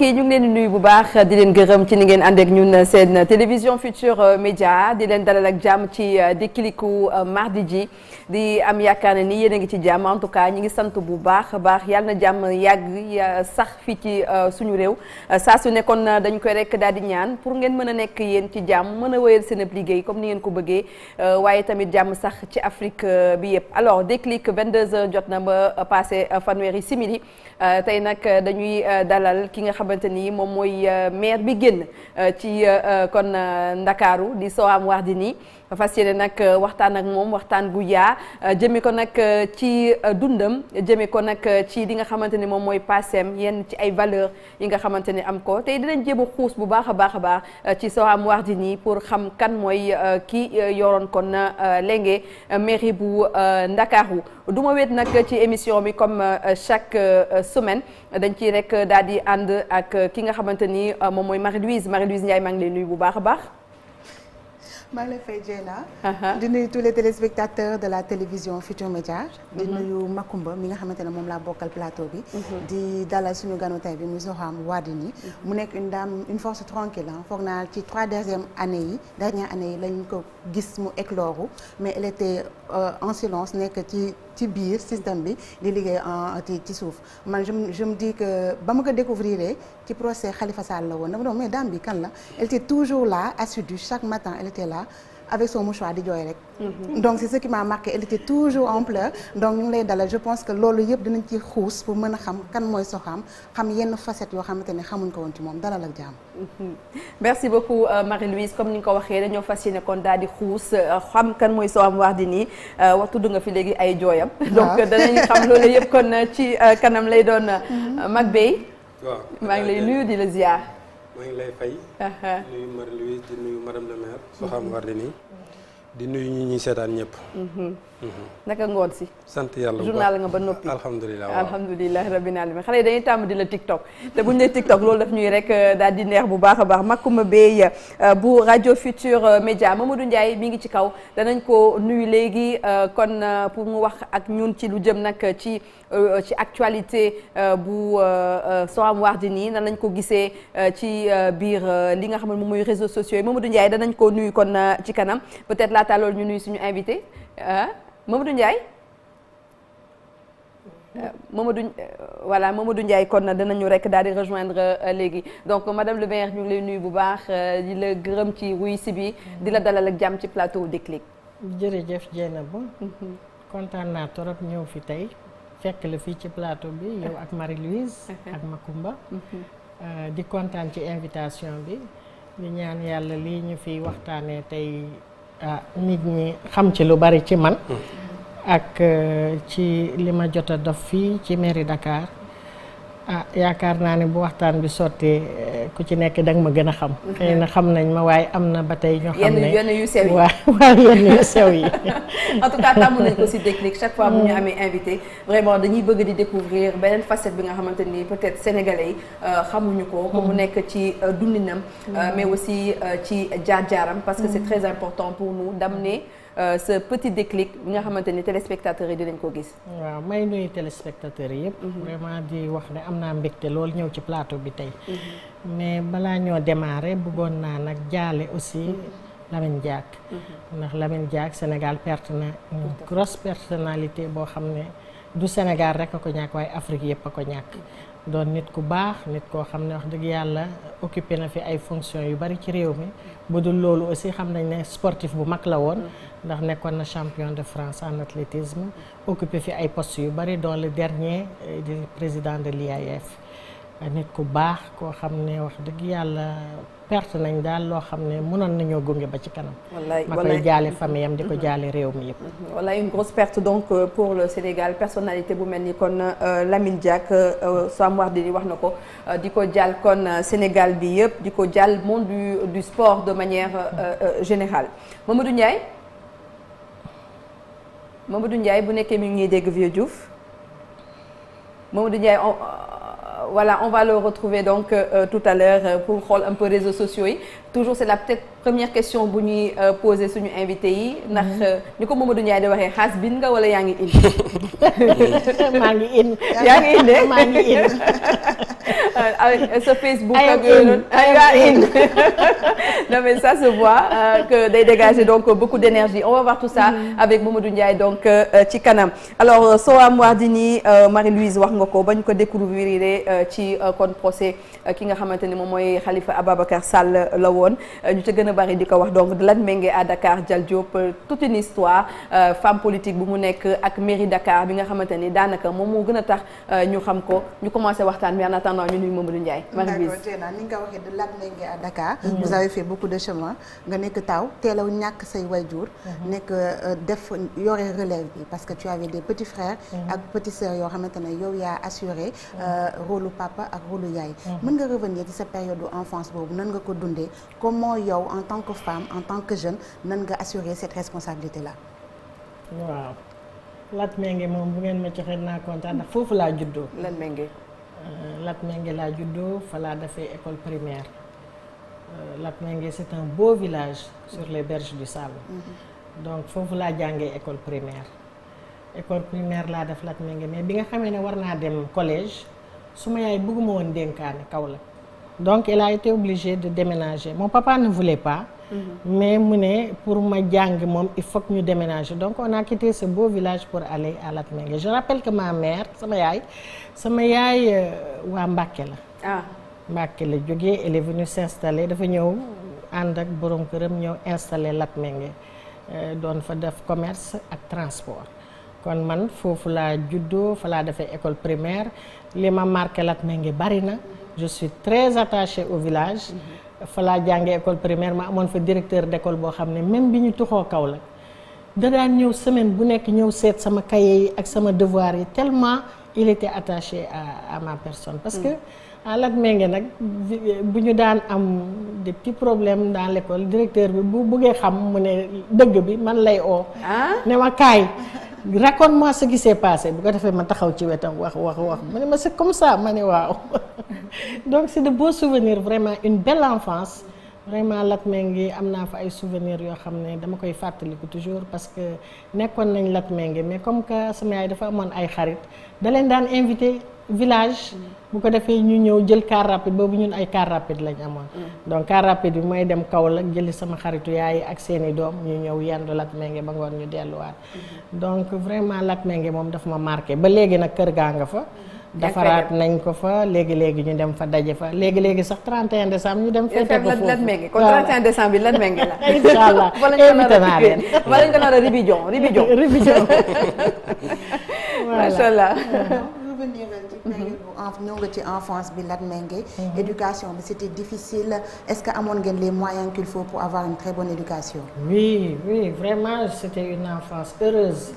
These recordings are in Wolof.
mbokk ñu ngi leen di nuyu bu baax di leen gërëm ci ni ngeen ànd ak ñun seen télévision Futurs média di leen dalal ak jàmm ci Déclicu mardi ji di am yaakaar ne ni yéen a ngi ci jàmm en tout cas ñu ngi sant bu baax baax yàlla na jàmm yàgg sax fii ci euh, suñu réew saa su nekkoon dañ koy rekk daal di ñaan pour ngeen mën a nekk yéen ci jàmm mën a wéyal seen ab liggéey comme ni ngeen ko bëggee euh, waaye tamit jàmm sax ci Afrique euh, bi yëpp alors Déclic 22h jot na ba passé fanweeri simili. Euh, tey nag euh, dañuy euh, dalal ki nga xamante ni moom mooy maire bi génn ci kon Ndakaaru di di ni fas yéene nag euh, waxtaan ak moom waxtaan gu yaa euh, jëme ko nag euh, ci dundam jëme ko nag ci li nga xamante ni moom mooy passeem yenn ci ay valeur yi nga xamante ni am ko tey dinañ jéem a xuus bu baax a baax a baax ci am Soham nii pour xam kan mooy ki yoroon kon Lenghé mairie bu Ndakaaru du ma wéet nag ci émission bi comme chaque semaine dañ ciy rek daal di ànd ak ki nga xamante ni moom mooy Marie-Louise Marie-Louise Ndiaye maa ngi lay nuyu bu baax a baax maa ngi lay fay Dieyna. Uh-huh. di nuyu tous les téléspectateurs de la télévision Futur Média. Uh-huh. di nuyu Makumba mi nga xamante ne moom laa bokkal plateau bi. Uh-huh. di dalal suñu ganu tey bi mu Soham Wardini. mu nekk une dame une force tranquille foog naa ci trois dernières années yi dernière année yi lañ ko gis mu éclore mais elle Euh, en silence nekk ci ci biir système bi di liggéey en ci ci suuf man je me je me dis que ba ma ko découvrir ci procès Khalifa Sall la woon dama doon mais dame kan la elle était toujours là assidue chaque matin elle était là. avec son mouchoir di jooy rek. Mhm. donc c'est ce qui m'a marqué elle était toujours en pleurs donc ñu ngi lay dalal je pense que loolu yëpp dinañ ci xuus pour mën a xam kan mooy soxam xam yenn facettes yoo xamante ne xamuñ ko woon ci moom dalal ak jàmm. Mhm. merci beaucoup euh, Marie-Louise comme ni nga ko waxee dañoo fas yéene kon daal di xuus euh, xam kan mooy soxam wax di nii euh, wax tudd nga fi léegi ay jooyam. donc danañ xam loolu yëpp kon ci kanam lay doon. Mhm. Maguette. waaw maa ngi lay nuyu di la ziar. maa ngi lay fay. Uh-huh. nuyu Marie di nuyu madame le maire Soham Wardini di nuyu ñi ñuy seetaan ñëpp. Mm-hmm. naka ngoon si. sant yàlla journal nga ba noppi alhamdulilah waaw alhamdulilah rabbil alamin xale yi dañuy tàmm di la TikTok te bu ñu nee TikTok loolu daf ñuy rek euh, daal di neex bu baax a baax Macoumba Beye euh, bu rajo Futur euh, Média Mamadou Ndiaye mi ngi ci kaw danañ ko nuyu léegi kon pour mu wax ak ñun ci lu jëm nag ci ci actualité bu Soham Wardini nan lañ ko gisee ci biir li nga xam ne moom mooy réseaux sociaux yi Mamadou Ndiaye danañ ko nuyu kon ci kanam peut-être laata loolu ñu nuyu suñu invité ah. Mamadou Ndiaye euh, Mamadou euh, voilà Mamadou Ndiaye kon danañu rek daal di rejoindre euh, léegi donc madame le maire ñu ngi lay nuyu bu baax di la gërëm ci wuy si bi di la dalal ak jàmm ci plateau Déclic. jërëjëf Dieynaba. Mhm. kontaan naa torop ñëw fi tey fekk la fii ci plateau bi yow ak Marie-Louise. Mhm. ak Makumba. Mhm. di kontaan ci invitation bi ñu ñaan yàlla lii ñu fi waxtaanee tey. ah nit ñi xam ci lu bari ci man. Mm. ak eh, ci li ma jot a def fii ci mairie Dakar. ah yaakaar naa ne bu waxtaan bi sottee eh, ku ci nekk danga ma gën a xam. Mm-hmm. xëy na xam nañ ma waaye am na ba tey ñoo xam ne yu sew yi waaw waaw yenn yu sew yi. en tout cas tàmm nañ ko ci technique chaque fois bu ñu mm. amee invité vraiment dañuy bëgg di découvrir beneen facette bi nga xamante ni peut-être sénégalais yi euh, xamuñu ko. ko mm. mu nekk ci euh, dundinam. Euh, mm. mais aussi ci jaar-jaaram parce que c'est très important pour dam d'amener. Euh, ce petit déclic bi nga xamante ni téléspectateurs yi dinañ ko gis. waaw may nuyu téléspectateurs yëpp. Mhm. vraiment di wax ne am naa mbégte loolu ñëw ci plateau bi tey. mais mhm. balaa ñoo démarrer bëggoon naa nag jaale aussi. Mhm. Lamine Diack ndax Lamine Diack Sénégal perte na une grosse personnalité boo xam ne du Sénégal rek a ko ñàkk waaye Afrique yëpp a ko ñàkk doon nit ku baax nit koo xam ne wax dëgg yàlla occupé na fi ay fonctions yu bari ci réew mi bu dul loolu aussi xam nañ ne sportif bu mag la woon ndax nekkoon na champion de France en athlétisme occupé fi ay post yu bari dont le dernier euh, di président de l'IAAF nit ku baax koo xam ne wax dëgg yàlla perte nañ daal loo xam ne mënoon nañoo gunge ba ci kanam. wallaay ma koy jaale famille am di ko mhm. jaale réew mi yëpp. Mhm. wallaay une grosse perte donc euh, pour le Sénégal personnalité bu mel ni kon euh, Lamine Diack Soham Wardini wax na ko di ko jàll kon Sénégal bi yëpp di ko jàll monde du sport de manière générale Mamadou Ndiaye. Mamadou Ndiaye bu nekkee mi ngi ñuy dégg Vieux Diouf Mamadou Ndiaye on euh, voilà on va le retrouver donc euh, tout à l'heure euh, pour xool un peu réseaux sociaux yi toujours c'est la peut-être première question bu ñuy euh, poser suñu invité yi ndax mhm. euh, ni ko Mamadou Ndiaye di waxee xaas bin yaa ngi in maa ngi in yaa ngi in de maa ngi in sa Facebook ak yooyu in non mais ça se voit euh, que day dégager donc beaucoup d'énergie on va voir tout ça mhm. avec Mamadou Ndiaye donc ci kanam alors Soham Wardini Marie-Louise wax nga ko bañ ko découvrir ci kon procès ki nga xamante ni moom mooy Khalifa Ababacar Sall la woon euh, ñu bari di ko wax donc Lat Mingué à Dakar Dial Diop euh, toute une histoire euh, bu mu nekk ak mairie Dakar bi nga xamante ni daanaka moom moo gën a tax ñu xam ko ñu commencé waxtaan mais en attendant ñu nuyu Mamadou Ndiaye. Marie-Louise d'accord ni nga ko waxee de Lat Mingué à Dakar. Mhm. vous avez fait beaucoup de chemin nga nekk taw teelaw ñàkk say wayjur. Mhm. nekk def yore relève bi parce que tu avais des petits frères. Mhm. ak petites sœurs yoo xamante ne yow yaa assuré. rôle papa ak rôle yaay. mën nga revenir ci sa période d'enfance boobu nan nga ko dundee comme comment yow en tant que femme en tant que jeune nan nga assurer cette responsabilité là. waaw lat menge moom bu ngeen ma joxee naa kontaan foofu laa juddoo. lan menge. Euh, lat laa juddoo fa laa defee école primaire euh, lat menge c'est un beau village sur les berges du Saloum. Mm-hmm. donc foofu laa jàngee école primaire. école primaire laa def lat menge mais bi nga xamee ne war naa dem collège su ma yaay bëgguma woon dénkaane Kaolack. donc il a été obligé de déménager moo papa ne voulait pas mhm. mais mu ne pour ma jàng moom il faut ñu déménager donc on a quitté ce beau village pour aller à Latmingué je rappelle que ma mère sama yaay sama yaay euh, waa Mbàkke la ah Mbàkke la jógee elle est venue s'installer dafa ñëw ànd ak borom këram ñëw installé Latmingué euh, doon fa def commerce ak transport kon man foofu laa juddoo fa laa defee école primaire li ma marqué Latmingué bari na je suis très attachée au village fa laa jànge école primaire ma amoon fa directeur d'école boo xam ne même bi ñu tuxoo kaw la da daan ñëw semaine bu nekk ñëw seet sama cahier yi ak sama devoir yi tellement il était attaché à, ma personne parce que à Latmingué nag bu ñu daan am depuis problème problèmes dans l'école directeur bi bu bëggee xam mu ne dëgg bi man lay oo ah. ne ma kaay raconte moi ce qui s'est passé bu ko defee ma taxaw ci wetam wax wax wax ma ne ma c'est comme ça ma ne waaw donc c'est de beaux souvenirs vraiment une belle enfance vraiment ngi am naa fa ay souvenirs yoo xam ne dama koy fàttaliku toujours parce que nekkoon nañ Latmingué mais comme que sama yaay dafa amoon ay xarit da leen daan invité village bu ko defee ñu ñëw jël car rapide boobu ñun ay car rapide lañ amoon mm. donc car rapide bi may dem Kaolack jëli sama xaritu yaay ak seeni doom ñu ñëw yendu Latmingué ba ngoon ñu delluwaat mm-hmm. donc vraiment Latmingué moom dafa ma marqué ba léegi nag kër gaa nga fa mm-hmm. defaraat nañ ko fa léegi léegi ñu dem fa daje fa léegi léegi sax 31 décembre ñu dem. fête ko foofu Latmingué kon 31 décembre bi Latmingué la. incha allah invité naa leen wala ñu ko naan Ribijon Ribijon. Ribijon. allah. période ñëw nga ci enfance bi lat méngé mhm. éducation bi c'était difficile est-ce que amoon ngeen les moyens qu'il faut pour avoir une très bonne éducation oui oui vraiment c'était une enfance heureuse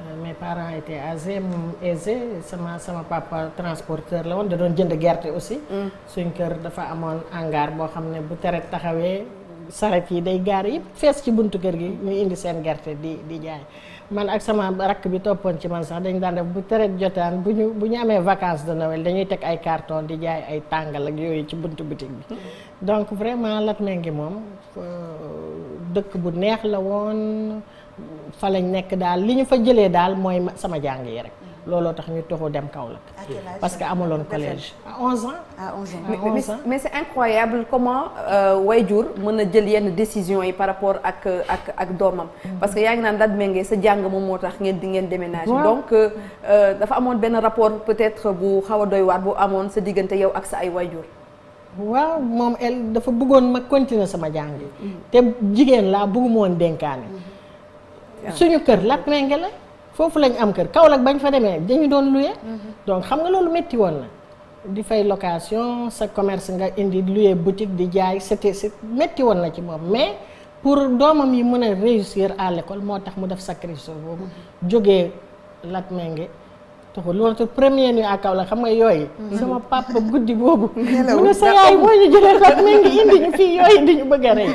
euh, mes parents étaient âgés moom aisés sama sama papa transporteur la woon da doon jënd gerte aussi mm. suñ kër dafa amoon hangar boo xam ne bu tere taxawee saret yi day gaar yëpp fees ci buntu kër gi muy indi seen gerte di di jaay man ak sama rakk bi toppoon ci man sax dañ daan def bu tere jotaan bu ñu bu ñu amee vacances de Noël dañuy teg ay carton di jaay ay tàngal ak yooyu ci buntu boutique bi donc vraiment ngi moom euh, dëkk bu neex la woon fa lañ nekk daal li ñu fa jëlee daal mooy sama jàng yi rek looloo tax ñu toxu dem Kaolack parce que amuloon collège à 11 ans à 11 ans mais, ah, mais, mais c'est incroyable comment euh, wayjur mën a jël yenn décision yi par rapport ak ak ak doomam mm-hmm. parce que yaa ngi naan dat méngee sa jàng moom moo tax ngeen di ngeen déménager donc euh, euh, dafa amoon benn rapport peut-être bu xaw doy waar bu amoon sa diggante yow ak sa ay wayjur waaw moom dafa bëggoon ma continuer sama jàng mm-hmm. te jigéen laa bëgguma woon dénkaane mm-hmm. suñu kër lat ménge la foofu lañ am kër ba ñu fa demee dañu doon luye donc xam nga loolu métti woon na di fay location sa commerce nga indi luye boutique di jaay c'était c'est métti woon na ci moom mais pour doomam yi mën a réussir à l'école moo tax mu def sacrifice boobu jógee Latmingué taxul loolu te premier nuit à Kaolack xam nga yooyu sama papa guddi boobu mu ne sa yaay boo ñu jëlee Latmingué indi ñu fii yooyu di ñu bëgg a rey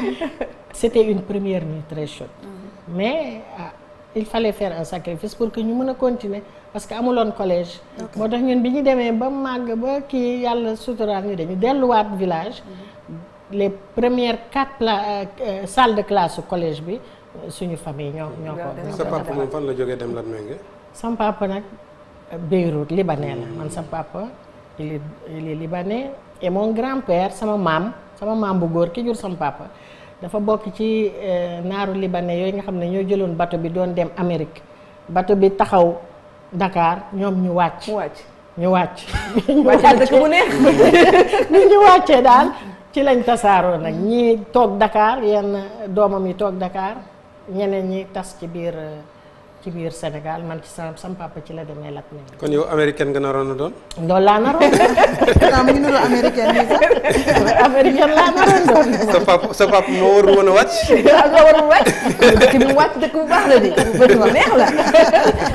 c'était une première nuit très mm-hmm. mais ah, il fallait faire un sacrifice pour que ñu mën a continuer parce que amuloon collège. moo tax ñun bi ñu demee ba màgg ba kii yàlla suturaal ñu dañu delluwaat village. Mm-hmm. les première quatre pla euh, euh, salles de classe su collège bi suñu famille ñoo ñoo ko. sa papa moom fan la jógee dem Latmingué. sam papa nag euh, Beyrouth libanais la man sam papa il et mon grand-père sama maam sama maam bu góor ki jur sam dafa bokk ci eh, naaru libanais yooyu nga xam ne ñoo jëloon bato bi doon dem Amérique bato bi taxaw dakaar ñoom ñu wàcc. ñu wàcc. ñu ñu wàccee daal ci lañ tasaaroo nag ñii toog dakaar yenn doomam yi toog dakaar ñeneen ñi tas ci biir. Eh, ci biir Sénégal man ci sama sam papa ci la demee lakk nañu. kon yow américaine nga naroon a doon. loolu laa naroon doon. mu ngi niróo américaine nii sax. américaine laa naroon doon. moo warul nga dëkk mu wàcc dëkk bu baax la de bëri ma neex la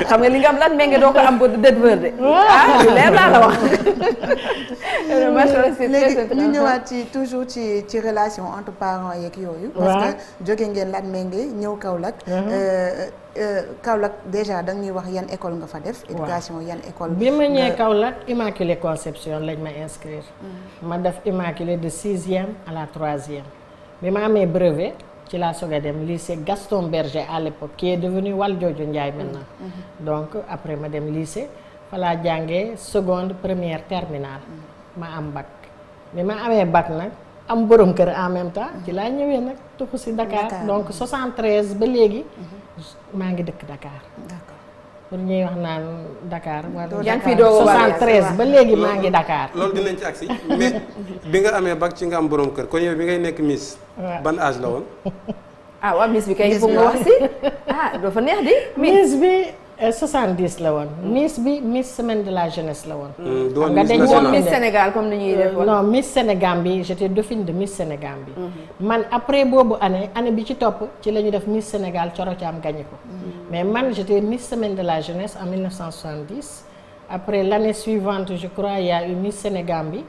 xam nga li nga am lan méngé doo ko am ba Denver de. ah, ah leer laa la wax. macha allah c'est très intéressant léegi ñu ñëwaat ci toujours ci ci relation entre parents yooyu. parce que jóge ngeen lan méngé ñëw Kaolack. Mm-hmm. Euh, Euh, Kaolack déjà danga ñuy wax yan école nga fa def. éducation yan école. bi ma ñëwee Kaolack Immaculée Conception lañ ma inscrire. Mm. ma def Immaculée de sixième à la troisième. bi ma amee brevet ci laa soog a dem lycée Gaston Berger à l'époque qui est devenu njaay Ndiaye maintenant. Mm. Mm-hmm. donc après ma dem lycée fa laa jàngee seconde première terminale. Mm. ma am bac bi ma amee bac nag. am borom kër en même temps ci laa ñëwee nag tuxu si Dakar donc 73 ba léegi mm-hmm. maa ngi dëkk Dakar. d'accord pour ñuy wax naan Dakar. yaa ngi fi doog 73 ba léegi maa ngi dakaar loolu dinañ ci agsi mais bi nga amee bac ci nga am borom kër kon yow bi ngay nekk miis ban âge la woon. ah waa Miss bi kay il nga wax si ah, doo fa neex di. Miss bi. 70 la woon. Miss bi Miss semaine de la jeunesse la woon. Euh, doon Miss Sénégal comme ni ñuy def euh, non Miss Sénégal bi j'étais dauphine de Miss Sénégal bi. Mhm. man après boobu année année bi ci topp ci la ñu def Miss Sénégal Coro Thiam gagné ko. Mhm. mais man j'étais Miss semaine de la jeunesse en 1970. après l'année suivante je crois il y a eu Miss Sénégal bi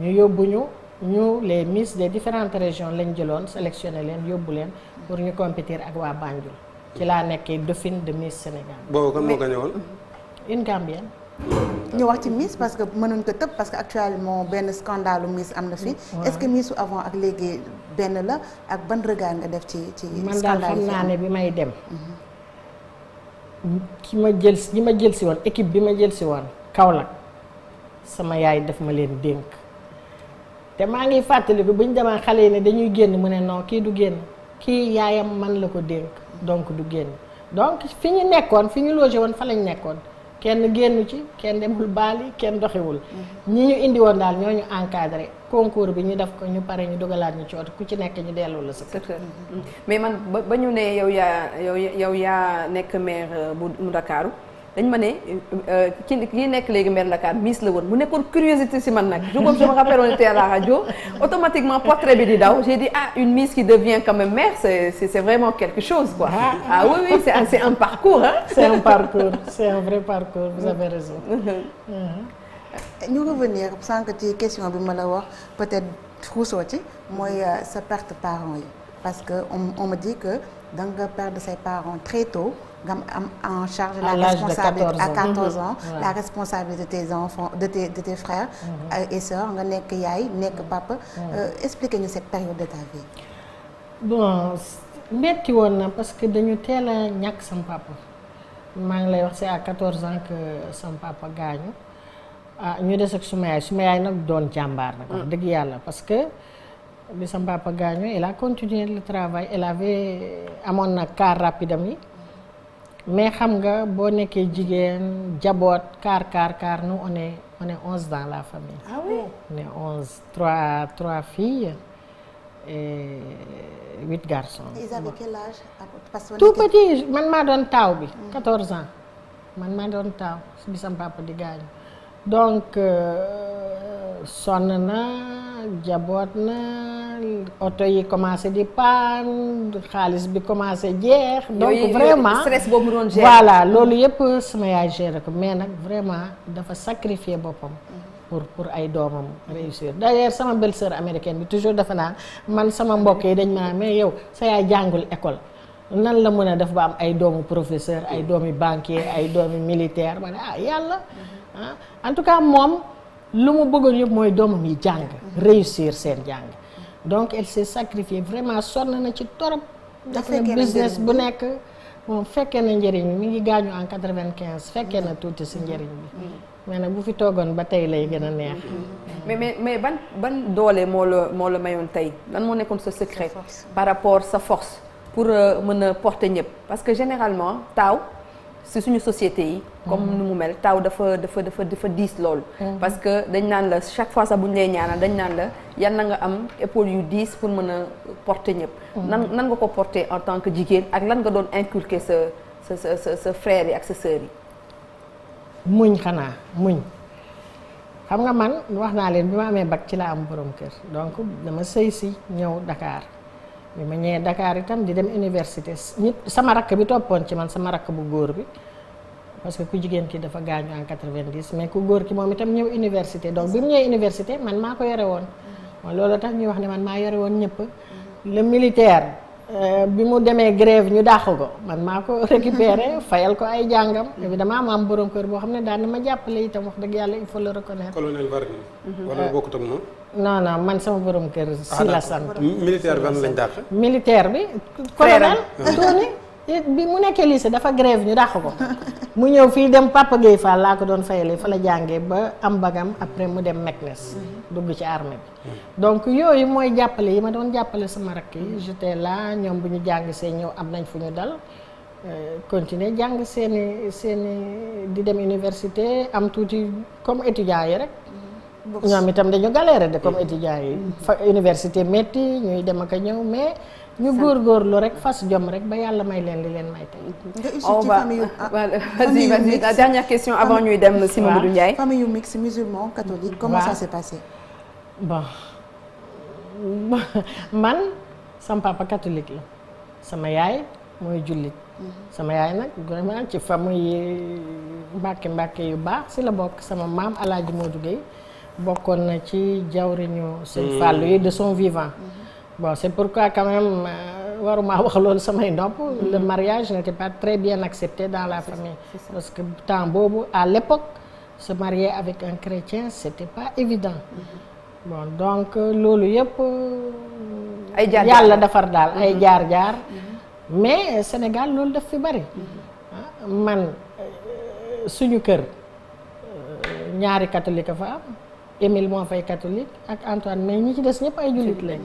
ñu yóbbu ñu ñu les Miss des différentes régions lañ jëloon sélectionné leen yóbbu leen pour ñu compétir ak waa Banjul. ci laa nekkee dauphine de Miss Sénégal. boobu kan moo ko ñëwoon. une Gambienne. ñu wax ci Miss parce que mënuñ ko tëb parce que actuellement benn scandale Miss am na fi. est-ce que Miss avant ak léegi benn la ak ban regard nga def ci ci. man daal xam naa ne bi may dem. Mm-hmm. ki ma jël si ñi ma jël si woon équipe bi ma jël si woon Kaolack sama yaay daf ma leen dénk te maa ngi fàttaliku bu ñu demaan xale yi ne dañuy génn mu ne non kii du génn kii yaayam man la ko dénk. donc du génn donc fi ñu nekkoon fi ñu logé woon fa lañ nekkoon kenn génnu ci kenn demul baali kenn doxewul mhm. ñi ñu indi woon daal ñoo ñu encadré concours bi ñu def ko ñu pare ñu dugalaat ñu ci oto ku ci nekk ñu delloo la sa kër mhm. mais man ba ñu ne yow yaa yow yow yaa nekk maire euh, bu Ndakaaru dañ ma ne euh, euh, ki ki nekk léegi maire Dakar mis la woon mu nekkoon curiosité si man nag jour boobu je me on était à la radio automatiquement portrait bi di daw j'ai dit ah une Miss qui devient quand même maire c'est c'est vraiment quelque chose quoi ah, ah oui oui c'est un parcours hein c'est un parcours c'est un parcours vous avez raison ñu revenir sànq ci question bi ma la wax peut-être xuusoo ci mooy euh, sa perte parents yi parce que on on me dit que da nga perdre ses parents très tôt nga am en charge la responsabilité à 14 mm-hmm. ans la responsabilité de tes enfants de tes de tes frères mm-hmm. euh, et sœurs nga nekk yaay nekk papa mm-hmm. euh, expliquez ñu cette période de ta bon metti woon na parce que dañu teel a ñàkk sama maa ngi lay wax c'est à 14 ans que sama papa gaañu ah, ñu des ak suma yaay suma yaay nag doon jàmbaar nag wax mm. dëgg yàlla parce que bi sama papa gaañu elle a continué le travail amoon na car rapide am yi mais xam nga boo nekkee jigéen jaboot kaar kaar kaar nous one est onze dans la famille. ah on est onze trois trois filles et huit garçons. ils avaient que tout man maa doon taaw bi. Hmm. quatorze ans man maa doon taaw bi sama papa di gaañu. donc euh, sonn na jaboot na oto yi commencé di paan xaalis bi commencé jeex. donc vraiment stress boobu mu doon gérer voilà loolu yëpp sama yaay gérer ko mais nag vraiment dafa sacrifier boppam. pour pour ay doomam réussir d'ailleurs sama belle-sœur bi toujours dafa naan man sama mbokk yi dañ ma naan mais yow sa yaay jàngul école nan la mën a def ba am ay doomu professeur ay doomi banquier ay doomi militaire ma ah yàlla. en tout cas moom lu mu bëggoon yëpp mooy doomam yi jàng réussir seen jàng donc elle s'est sacrifiée vraiment sonn na ci torop def na business bu nekk moom fekkee na njëriñ mi ngi gaañu en quatre-vingt-quinze fekkee na tuuti si njëriñ bi mm-hmm. mais nag bu fi toogoon ba tey lay gën a neex mm-hmm. mais mais mais ban ban doole moo la moo la mayoon tey lan moo nekkoon sa secret par rapport sa force pour euh, mën a porter ñëpp parce que généralement taaw si suñu societé yi. comme mm-hmm. nu mu mel taw dafa dafa dafa dafa diis loolu. Mm-hmm. parce que dañ naan la chaque fois sax bu ñu lay ñaana dañ naan la yan na nga am épaule yu diis pour mën a porter ñëpp. Mm-hmm. nan nan nga ko porter en tant que jigéen ak lan nga doon inculquer sa sa sa sa frère yi ak sa sœur yi. muñ xanaa muñ xam nga man wax naa leen bi ma amee bac ci laa am borom kër donc dama sëy si ñëw ndakaar bi ma ñëwee Dakar itam di dem université sama rakk bi toppoon ci man sama rakk bu góor bi parce que ku jigéen ki dafa gaañu en 90 mais ku góor ki moom itam ñëw université donc bi mu ñëwee université man maa ko yore woon moo loolu tax ñuy wax ne man maa yore woon ñëpp le militaire euh, bi mu demee grève ñu dàq ko man maa ko récupéré fayal ko ay jàngam évidemment ma am borom kër boo xam ne daan na ma jàppale itam wax dëgg yàlla il faut le reconnaître colonel non non man sama borom kër ah, si la sant militaire ban lañ dàq militaire bi colonel bi mu nekkee lycée dafa grève ñu dàq ko mu ñëw fii dem Papa Gueye Fall laa ko doon fayalee fa la jàngee ba am bagam après mu dem Meknes dugg ci armée bi donc yooyu mooy jàppale yi ma doon jàppale sama rakk yi j'étais ñoom bu ñu jàng see ñëw am nañ fu ñu dal euh, continuer jàng seeni seeni di dem université am tuuti comme étudiant yi rek ñoom itam dañu galéré de comme mm. étudiants yi. fa université métti ñuy dem ak a ñëw mais. ñu góor góorgóorlu rek fas jom rek ba yàlla may leen li leen may tey. on va ah, vas-y vas-y la dernière question avant ñuy dem si Mamadou Ndiaye. famille yu mixte musulman catholique. sama yaay mooy jullit. Mm-hmm. yaay nag vraiment ci famille Mbàkke Mbàkke yu baax si la bokk sama maam El Hadj Modou bokkoon na ci jawriñu sëñ mm. Fallou yi de son vivant mm-hmm. bon c'est pourquoi quand même euh, waruma wax loolu samay nopp le mm-hmm. mariage n'était pas très bien accepté dans la famille ça, parce que temps boobu à l'époque se marier avec un chrétien c'était pas évident mm -hmm. bon donc euh, loolu yëpp euh, ay jaar yàlla defar daal ay mm-hmm. jaar-jaar mais Sénégal loolu daf fi bari ah, man suñu kër ñaari catholique fa am Émile moo fay catholique ak Antoine mais ñi ci des ñëpp ay jullit lañ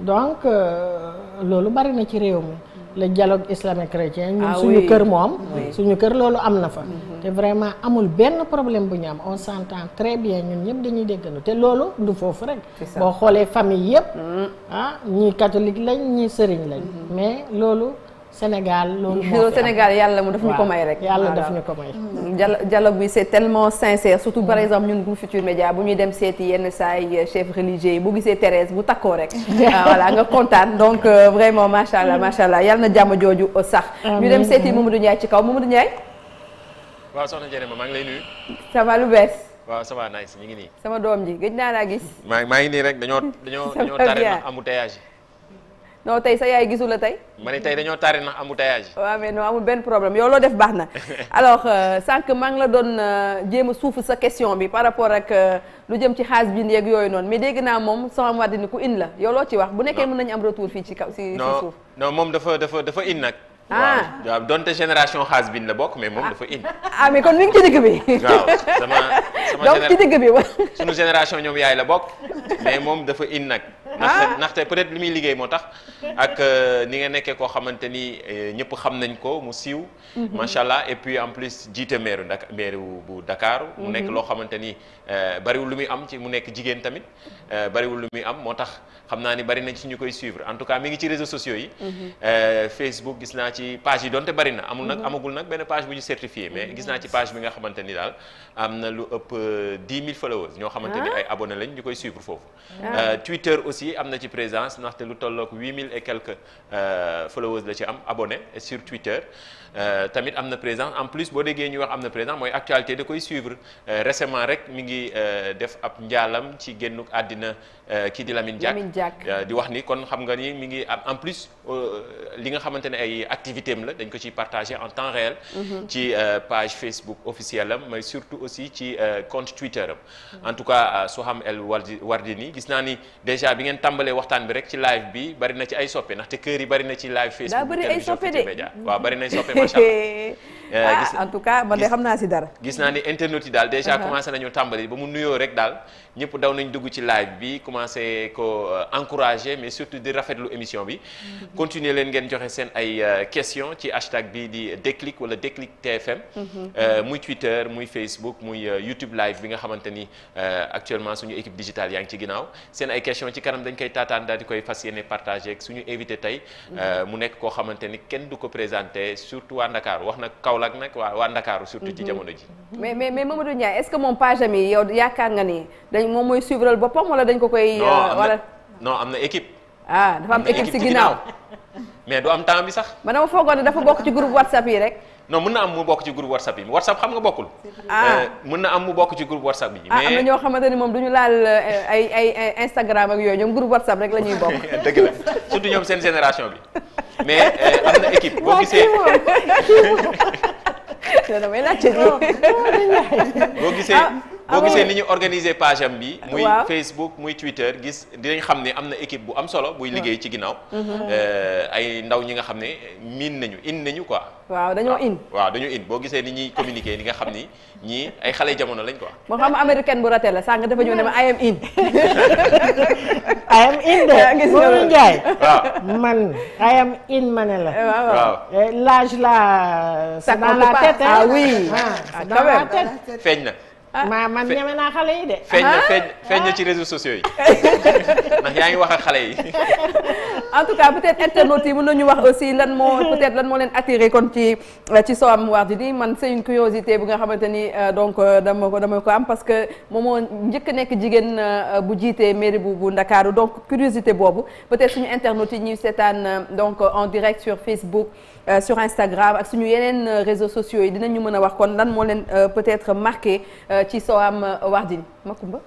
donc euh, loolu bari na ci réew mi le dialogue islamo-chrétien ñun ah suñu kër moom suñu kër loolu am na fa mhm. te vraiment amul benn problème bu ñu am on s'entend très bien ñun ñëpp dañuy dégganu te loolu du foofu rek boo xoolee famille yëpp mhm. ah ñii catholique lañ ñii sëriñ lañ mhm. mais loolu Sénégal loolu moo Sénégal yàlla mu daf ñu ko may rek. yàlla daf ñu ko may. dialogue bi c'est tellement sincère surtout par exemple ñun groupe Futurs Médias bu ñuy dem seeti yenn saa yi euh, chef religieux yi bu gisee Thérèse bu takkoo rek. Ah, voilà nga kontaan donc euh, vraiment macha allah macha allah yàlla na jàmm jooju sax. ñu dem seeti Mamadou Ndiaye ci kaw Mamadou Ndiaye. waaw soxna Jéréma maa ngi lay nuyu. ça va lu bees. waaw sama va nice ñu ngi nii. sama doom ji gëj naa laa gis. maa maa ngi nii rek dañoo dañoo dañoo tare non tey sa yaay gisu la tey. ma ne tey dañoo taari ndax embouteillage. waaw mais non amul benn problème yow loo def baax na alors euh, sànq maa ngi la doon euh, jéem a suuf sa question bi par rapport ak euh, lu jëm ci xaas bi yeeg yooyu noonu mais dégg naa moom sama mwadini ku in la yow loo ci wax. bu nekkee mën nañu am retour fii ci kaw si suuf. noo moom dafa dafa dafa in nag. ah waaw donte génération xaas bin la bokk mais moom dafa in. ah, ah mais kon mi ngi ci digg bi. waaw sama sama génération ñoom yaay la bokk mais moom dafa in nag. Ah. ndaxte ndaxte peut-être li muy liggéey moo tax ak euh, ni nga nekkee koo xamante ni euh, ñëpp xam nañ ko mu siiw. Mhm. macha allah et puis en plus jiite meeru Dakar meeru bu Dakar. mu mhm. nekk loo xamante ni euh, bariwul lu muy am ci mu nekk jigéen tamit bariwul lu muy am moo tax xam naa ni bari nañ ci ñu koy suivre en tout cas mi ngi ci réseaux sociaux yi. Mhm. ci page yi donte bari na amul nag mhm. amagul nag benn page bu ñu certifié mais gis naa ci mhm. page bi nga xamante ni daal am na lu ëpp 10 euh, 000 followers ñoo xamante ni ah. ay abonné lañ ñu koy suivre foofu ah. euh, Twitter aussi am na ci présence ndaxte lu tolloog 8000 et quelques euh, followers la ci am abone sur Twitter Euh, tamit am na présidence en plus boo déggee ñuy wax am na présidence mooy actualité da koy suivre euh, récemment rek mu ngi euh, def ab njaalam ci génnuk àddina kii di Lamine Diack di wax ni kon xam nga ni mi ngi am en plus li nga xamante ne ay activité am la dañ ko ciy partagé en temps réel mhm. ci page Facebook officielle am mais surtout aussi ci compte Twitter am mhm. en tout cas xam El Wardini gis naa ni déjà bi ngeen tàmbalee waxtaan bi rek ci live bi bari na ci ay soppe ndaxte kër yi bari na ci live Facebook daa bari ay soppe macha allah eh, ah, en tout cas man de xam naa si dara. gis naa ni internet yi daal déjà uh-huh. commencé nañu tàmbali ba mu nuyoo rek daal ñëpp daw nañ dugg ci live bi commencé ko euh, encourager mais surtout di rafetlu émission bi. Mm-hmm. continuer leen ngeen joxe seen ay euh, question ci hashtag bi di Déclic wala Déclic TFM. Mm-hmm. Euh, muy Twitter muy Facebook muy YouTube live bi nga xamante ni actuellement suñu équipe digitale yaa ngi ci ginnaaw seen ay question ci kanam dañ koy taataan daal di koy fas yéene partager ak suñu invité tey. Mm-hmm. mu nekk koo xamante ni surtout waa Ndakaaru wax na Kaolack nag waa waa Ndakaaru surtout ci mhm. jamono ji. mais mais mais Mamadou Ndiaye est-ce que moom page am yi yow yaakaar nga ni dañ moom mooy suivre boppam wala dañ ko koy. Euh, wala non am na équipe. ah dafa am équipe si ginnaaw mais du am temps bi sax. ma dama foogoon ne dafa bokk ci groupe WhatsApp yi rek. non mën na am mu bokk ci groupe WhatsApp yi WhatsApp xam nga bokkul. ah euh, mën na am mu bokk ci groupe WhatsApp yi. mais ah, am na ñoo xamante ni moom du ñu laal euh, ay ay Instagram ak yooyu ñoom groupe WhatsApp rek la ñuy bokk. dëgg la surtout seen génération bi. mais euh, am na équipe boo gisee boo gisee boo gisee ni ñu organiser page am bi muy Facebook muy Twitter gis dinañ xam ni am na équipe bu am solo buy liggéey ci ginnaaw mm-hmm. euh, ay ndaw ñi nga xam ne miin nañu in nañu quoi waaw dañoo in waaw dañoo in boo gisee ni ñuy communiquer ni nga xam ni ñii ay xale jamono lañ quoi moo xam américaine bu raté la sànq dafa ñëw ne ma I am in I am in ma ne la eh, waaw eh, l'âge là c'est dans la tête ah oui ah, ah, c'est dans feeñ na Ah. ma man ñeme naa xale yi de. feeñ na ah. feeñ na ci ah. réseaux sociaux yi ndax yaa ngi wax a xale yi. en tout cas peut-être internautes yi mën nañu wax aussi lan moo peut-être lan moo leen attiré kon ci euh, ci Soham Wardini man c'est une curiosité bu nga xamante ni euh, donc euh, dama ko dama ko am parce que moom moo njëkk nekk jigéen bu jiitee mairie bu bu Ndakaaru donc curiosité boobu peut-être suñu internautes yi ñuy seetaan donc en direct sur Facebook. Euh, sur Instagram ak suñu yeneen euh, réseaux sociaux yi dinañu mën a wax kon lan moo leen euh, peut-être marqué ci am Soham Wardini Makumba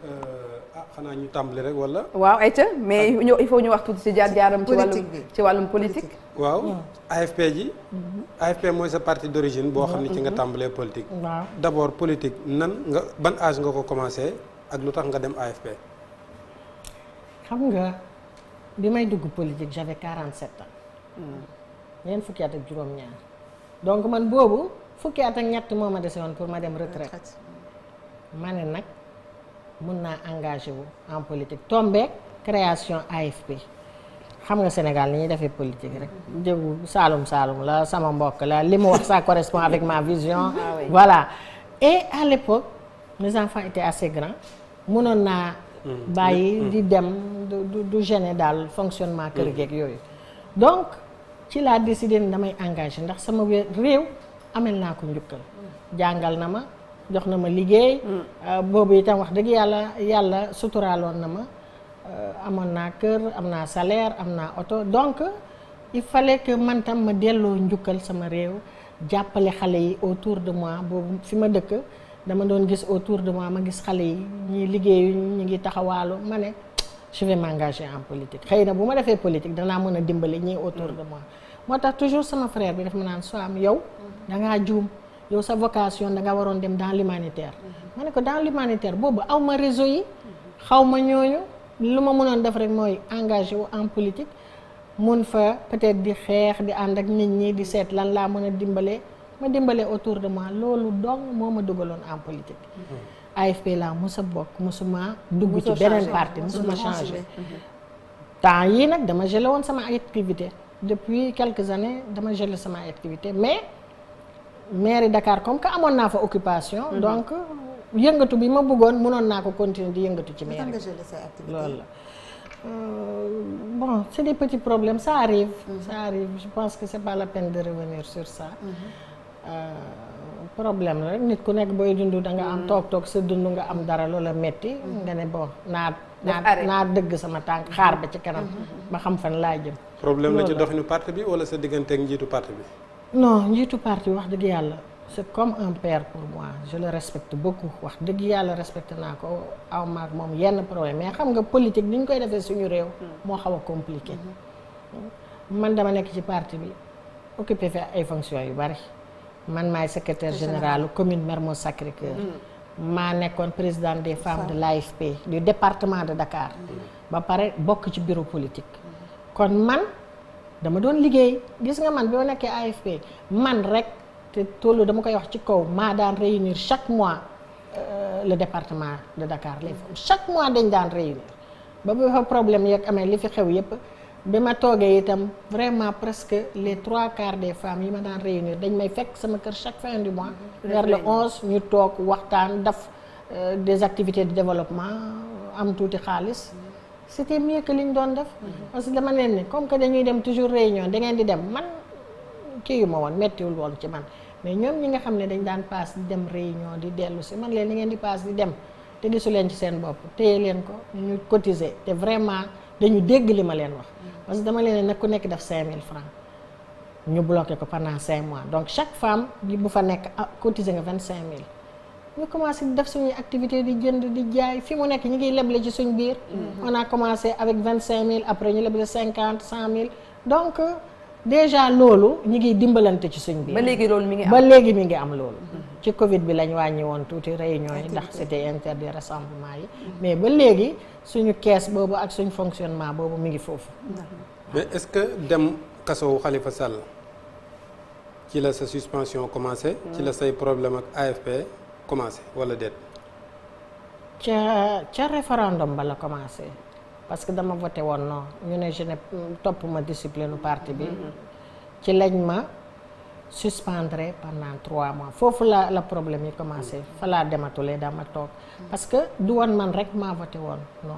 ah xanaa ñu tàmbali rek wala. waaw ayca mais ah. il faut ñu wax tuuti ci jaar jaaram. ci wàllum ci wàllum politique. waaw hmm. AFP ji. Mhm. AFP mooy sa parti d'origine boo xam ne ci nga mhm. tàmbalee politique. waaw d'abord politique nan nga ban âge nga ko commencé ak lu tax nga dem AFP. xam nga bi may dugg politique j'avais 47 ans. Hmm. ñeent fukki at ak juróom-ñaar donc man boobu fukki at ak ñett moo ma dese woon pour ma dem retraite ma ne nag mun naa engagé wu en politique tombe création AFP xam nga Sénégal ni ñuy defee politique rek jëgu saalum saalum la sama mbokk la li mu wax ça correspond ma vision ah voilà et à l'époque mes enfants étaient assez grands mënoon naa mm. bàyyi mm. di dem du du gêner daal fonctionnement kër mm. geeg yooyu donc ci laa décidé ni damay engagé ndax sama réew amel naa ko njukkal jàngal na ma jox na ma liggéey mm. euh, boobu itam wax dëgg yàlla yàlla suturaaloon na ma euh, amoon naa kër am naa saleer am naa oto donc il fallait que man tam ma delloo njukkal sama réew jàppale xale yi autour de mois boobu fi ma dëkk dama doon gis autour de moi ma gis xale yi ñi liggéeyu ñu ngi taxawaalu ma ne je vais m'engager en politique xëy na bu ma defee politique danaa mën a dimbali ñi autour de moo tax toujours sama frair bi daf ma naan soo am yow dangaa ngaa juum yow sa vocation da nga waroon dem dans l'humanitaire mm-hmm. ma ne ko dans l'humanitaire boobu aw ma réseau yi xaw ma ñooñu lu ma mënoon def rek mooy engage wu en politique mun fa peut-être di xeex di ànd ak nit ñi di seet lan laa mën a dimbale ma dimbale autour de moi loolu dong moo ma dugaloon en politique mm-hmm. AFP laa musa bokk musuma dugg ci beneen parti musuma changé mm-hmm. temps yii nag dama gelé woon sama activité depuis quelques années dama gelé sama activité mais mairie Dakar comme que amoon naa fa occupation. Mhm. donc yëngatu bi ma bëggoon mënoon naa ko continuer di yëngatu ci mairie. loolu la euh, bon c'est des petits problèmes ça arrive. Mm -hmm. ça arrive je pense que c'est pas la peine de revenir sur ça. Mm -hmm. problème la rek nit ku nekk booy dund da nga am mhm. toog toog sa dund nga am dara loola metti mhm. nga ne boo naa naa naa dëgg sama tànk xaar ba ci kanam ba xam fan laa jëm problème la ci doxinu parti bi wala sa diggante ak njiitu parti bi. non njiitu parti wax dëgg yàlla c'est comme un père pour moi je le respecte beaucoup wax yàlla respecté naa ko aw maag moom yenn problème mais xam nga politique ni ñu koy defee suñu réew. Hmm. moo xaw a compliqué. Hmm. man dama nekk ci parti bi occupé fi ay fonctions yu bari man maay secretaire général commune Mermoz Sacré-Cœur. Hmm. maa nekkoon présidente des femmes de l'AFP du département de Dakar. ba pare bokk ci bureau politique. kon man dama doon liggéey gis nga man bi boo nekkee AFP man rek te tollu dama koy wax ci kaw maa daan réunir chaque mois euh, le département de Dakar les femmes chaque mois dañ daan réunir ba bu fa problème yeeg amee li fi xew yépp bi ma toogee itam vraiment presque les trois quarts des femmes yi ma daan réunir dañ may fekk sama kër chaque fin du mois mm-hmm. vers le onze ñu toog waxtaan daf euh, des activités de développement am tuuti xaalis c'était mieux que li ñu doon def. parce que dama leen ne comme que dañuy dem toujours réunion dangeen di dem man kii yu ma woon méttiwul woon ci man mais ñoom ñi nga xam ne dañ daan paas di dem réunion di dellusi si man leen da ngeen di paas di dem te gisu leen ci seen bopp téye leen ko ñu cotiser te vraiment dañu dégg li ma leen wax. parce que dama leen ne nag ku nekk def mille francs ñu bloqué ko pendant cinq mois donc chaque femme bu fa nekk ah cotiser nga 25000. ñu commencé def suñuy activité di jënd di jaay fi mu nekk ñu ngi leble ci suñ biir mhm. on a commencé avec vingt cinq mille après ñu leble cinquante cent mille donc déjà loolu ñu ngi dimbalante ci suñ biir ba léegi loolu mi ngi am léegi mi ngi am loolu mhm. ci covid bi lañ wàññi woon tuuti réunion yi ndax c'était interdit rassemblement yi mhm. mais ba léegi suñu kees boobu ak suñ fonctionnement boobu mu ngi foofu mais est-ce que dem kaso xalifa Sall ci la sa suspension commencé ci la say problème ak AFP commencé wala déet. ca ca référendum ba la commencé parce que dama voté woon non ñu ne je topp ma discipline parti bi. Mhm. ci lañ ma suspendre pendant trois mois foofu la la problème yi commencé mhm. fa laa dematulee dama toog mhm. parce que du woon man rek maa voté woon non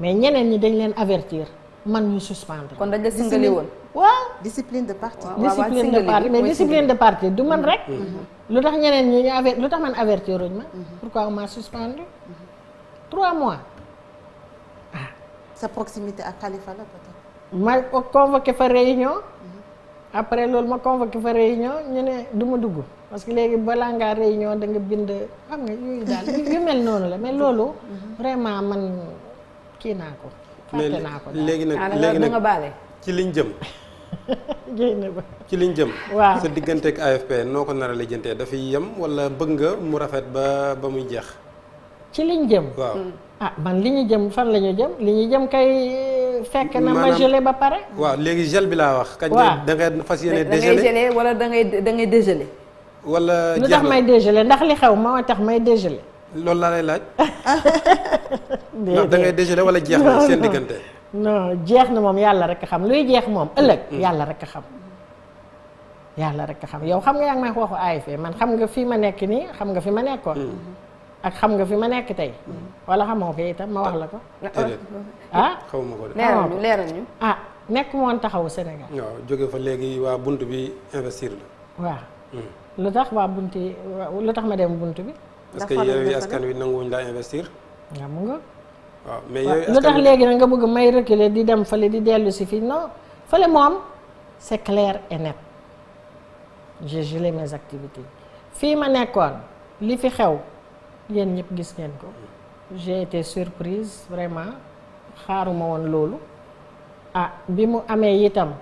mais ñeneen ñi dañ leen avertir man ñu suspendre. kon dañ la singali woon. waaw discipline de parti. discipline de parti mais discipline de parti du man rek. Mm-hmm. lu tax ñeneen ñu ñu aver lu tax man avertir ruñ ma. Mm-hmm. pourquoi on m'a suspendu. trois mois. sa proximité ak Khalifa la peut-être. ma convoqué fa réunion. Mm-hmm. après loolu ma convoqué fa réunion ñu ne du ma dugg parce que léegi balaa ngaa réunion da nga bind xam nga yooyu yu mel noonu la mais loolu. vraiment man kii naa ko. fàtte naa ko daal léegi nag ah, léegi nag ci liñ jëm. génn ba ci liñ jëm. waaw sa digganteeg AFP noo ko nar a lijjantee dafay yem wala bëgg nga mu rafet ba ba muy jeex. ci liñ jëm. waaw hmm. ah man li ñu jëm fan la ñu jëm li ñu jëm kay. Eh, fekk na ma gelé ba pare. waaw léegi gel bi laa wax. kañ da nga fas yéene dégelé wala da ngay da ngay dégelé. wala lu tax may dégelé ndax li xew moo tax may dégelé. loolu laa lay laaj. ndax da ngay dégelé wala jeex na seen diggante. non jeex na moom yàlla rek a xam luy jeex moom ëllëg mm-hmm. yàlla rek a xam yàlla rek a xam yow xam nga yaa ngi may waxu AFP man xam nga fi ma nekk nii xam nga fi ma nekkoon mm-hmm. ak xam nga fi ma nekk tey mm-hmm. wala xamoo ko itam ma wax la ko ah? ko de leeral ñu ah, nekk moon taxawu senegal waaw jóge fa léegi waa bunt bi investir la waaw mm. lu tax waa bunt yi lu tax ma dem bunt bi parce que yow askan wi nanguwuñ laa investir nga mu nga Ah, waaw mais lu tax léegi nag nga bëgg may reculer di dem fële di dellusi si fii non fële moom c'est clair et net j'ai gelé fii ma nekkoon li fi xew yéen ñëpp gis ngeen ko j'ai été surprise vraiment xaaruma woon loolu ah bi mu amee itam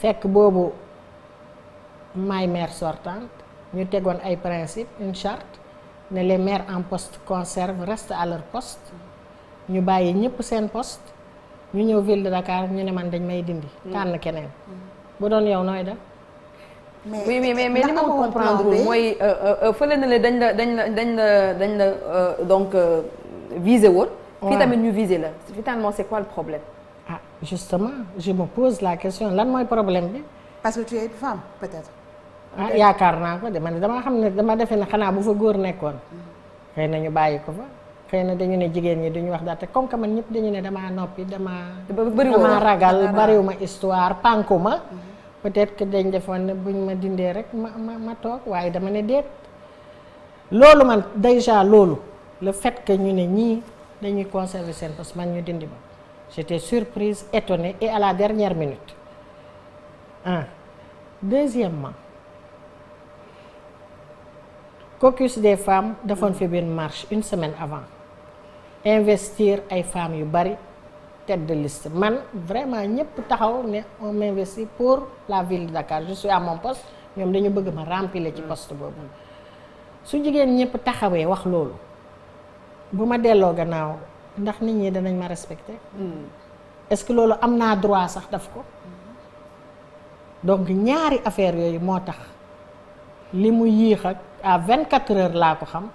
fekk boobu may maire sortante ñu tegoon ay principe une ne les maires en post conservent restent à leur poste ñu bàyyi ñëpp seen poste ñu ñëw ville de Dakar ñu ne man dañ may dindi. Mm. tànn keneen. bu doon yow nooy da mais oui mais mais li ma comprendre mooy euh, euh, euh, fële na le dañ la dañ la dañ la dañ la donc visé woon. fii tamit ñu visé la finalement c'est quoi le problème. ah justement je me pose la question lan mooy problème bi. parce que tu es femme peut-être. ah yaakaar naa ko de man damaa xam ne dama defe ne xanaa bu fa góor nekkoon. Mm. xëy na ñu bàyyi ko fa. xëy na dañu ne jigéen ñi duñu wax dara te comme que man ñëpp dañu ne dama noppi damaa. damaa ragal bariwuma histoire pànku ma. Mhm. peut-être que dañ defoon ne buñ ma dindee rek ma ma ma toog waaye dama ne déet. loolu man déjà loolu le fait que ñu ne ñii dañuy conserver seen poste man ñu dindi ma j'étais surprise étonnée et à la dernière minute un deuxièmement caucus des femmes defoon fi benn marche une semaine avant. investir ay femmes yu bari tête de man vraiment ñëpp taxaw ne on investit pour la ville de Dakar je suis à mon ñoom dañu bëgg ma remplir ci poste boobu su jigéen ñëpp taxawee wax loolu bu ma delloo gannaaw ndax nit ñi danañ ma respecter mm. est-ce que loolu am naa droit sax daf ko donc ñaari affaire yooyu moo tax li mu yéex ak à vingt-quatre heures laa ko xam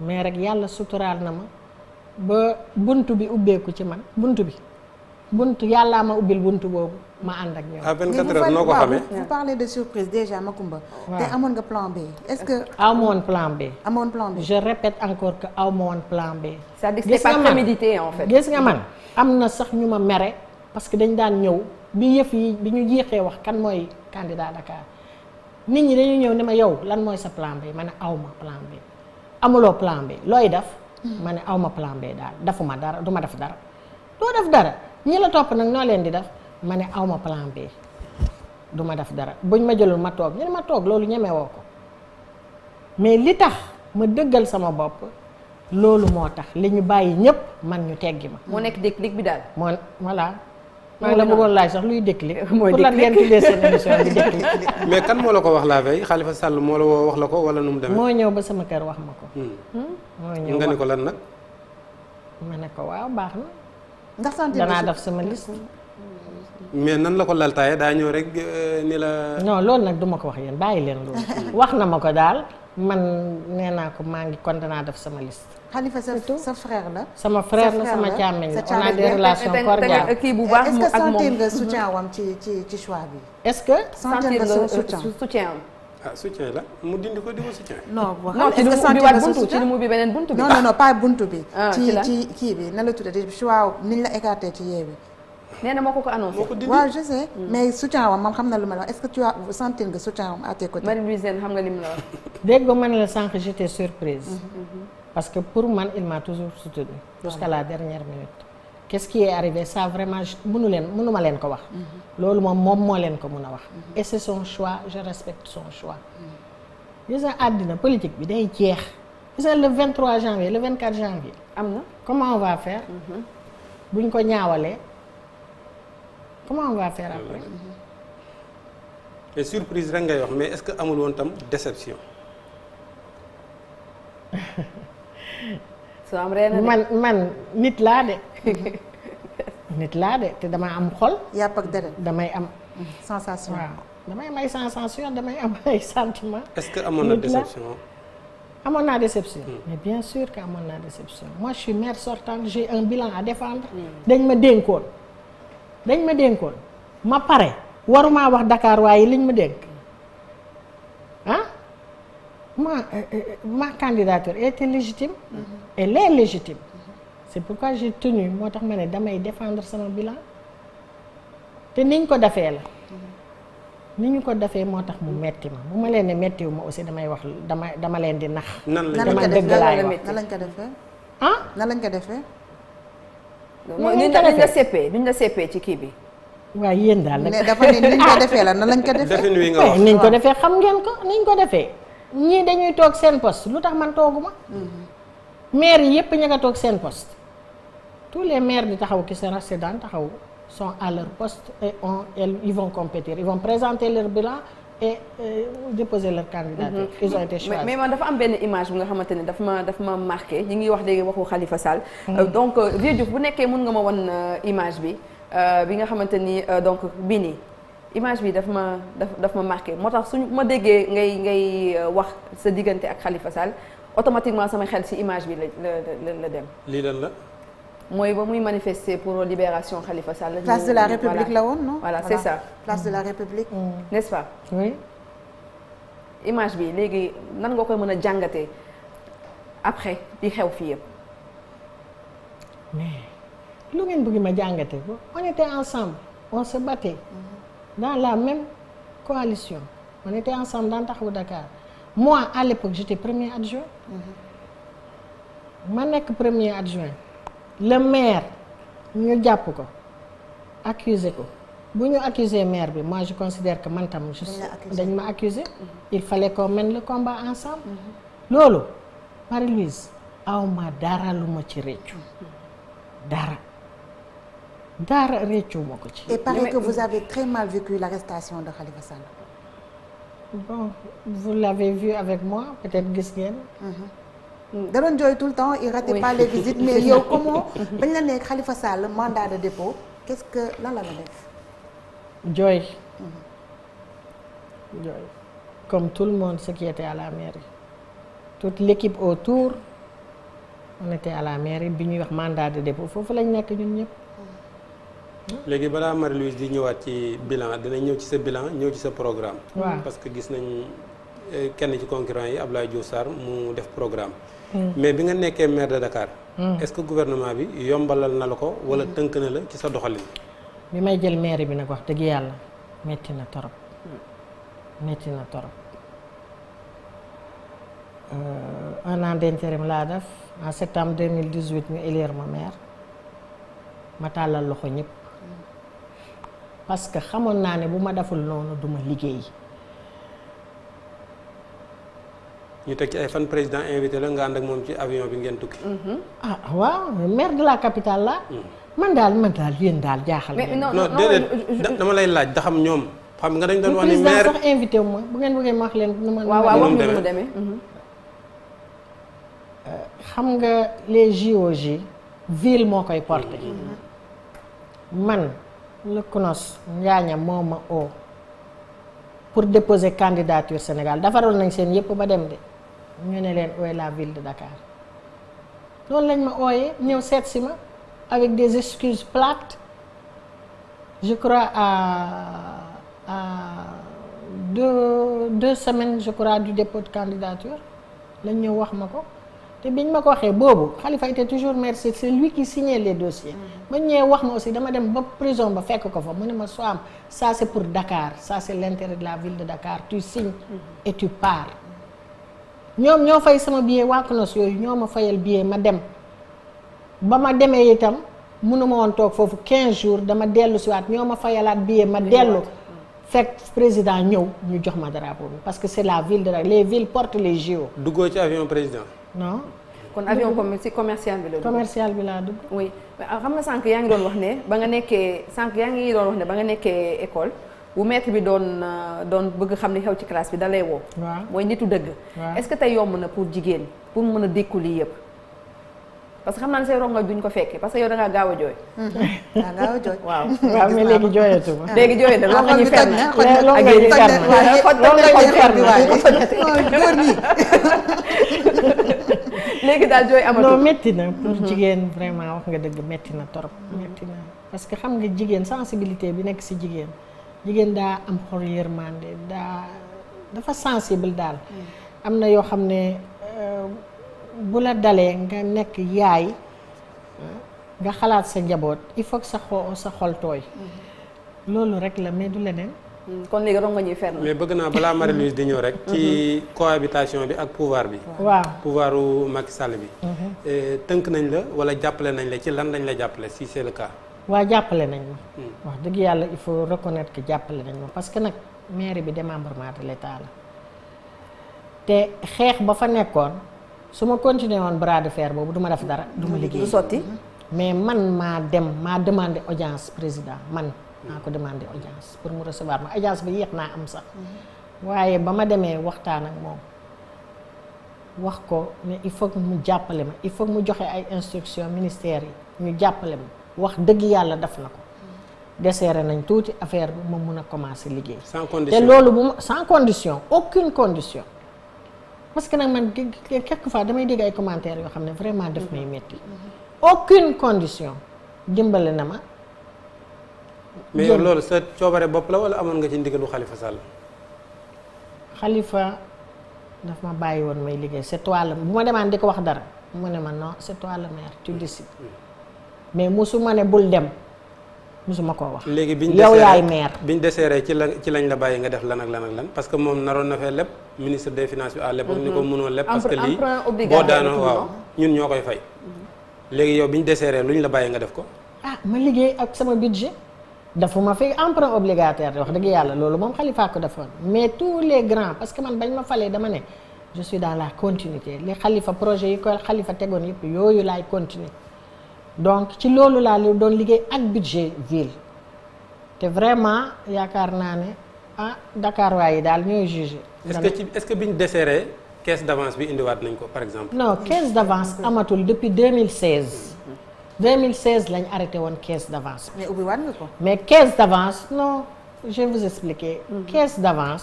mais rek yàlla suturaal na ma ba bunt bi ubbeeku ci man bunt bi bunt yàlla ma ubbil bunt boobu ma ànd ak ñoom. à 24 heures noo ko xamee vous parlez de amoon nga plan B. est-ce que aw ma woon plan B. amoon plan B je répète encore que aw ma woon plan B. c'est-à-dire gis nga man am na sax ñu ma mere parce que dañ daan ñëw bi yëf yi bi ñu jeexee wax kan mooy candidat Dakar nit ñi dañu ñëw ne ma yow lan mooy sa plan B ma ne aw ma plan B amuloo plan B looy def. Mm. ma ne aw ma plan daal dafuma dara duma def dara doo def dara ñi la topp nag noo leen di def ma ne aw ma plan B du ma def dara buñ ma jëlul ma toog ñu ne ma toog loolu ñeme woo ko mais li tax ma dëggal sama bopp loolu moo tax li ñu bàyyi ñëpp man ñu teggi ma. moo nekk déclic bi daal. moo voilà. maa ngi la bëggoon laaj sax luy déclic. mooy lan ngeen tuddee seen émission bi déclic. mais kan moo la ko wax la veille Khalifa Sall moo la woo wax la ko wala nu mu demee. moo ñëw ba sama kër wax ma nga ni ko lan nag. ma ne ko waaw baax na. ndax santé danaa def sama liste. mais nan la ko laltaaye daa ñëw rek euh, ni la. non loolu nag duma ko wax yéen bàyyi leen loolu. wax na ma ko daal man nee naa ko maa ngi kon danaa def sama liste. Khalifa sa sa frère la. sama frère la sama càmmiñ la on a des relations cordiales. kii bu baax ak moom est-ce que sentir nga soutien wam ci ci ci choix bi. est-ce que sentir nga euh, soutien am. ah soutien la mu dindi ko di ko soutien. non boo xam ne est beneen buntu bi. non non non na ah, la tuddee choix niñ la écarté ci yeewi. nee moo ko ko annoncé. moo waaw je mm. mais soutien wam man xam na lu ma la wax est-ce que tu as sentir nga soutien la wax. dégg surprise. Mm-hmm, mm-hmm. parce que pour man il m'a toujours soutenu. jusqu'à la dernière minute. qu'est-ce qui est arrivé ça vraiment mënu leen ma leen ko wax. Mhm. loolu moom moom moo leen ko mën a wax. et c'est son choix je respecte son choix. Mhm. gis nga àddina politique bi day jeex. gis nga le 23 janvier le 24 janvier. am na comment on va faire. Mhm. buñ ko ñaawalee. comment on va faire après. et surprise rek ngay wax mais est-ce que amul woon tam déception. man man nit laa de. nit laa de te damaa am xol. yàpp ak damay am. sensation waaw damay am ay sensation damay am ay sentiment. est-ce que amoon na déception. amoon naa déception. Hmm. mais bien sûr que amoon naa déception moi je suis sortante j'ai un bilan à défendre. Hmm. dañ ma dénkoon dañ ma dénkoon ma pare warumaa wax Dakar waaye liñ ma dénk ah. Euh, euh, ma candidature était légitime. Mm-hmm. elle est légitime. c'est pourquoi j'ai tenu moo tax ma ne damay défendre sama bilan te niñ ko defee la. Mm-hmm. ni ñu ko defee moo tax mu metti ma bu ma leen ne mettiwu aussi damay wax dama dama leen di nax. nan lañ ko defee nan lañ ko defee ah nan lañ ko defee. nan lañ ko defee duñ la seppee ci kii bi. waaw yéen daal nag. dafa defee la nan lañ ko defee. defin eh, wax niñ ko defee xam ngeen ko niñ ko defee. ñii dañuy toog seen poste lu tax man tooguma maire yi yépp ña nga toog seen poste tous les maires di taxaw qui seen sédan taxaw sont à leur poste et on yi vont compétir ils vont présenter leur bilan et euh, déposer leur candidature. Mm -hmm. ils ont été mais ma dafa am benn image bi nga xamante ne daf ma daf ma marqué ñu ngi wax léegi waxu Khalifa Sall. Mhm. Euh, donc euh, Vieux bu nekkee mën nga ma won euh, image bi bi nga xamante ni donc bii nii. image bi daf ma daf daf ma marqué moo tax suñu ma déggee ngay ngay euh, wax sa diggante ak Khalifa Sall automatiquement sama xel ci image bi la la la dem. lii lan la. mooy ba muy manifester pour libération xalifa Sall. place de la République la woon non. voilà c'est ça place de la République. Mm. Mm. nest sa pas. oui. image léegi nan nga koy mën a jàngatee après di xew fii yëpp. mais lu dans la même coalition on était ensemble dans Taxawu Dakar moi à l'époque j'étais premier adjoint mm-hmm. ma nekk premier adjoint le maire ñu jàpp ko accuser ko bu ñu accusé maire bi moi je considère que man tam dañ ma accusé mm-hmm. il fallait qu'on mène le combat ensemble mm-hmm. loolu Marie-Louise aw ma dara lu ma ci réccu dara dara réccu ma ko ci. et paraît que vous avez très mal vécu l'arrestation de Khalifa Sall. bon vous l'avez vu avec moi peut-être gis ngeen. Mm-hmm. da doon tout le temps il ratait oui. pas les mais yow comment bañ la nekk Khalifa mandat de dépôt qu'est-ce que lan la la def. jooy. Mm-hmm. jooy comme tout le monde ce à la mairie. toute l'équipe autour on à la mairie bi ñuy wax mandat de dépôt foofu lañ nekk ñun ñëpp. léegi balaa Marie-Louise di ñëwaat ci bilan dinañ ñëw ci sa bilan ñëw ci sa programme. waaw parce que gis nañ eh, kenn ci concurrent yi Abdoulaye Diouf Sarr mu def programme. Hmm. mais bi nga nekkee maire de Dakar. Hmm. est-ce que gouvernement bi yombalal na la ko wala hmm. tënk na la ci sa doxalin. bi may jël maire bi nag wax dëgg yàlla metti na torop metti na torop euh, un laa def en septembre 2018 ñu élire ma maire tàllal loxo ñëpp. parce que xamoon naa ne bu ma deful noonu du ma liggéey. ñu teg ci ay fan président invité la nga ànd ak moom ci avion bi ngeen tukki. Mm-hmm. Ah, waaw maire de la capital la. Mm. man daal man daal yéen daal jaaxal. mais non non déedéet dama lay laaj da xam ñoom. xam nga dañ doon wax ne maire sax wu bu ngeen bëggee ma wax leen. nu ma waaw waaw euh, xam nga les JOJ ville moo koy porté. Mm-hmm. man. le CNOS Njaaña moo ma oo pour déposer candidature Sénégal defaroon nañ seen yëpp ba dem de ñu ne leen ooy la ville de Dakar loolu lañ ma ooyee ñëw seetsi ma avec des excuses plates je crois à à deux deux semaines je crois du dépôt de lañ ñëw wax ma ko. te biñ ma ko waxee boobu Khalifa était toujours maire c'est lui qui signait les dossiers. ba mm. ñëwee wax ma aussi dama dem ba prison ba fekk ko fa mu ne ma soo am ça c'est pour Dakar ça c'est l'intérêt la ville de Dakar tu signes mm. et tu pars. ñoom ñoo fay sama billet waa Konos yooyu ñoo ma fayal billet ma dem ba ma demee itam mënuma woon toog foofu 15 jours dama dellu si waat ñoo ma fayalaat billet ma dellu. Mm. fekk président ñëw ñu jox ma drapeau bi parce que c'est la les villes portent les JO. duggoo ci président. non. kon avion comme si commercial bi la. commercial bi laa dugg. Ah, xam nga sànq yaa ngi doon wax ne ba nga nekkee sànq yaa ngi doon wax ne ba nga nekkee école. bu maître bi doon euh, doon bëgg xam ni xew ci classe bi dalay woo. waaw mooy nitu dëgg. est-ce que tey yomb na pour jigéen pour mën a dékku lii yëpp. parce que xam naa ne say rongoñ duñ ko fekkee parce que yow da ngaa gaaw a jooy. da a jooy. waaw waaw mais léegi jooyatu léegi jooyatu ma rongoñ ah, yi fer na rongoñ yi fer na rongoñ yi fer na rongoñ yi fer léegi daal jooy amatul noo métti na pour mhm. jigéen vraiment wax nga dëgg métti na torop mhm. metti na parce que xam nga jigéen sensibilité bi nekk si jigéen jigéen daa am xol yërmande daa dafa sensible daal mhm. am na yoo xam ne euh, bu la dalee nga nekk yaay nga xalaat sa njaboot il faut que sa xo sa xol tooy loolu rek la mais du leneen kon léegi rongo mais bëgg naa balaa Marie-Louise di ñëw rek. Mhm. ci cohabitation bi ak pouvoir bi. waa pouvoiru Macky Sall bi. Mhm. Euh, tënk nañ la wala jàppale nañ la ci lan lañ la jàppale si c'est le cas. waa jàppale nañ ma. Hmm. wax dëgg yàlla il faut reconnaître que jàppale nañ ma parce que nag maire bi démembrement ma l'État la te xeex ba fa nekkoon su ma continuer woon bras de fer boobu du def dara. du liggéey mais man maa dem maa demandé audience président man. naa ko demandé audience pour mu recevoir ma audience bi yéex naa am sax waaye ba ma demee waxtaan ak moom wax ko ne il faut mu jàppale ma il faut mu joxe ay instructions ministères yi ñu jàppale ma wax dëgg yàlla def na ko deseere nañ tuuti affaire bi ma mun a commencer liggéey. sans te loolu bu ma sans condition aucune condition. parce que nag man quelque fois damay dégg ay commentaires yoo xam ne vraiment def may metti mm-hmm. aucune condition dimbale na ma. mais yow loolu sa coobare bopp la wala amoon nga ci ndigalu Khalifa Sall. Khalifa daf ma bàyyi woon may liggéey c'est la bu ma demaan di ko wax dara mu ne ma non c'est toi la maire tu décides hmm. mais musuma ne bul dem musuma koo wax. léegi biñ yow yaay maire biñ deseeree ci la ci lañ la bàyyi nga def lan ak lan ak lan parce que moom naroon na fee lépp ministre des finances bi à l'époque ni ko mënoon mhm. lépp. parce que lii boo daanoo waaw ñun ñoo koy fay. Mhm. léegi yow biñ deseeree ñu la bàyyi nga def ko. ah liggéey ak sama budget. dafa ma fi emprunt obligataire wax dëgg yàlla loolu moom xalifa ko defoon mais tous les grands parce que man bañ ma falee dama ne je suis dans la continuité li xalifa projet yi ko xalifa tegoon yëpp yooyu laay continuer donc ci loolu laa lu doon liggéey ak budget ville te vraiment yaakaar naa ne ah Dakar waay yi daal ñooy jugé. est-ce que ci est bi ñu desserré caisse d'avance bi indiwaat nañ ko par exemple. non caisse d'avance amatul depuis 2016. 2016 lañ arrêté woon caisse d' avance. mais ubbiwaat nga ko. mais caisse d' avance non je vais vous expliquer. Mm -hmm.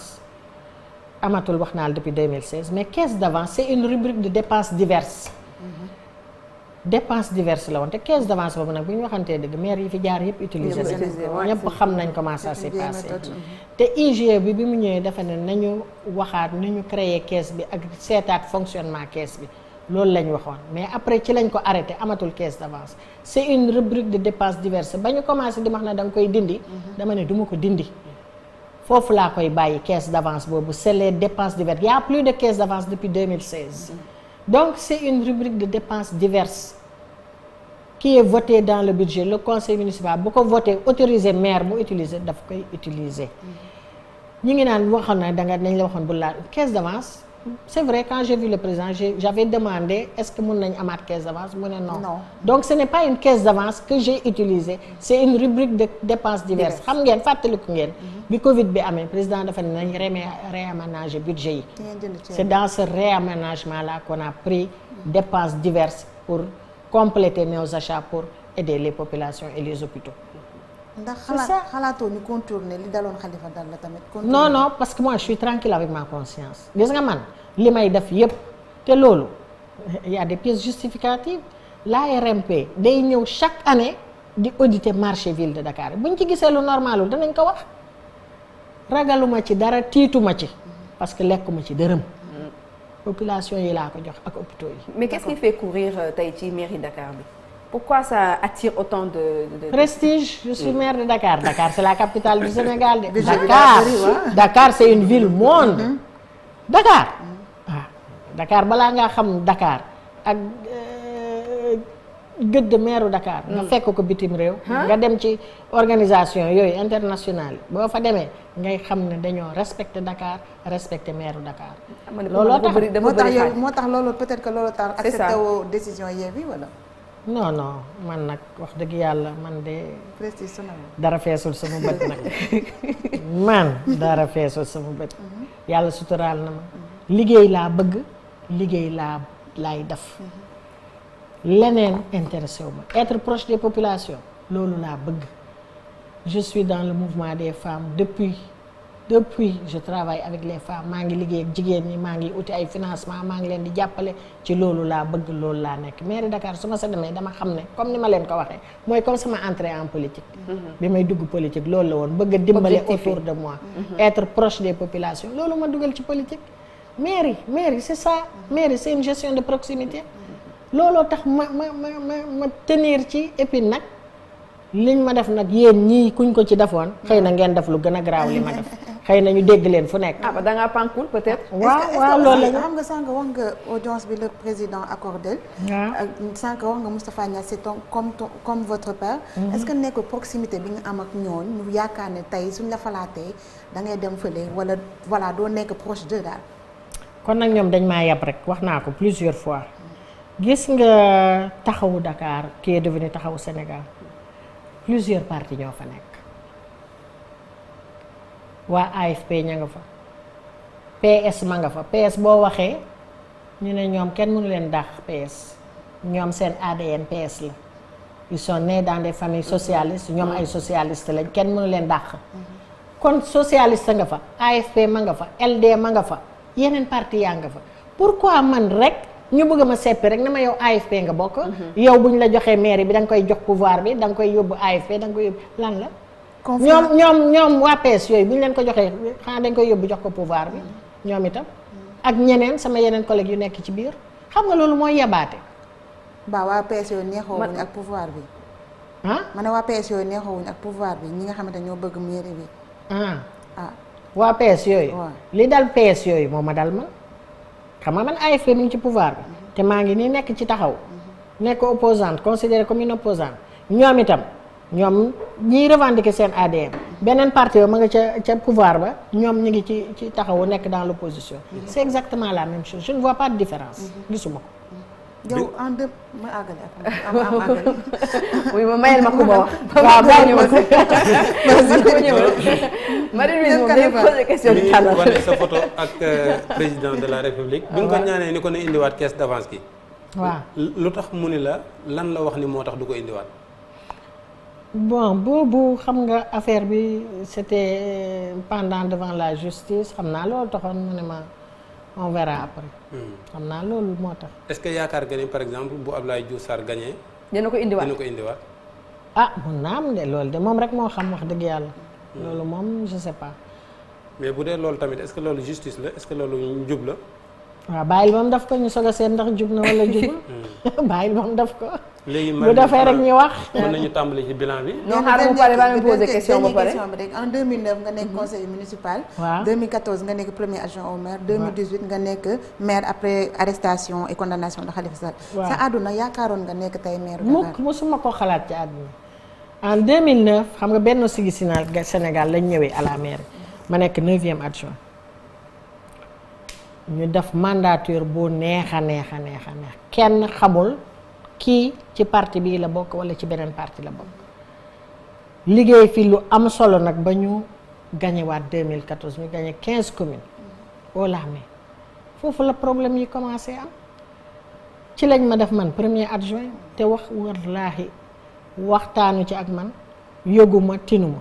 amatul wax naa la depuis 2016 mais caisse d' avance c' est une rubrique de dépenses diverses. Mm -hmm. dépenses diverses la woon te caisse d' avance boobu nag bu ñu waxantee dëgg maire yi fi jaar yëpp utiliser ñëpp xam nañ comment ça s' est mhm. te IGE bi bi mu ñëwee dafa ne nañu waxaat ñu créer caisse bi ak seetaat fonctionnement caisse bi. loolu lañ waxoon mais après ci lañ ko arrêté amatul caisse d'avance c'est une rubrique de dépense diverses ba ñu commencé di ma ne da nga koy dindi mhm. dama ne duma ma ko dindi foofu laa koy bàyyi caisse d'avance boobu c'est les dépenses diverses Il y a plus de caisse d'avance depuis 2016 mhm. donc c'est une rubrique de dépense diverses kii est votée dans le budget le conseil municipal bu ko voté autorisé maire bu utiliser daf koy utiliser mhm. ñi ngi naan waxoon na da nga nañ la waxoon bu laal caisse d'avance c'est vrai quand j'ai vu le président j'avais demandé est-ce que mën nañ amaat caisse d'avance mu ne non. non donc ce n'est pas une caisse d'avance que j'ai utilisée c'est une rubrique de dépense diverses xam ngeen fàttaliku ngeen mhm. bi Covid bi amee président dafa ne nañ réaménager budget yi c'est dans ce réaménagement là qu'on a pris dépenses diverses pour compléter nos achats pour aider les populations et les hôpitaux ndax xalaat xalaatoo ñu contourner li daloon Khalifa dal la tamit. non non parce que moi je suis tranquille avec ma conscience gis nga man li may def yépp te loolu y a des pièces justificatives l'ARMP day ñëw chaque année di auditer marché ville de Dakar buñ ci gisee lu normalul danañ ko wax ragaluma ci dara tiituma ci parce que lekkuma ci dërëm. Mm. population yi laa ko jox ak hôpitaux yi. mais qu'est-ce qui fait courir euh, tey ci mairie Dakar bi. Pourquoi ça attire autant de, de, de... Prestige, je mm. maire de Dakar. Dakar, c'est la capitale du Sénégal. Dakar, Dakar c'est une ville monde. Mm -hmm. Dakar. waaw ah, balaa ngaa xam dakaar ak euh, gëdd maire dakaar nga mm. fekk ko bitim réew. nga dem ci organisation yooyu internationale boo fa demee ngay xam ne dañoo respecter Dakar respecter maire Dakar. looloo tax moo tax loolu peut-être que loolu tax. accepté woo décision Yewwi wala. non non man nag wax dëgg yàlla man de. dara feesul sama bët nag man dara feesul sama bët. yàlla suturaal na ma. liggéey laa bëgg liggéey laa laay def. leneen intéressé wu ma être proche des populations loolu laa bëgg je suis dans le mouvement des femmes depuis. depuis je travaille avec les femmes maa ngi liggéey ak jigéen ñi maa ngi uti ay financement maa ngi leen di jàppale ci loolu laa bëgg loolu laa nekk mairie Dakar su ma sa demee dama xam ne comme ni ma leen ko waxee mooy comme sama entrée en politique mm-hmm. bi may dugg politique loolu la woon bëgg a dimbale autour de mois mm-hmm. être proche des population loolu ma dugal ci politique mairie mairie c'est ça mairie c'est une gestion de proximité mm-hmm. looloo tax ma ma ma ma ma tenir ci et nag liñ ma def nag yéen ñii kuñ ko ci defoon xëy na ngeen def lu gën a garaaw li ma def xëy na ñu dégg leen fu nekk. ah ba da ngaa pànkul peut-être. waaw waaw loolu la nga sànq wax nga audience bi le président accordé. waaw euh, sànq wax nga Moustapha Niass c'est comme comme votre père. Mhm. est-ce que nekk proximité bi nga am ak ñooñ yaakaar ne tey suñ la falaatee da ngay dem fële wala voilà doo nekk proche de daal. kon nag ñoom dañ maa yab rek wax naa ko plusieurs fois gis nga taxawu dakaar qui est devenu taxawu Sénégal plusieurs partis ñoo fa nekk. waa AFP ña nga fa PS ma nga fa PS boo waxee ñu ne ñoom kenn mënu leen dàq PS ñoom seen ADN PS la ils sont nés dans des familles socialistes ñoom ay socialiste lañ kenn mënu leen dàq kon socialiste nga fa AFP ma nga fa LD ma nga fa yeneen parti yaa nga fa pourquoi man rek ñu bëgg ma seppi rek na ma yow AFP nga bokk mhm. yow bu ñu la joxee mairie bi danga koy jox pouvoir bi da nga koy yóbbu AFP da nga koy yóbbu lan la ñoom ñoom ñoom waa PS yooyu bu ñu leen ko joxee xanaa dañ koy yóbbu jox ko pouvoir bi ñoom itam ak ñeneen sama yeneen collègue yu nekk ci biir xam nga loolu mooy yabaate. ba waa PS yooyu neexoo wuñ ak pouvoir bi. ah ma ne waa PS yooyu ak pouvoir bi ñi nga xamante ñoo bëgg mairie bi. ah ah. waa PS yooyu. li dal PS yooyu moom ma dal man xam nga man AFP mi ngi ci pouvoir bi. Mm-hmm. te maa ngi nii nekk ci taxaw. Mm-hmm. nekk opposante considéré comme une opposante ñoom itam. ñoom ñii revendiquer seen ADM beneen parti ba ma nga ca ca pouvoir ba ñoom ñu ngi ci ci taxawu nekk dans l'opposition c'est exactement la même chose je ne vois différence gisuma ko en deux ma àggale ak am àggale oui ma mayal ma ku ma wax. ma ko sa photo ak euh, président de la république. bi nga ko ñaanee ni ko ne indiwaat caisse d'avance gi. waaw lu tax mu ni la lan la wax ni moo tax du ko indiwaat. bon boobu xam nga affaire bi c'était euh, pendant devant la justice xam naa loolu taxoon mu ne ma on verra après. Hmm. xam naa loolu moo tax. est-ce que yaakaar nga ni par exemple bu Abdoulaye Diouf Sarr gagné. dina ko indiwaat dina ko indiwaat. ah mun naa am de loolu de moom rek moo xam wax dëgg yàlla. Hmm. loolu moom je sais pas. mais bu dee loolu tamit est-ce que loolu justice la est que loolu njub la. waaw bàyyil ba mu def ko ñu soog a seet ndax jub na wala jubul. Hmm. bàyyil ba mu ko. léegi bu defee rek ñu wax. mën nañu tàmbali ci bilan bi. ñoo xaar mu pare ba ñu posé question ba pare question bi rek en 2009 nga nekk mhm. conseiller municipal. waaw nga nekk premier adjoint au maire. nga nekk maire après arrestation et condamnation de Khalifa Sall. waaw sa àdduna yaakaaroon nga nekk tey maire. mukk mosuma ko xalaat ci àdduna. en 2009 xam nga benn sigi Sénégal lañ ñëwee à la maire ma nekk neuvième adjoint ñu def mandateur bu neex a neex a neex a neex kenn xamul. kii ci parti bii la bokk walla ci beneen parti la bokk liggéey fii lu am solo nag ba ñu gagné waat 2014 ñu gagné quinze communes au larme foofu la problème yi commencé am ci lañ ma def man premier adjoint te wax wallaahi waxtaanu ci ak man yëguma tinuma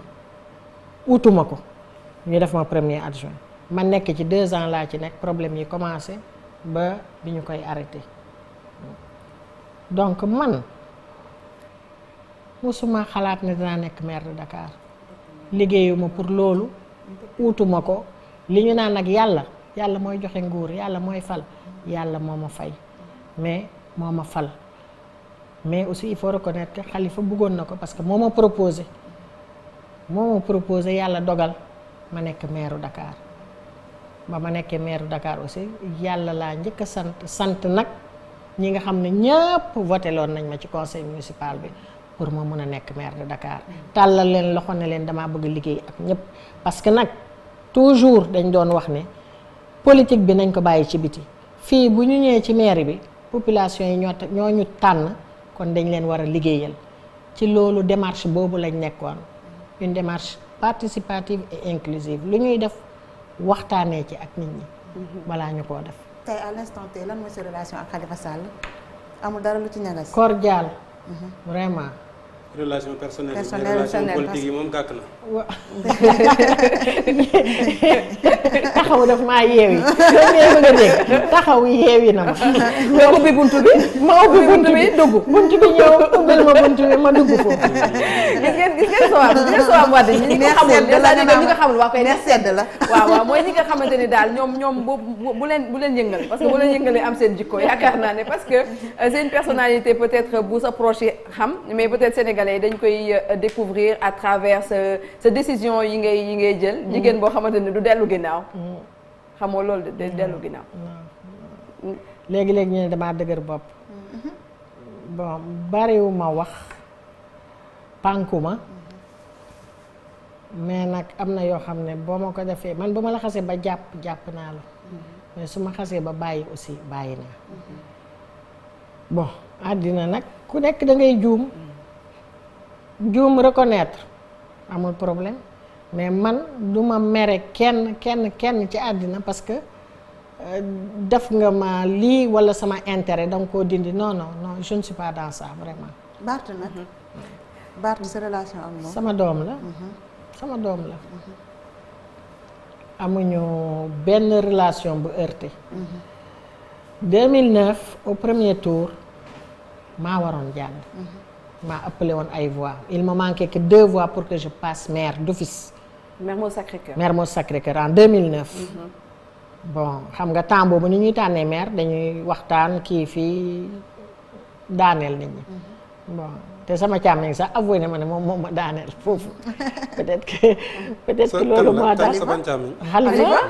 wutuma ko ñu def ma premier adjoint ma nekk ci deux ans laa ci nekk problème yi commencé ba bi ñu koy arrêté donc man musuma xalaat ne dinaa nekk maire de Dakar liggéeyuma pour loolu uutuma ko li ñu naan nag yàlla yàlla mooy joxe nguur yàlla mooy fal yàlla moo ma fay mais moo ma fal mais aussi il faut ko que xalifa bëggoon na ko parce que moo ma proposé moo ma proposé yàlla dogal ma nekk maire dakaar ba ma nekkee maire Dakar aussi yàlla laa njëkk a sant sant nag ñi nga xam ne ñëpp voté loon nañ ma ci conseil municipal bi pour ma mën a nekk maire de Dakar tàllal leen loxo ne leen dama bëgg liggéey ak ñëpp parce que nag toujours dañ doon wax ne politique bi nañ ko bàyyi ci biti fii bu ñu ñëwee ci maire bi population yi ñoo ñoo ñu tànn kon dañ leen war a liggéeyal ci loolu démarche boobu lañ nekkoon une démarche participative et inclusive lu ñuy def waxtaanee ci ak nit ñi mm-hmm. balaa ñu koo def tey à l'instant tey lan mooy sa relation ak Khalifa Sall amul dara lu ci ñagas cordial mhm. vraiment relation personnelle personnelle relation politique yi moom gàkk na. taxaw daf maa na ma. nga ubbi buntu bi ma ubbi buntu bi dugg buntu bi ñëw ubbil ma la waaw mooy ñi nga xamante daal ñoom ñoom bu leen bu leen yëngal parce que bu leen yëngalee am seen parce que euh, c'est une personnalité peut-être bu s'approcher xam mais peut Sénégal sénégalais dañ koy euh, découvrir à travers sa sa décision yi ngay yi ngay jël. Mm-hmm. jigéen boo xamante ne du dellu ginnaaw. Mm-hmm. xamoo loolu de mm-hmm. dellu ginnaaw. léegi léegi ñu ne damaa dëgër bopp. bon bariwuma wax pànkuma mais nag am na yoo xam ne boo ma ko defee man bu ma la xasee ba jàpp jàpp naa la mais su ma xasee ba bàyyi aussi bàyyi naa bon àddina nag ku nekk da juum juum reconnaître amul problème mais man du ma mere kenn kenn kenn ci àddina parce que euh, def nga ma lii walla sama intérêt danga koo dindi non non non je ne suis pas dans ça vraiment. Mhm. sama doom la. Mhm. sama doom la. Mhm. amuñu benn relation bu heurté. 2009 au premier tour maa waroon jàll. maa ëppale woon ay voix il me manquait que deux voix pour que je passe maire d'office. Mermoz Sacré-Cœur Mermoz sacré mm-hmm. bon xam nga temps boobu ni ñuy tànnee maire dañuy waxtaan kii fii daaneel nit ñi. Mm-hmm. te sama càmmiñ sax avoué ma ne moom moom ma daaneel foofu peut-être que. peut-être que loolu moo tax sama càmmiñ. Xalifa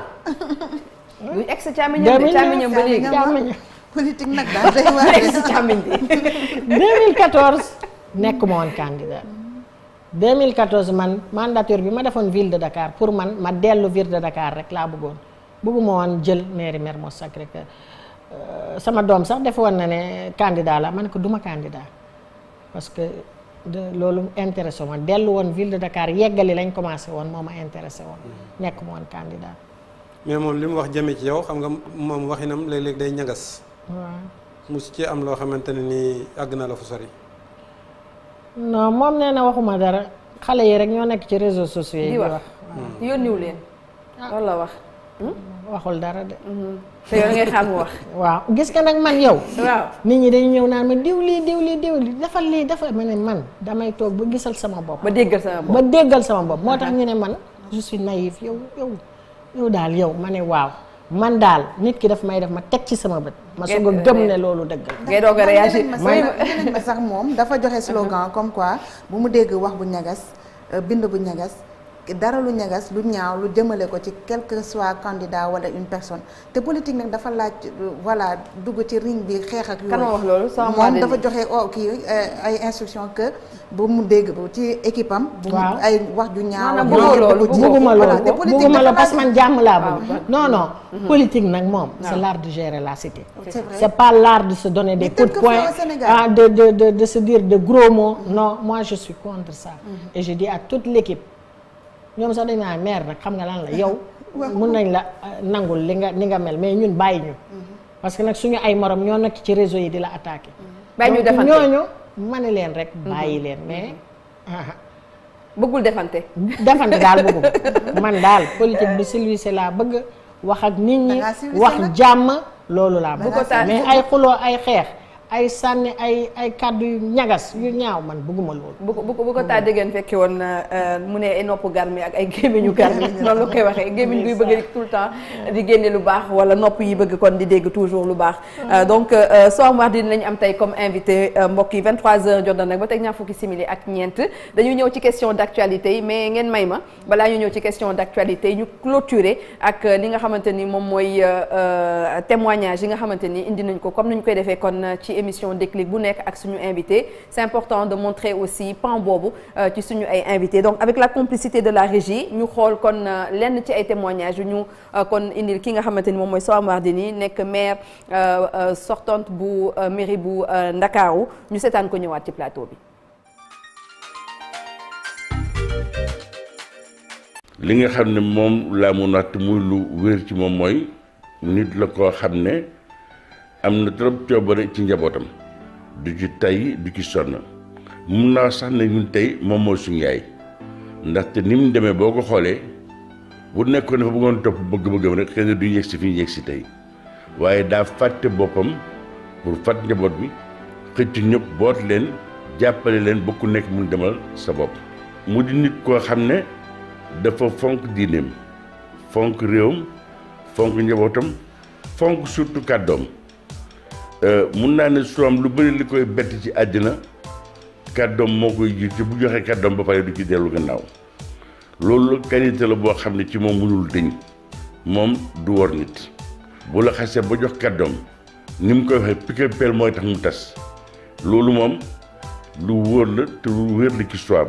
bu egg de nekkuma woon candidat 2014 man mandature bi ma defoon ville de Dakar pour man ma dellu ville de Dakar laa bëggoon bëgguma woon jël mairie Mermoz Sacré-Cœur euh, sama doom sax def woon na ne candidat la ma ne ko duma candidat parce que de loolu intéressé woon dellu woon ville de Dakar yeggali lañ commencé woon moo ma intéressé woon nekkuma woon candidat mais moom li mu wax jëme ci yow xam nga moom waxinam léeg-léeg day ñagas waaw mu ci am loo xamante ne nii àgg na la fu sori non moom nee na waxuma dara xale yi rek ñoo nekk ci réseau sociaux yi. di wax mm. yónniw leen. Ah. la wax. Hmm? waxul dara de. Mm-hmm. xam wax. waaw gis nga nag man yow. waaw nit ñi dañu ñëw naan ma diw lii diw lii diw lii dafa lii dafa ma ne man damay toog ba gisal sama bopp. ba déggal sama bopp déggal sama bopp. moo tax uh-huh. ñu ne man je suis naïf yow yow yow daal yow ma ne waaw. man daal nit ki dafa may def ma teg ci sama bët. ma soog a gëm ne loolu dëgg la. ngay doo ko réagir ma sax moom dafa joxe slogan comme quoi bu mu dégg wax bu ñagas euh, bind bu ñagas. dara lu ñagas lu ñaaw lu jëmale ko ci quel que soit candidat wala une personne te politique nag dafa laaj voilà dugg ci ring bi xeex ak. kan wax loolu moom dafa joxe o oh, kii eh, ay instruction que bu mu dégg bu ci équipe bu bu ay wax ju ñaaw. loolu bëgguma loolu bëgguma loolu parce que man jàmm laa bëgg. non non mm-hmm. politique nag moom. c' est l' art de gérer la pas l' de se donner des coups de poing ah de de de de se dire de gros mots. Mm-hmm. non moi je suis contre ça. Mm-hmm. et je dis à toute l' équipe. ñoom sax dañ naa maire nag xam nga lan la yow. mun nañ la euh, nangul li nga li nga mel mais ñun bàyyi ñu. Mm-hmm. parce que nag suñu ay morom ñoo nekk ci réseau yi di la attaqué. Mm-hmm. bàyyi ñu defante ñooñu mane leen rek. Mm-hmm. bàyyi leen mais. bëggul defante. defante daal man daal politique bi service laa bëgg wax ak nit ñi. wax jàmm loolu laa bëgg mais ay xuloo ay xeex. ay sànni ay ay kàddu yu ñagas yu ñaaw man bëgguma loolu. bu ko bu ko taa dégg fekke woon euh, mu ne ay nopp garmi ak ay gémmiñu garmi noonu la koy waxee gémmiñ buy bëgg tout le temps di génne lu baax wala nopp yi bëgg kon di dégg toujours lu baax. Euh, donc euh, Soham Wardini dinañ am tey comme invité mbokk yi 23h jot na nag ba teg ñaar fukki simili ak ñeent dañu ñëw ci question d' actualité yi mais ngeen may ma balaa ñu ñëw ci question d' actualité yi ñu clôturer ak li nga xamante ni moom mooy témoignage yi nga xamante ni indi nañ ko comme ni ñu koy defee kon ci. ci émission déclic bu nekk ak suñu invité c'est important de montrer aussi pan boobu euh, ci suñu ay invité donc avec la complicité de la régie ñu xool kon euh, lenn ci ay témoignages yu ñu euh, kon indil ki nga xamante ni moom mooy Soham Wardini nekk maire sortante bu mairie bu Ndakaaru ñu seetaan ko ñëwaat ci plateau bi li nga moom laa mu natt muy lu wér ci moom mooy nit la koo xam ne am na trop coobare ci njabootam du ci tay du ci sonn mun naa sax ne ñun tey moom moo suñu yaay ndaxte ni mu demee boo ko xoolee bu nekkoon dafa bëggoon topp bëgg-bëggam rek xëy na du yegg si fi ñu si tey waaye daa fàtte boppam pour fàtt njaboot bi xëcc ñëpp boot leen jàppale leen ba nekk mu demal sa bopp. mu di nit koo xam ne dafa fonk diineem fonk réewam fonk njabootam fonk surtout kàddoom. Euh, mun naa ne soom lu bëri li koy bett ci àddina kàddoom moo koy jiite bu joxee kàddoom ba pare du ci dellu gannaaw loolu qualité la boo xam ne ci moom mënul dëñ moom du wor nit bu la xasee ba jox kàddoom ni mu koy waxee pique peel mooy tax mu tas loolu moom lu wóor la te lu wér la ci soom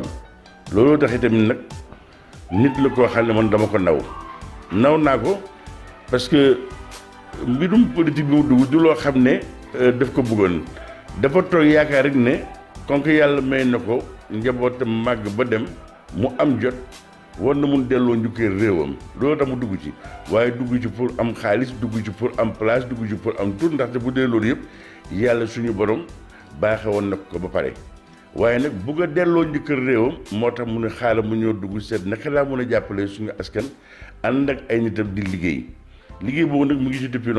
looloo tax itamit nag nit la koo xam ne man dama ko naw naw naa ko parce que mbirum politique bi mu dugg du loo xam ne Euh, daf ko bëggoon dafa toog yaakaar rek ne konk yàlla may na ko njaboot njabootam màgg ba dem mu am jot war na mun delloo njukkee réewam loolu tax mu dugg ci waaye dugg ci pour am xaalis dugg ci pour am place dugg ci pour am tur ndaxte bu dee loolu yëpp yàlla suñu borom baaxe woon na ko ba pare waaye nag bugg a delloo njëkkër réewam moo tax mu ne xaaral mu ñëw dugg seet naka laa mun a jàppale suñu askan ànd ak ay nitam di liggéey liggéey boobu nag mu ngi ci depuis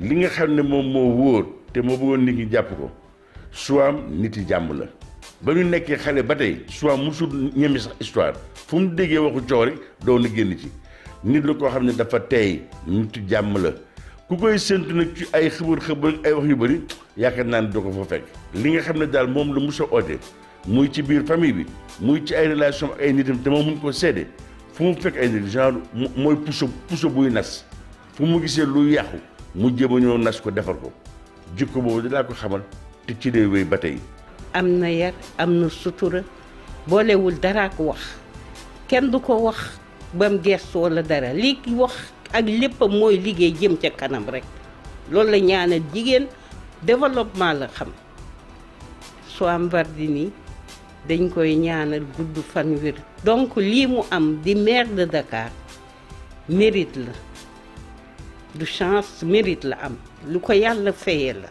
li nga xam ne moom moo wóor te moo bëggoon nit ñi jàpp ko suwaam nit yi jàmm la ba ñu nekkee xale ba tey suwaam musul ñeme sax histoire fu mu déggee waxu coow rek na génn ci nit la koo xam ne dafa teey nit jàmm la ku koy séntu nag ci ay xëbër xëbër ay wax yu bëri yaakaar naa ne doo ko fa fekk li nga xam ne daal moom la musa oote muy ci biir famille bi muy ci ay relation ak ay nitam te moo mun ko seede fu mu fekk ay nit genre mooy puso puso buy nas fu mu gisee lu yàqu mu jéem a nas ko defar ko jikko boobu dinaa ko xamal te ci lay wéy ba tey. am na yar am na sutura boolewul dara ko wax kenn du ko wax ba mu gestu wala dara li wax ak léppam mooy liggéey jëm ca kanam rek loolu la ñaanal jigéen développement la xam am Soham nii dañ koy ñaanal gudd fan donk lii mu am di maire de Dakar mérite la du chance mérite la am lu ko yàlla fayee la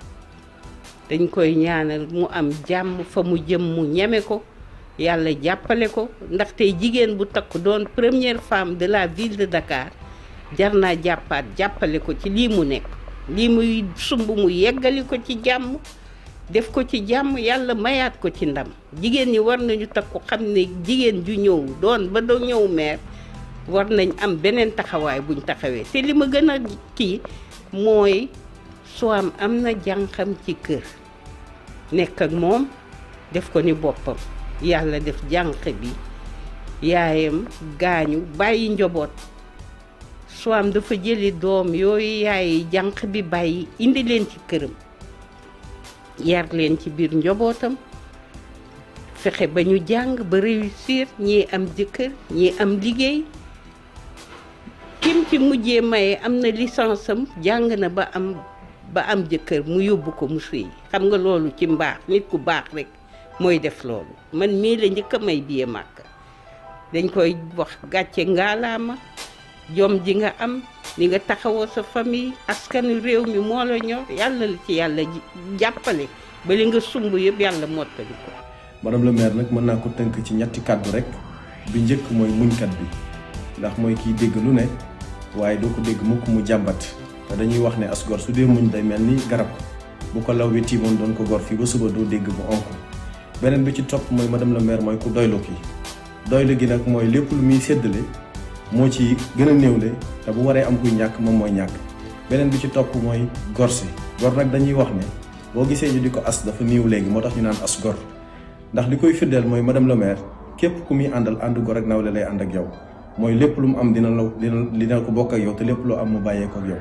dañ koy ñaanal mu am jàmm fa mu jëm mu ñeme ko yàlla jàppale ko ndaxte jigéen bu takk doon première femme de la ville de Dakar jar naa jàppaat jàppale ko ci lii mu nekk lii muy sumb mu yeggali ko ci jàmm def ko ci jàmm yàlla mayaat ko ci ndam jigéen ñi war nañu takku xam ne jigéen ju ñëw doon ba doo ñëw meer war nañ am beneen taxawaay buñ taxawee te li ma gën a kii mooy soam am na jànqam ci kër nekk ak moom def ko ni boppam yàlla def jànq bi yaayam gaañu bàyyi njoboot soam dafa jëli doom yooyu yaayi jànq bi bàyyi indi leen ci këram yar leen ci biir njabootam fexe ba ñu jàng ba réussir ñii am jëkkër ñii am liggéey kim ci mujjee maye am na licence am jàng na ba am ba am jëkkër mu yóbbu ko mu sëy xam nga loolu ci mbaax nit ku baax rek mooy def loolu man mii la njëkk a may biye màkk dañ koy wax gàcce ngaalaama jom ji nga am ni nga taxawoo sa famille askanu réew mi moo la ñor yàlla la ci yàlla jàppale ba li nga sumb yëpp yàlla mottali ko madame le maire nag mën naa ko tënk ci ñetti kàddu rek bi njëkk mooy muñkat bi ndax mooy kiy dégg lu ne waaye doo ko dégg mukk mu jàmbat te dañuy wax ne as su dee muñ day mel ni garab bu ko law bi tiimoon doon ko gor fii ba suba doo dégg bu onk beneen bi ci topp mooy madame la mooy ku doylu ki doylu gi nag mooy lépp lu muy séddale moo ci gën a néewle te bu waree am kuy ñàkk moom mooy ñàkk beneen bi ci topp mooy gor si gor nag dañuy wax ne boo gisee ñu di ko as dafa néew léegi moo tax ñu naan as gor ndax di koy firndeel mooy madame la maire képp ku muy àndal ànd gor ak nawle lay ànd ak yow mooy lépp lu mu am dina la dina dina ko bokk ak yow te lépp loo am mu bàyyeekoo yow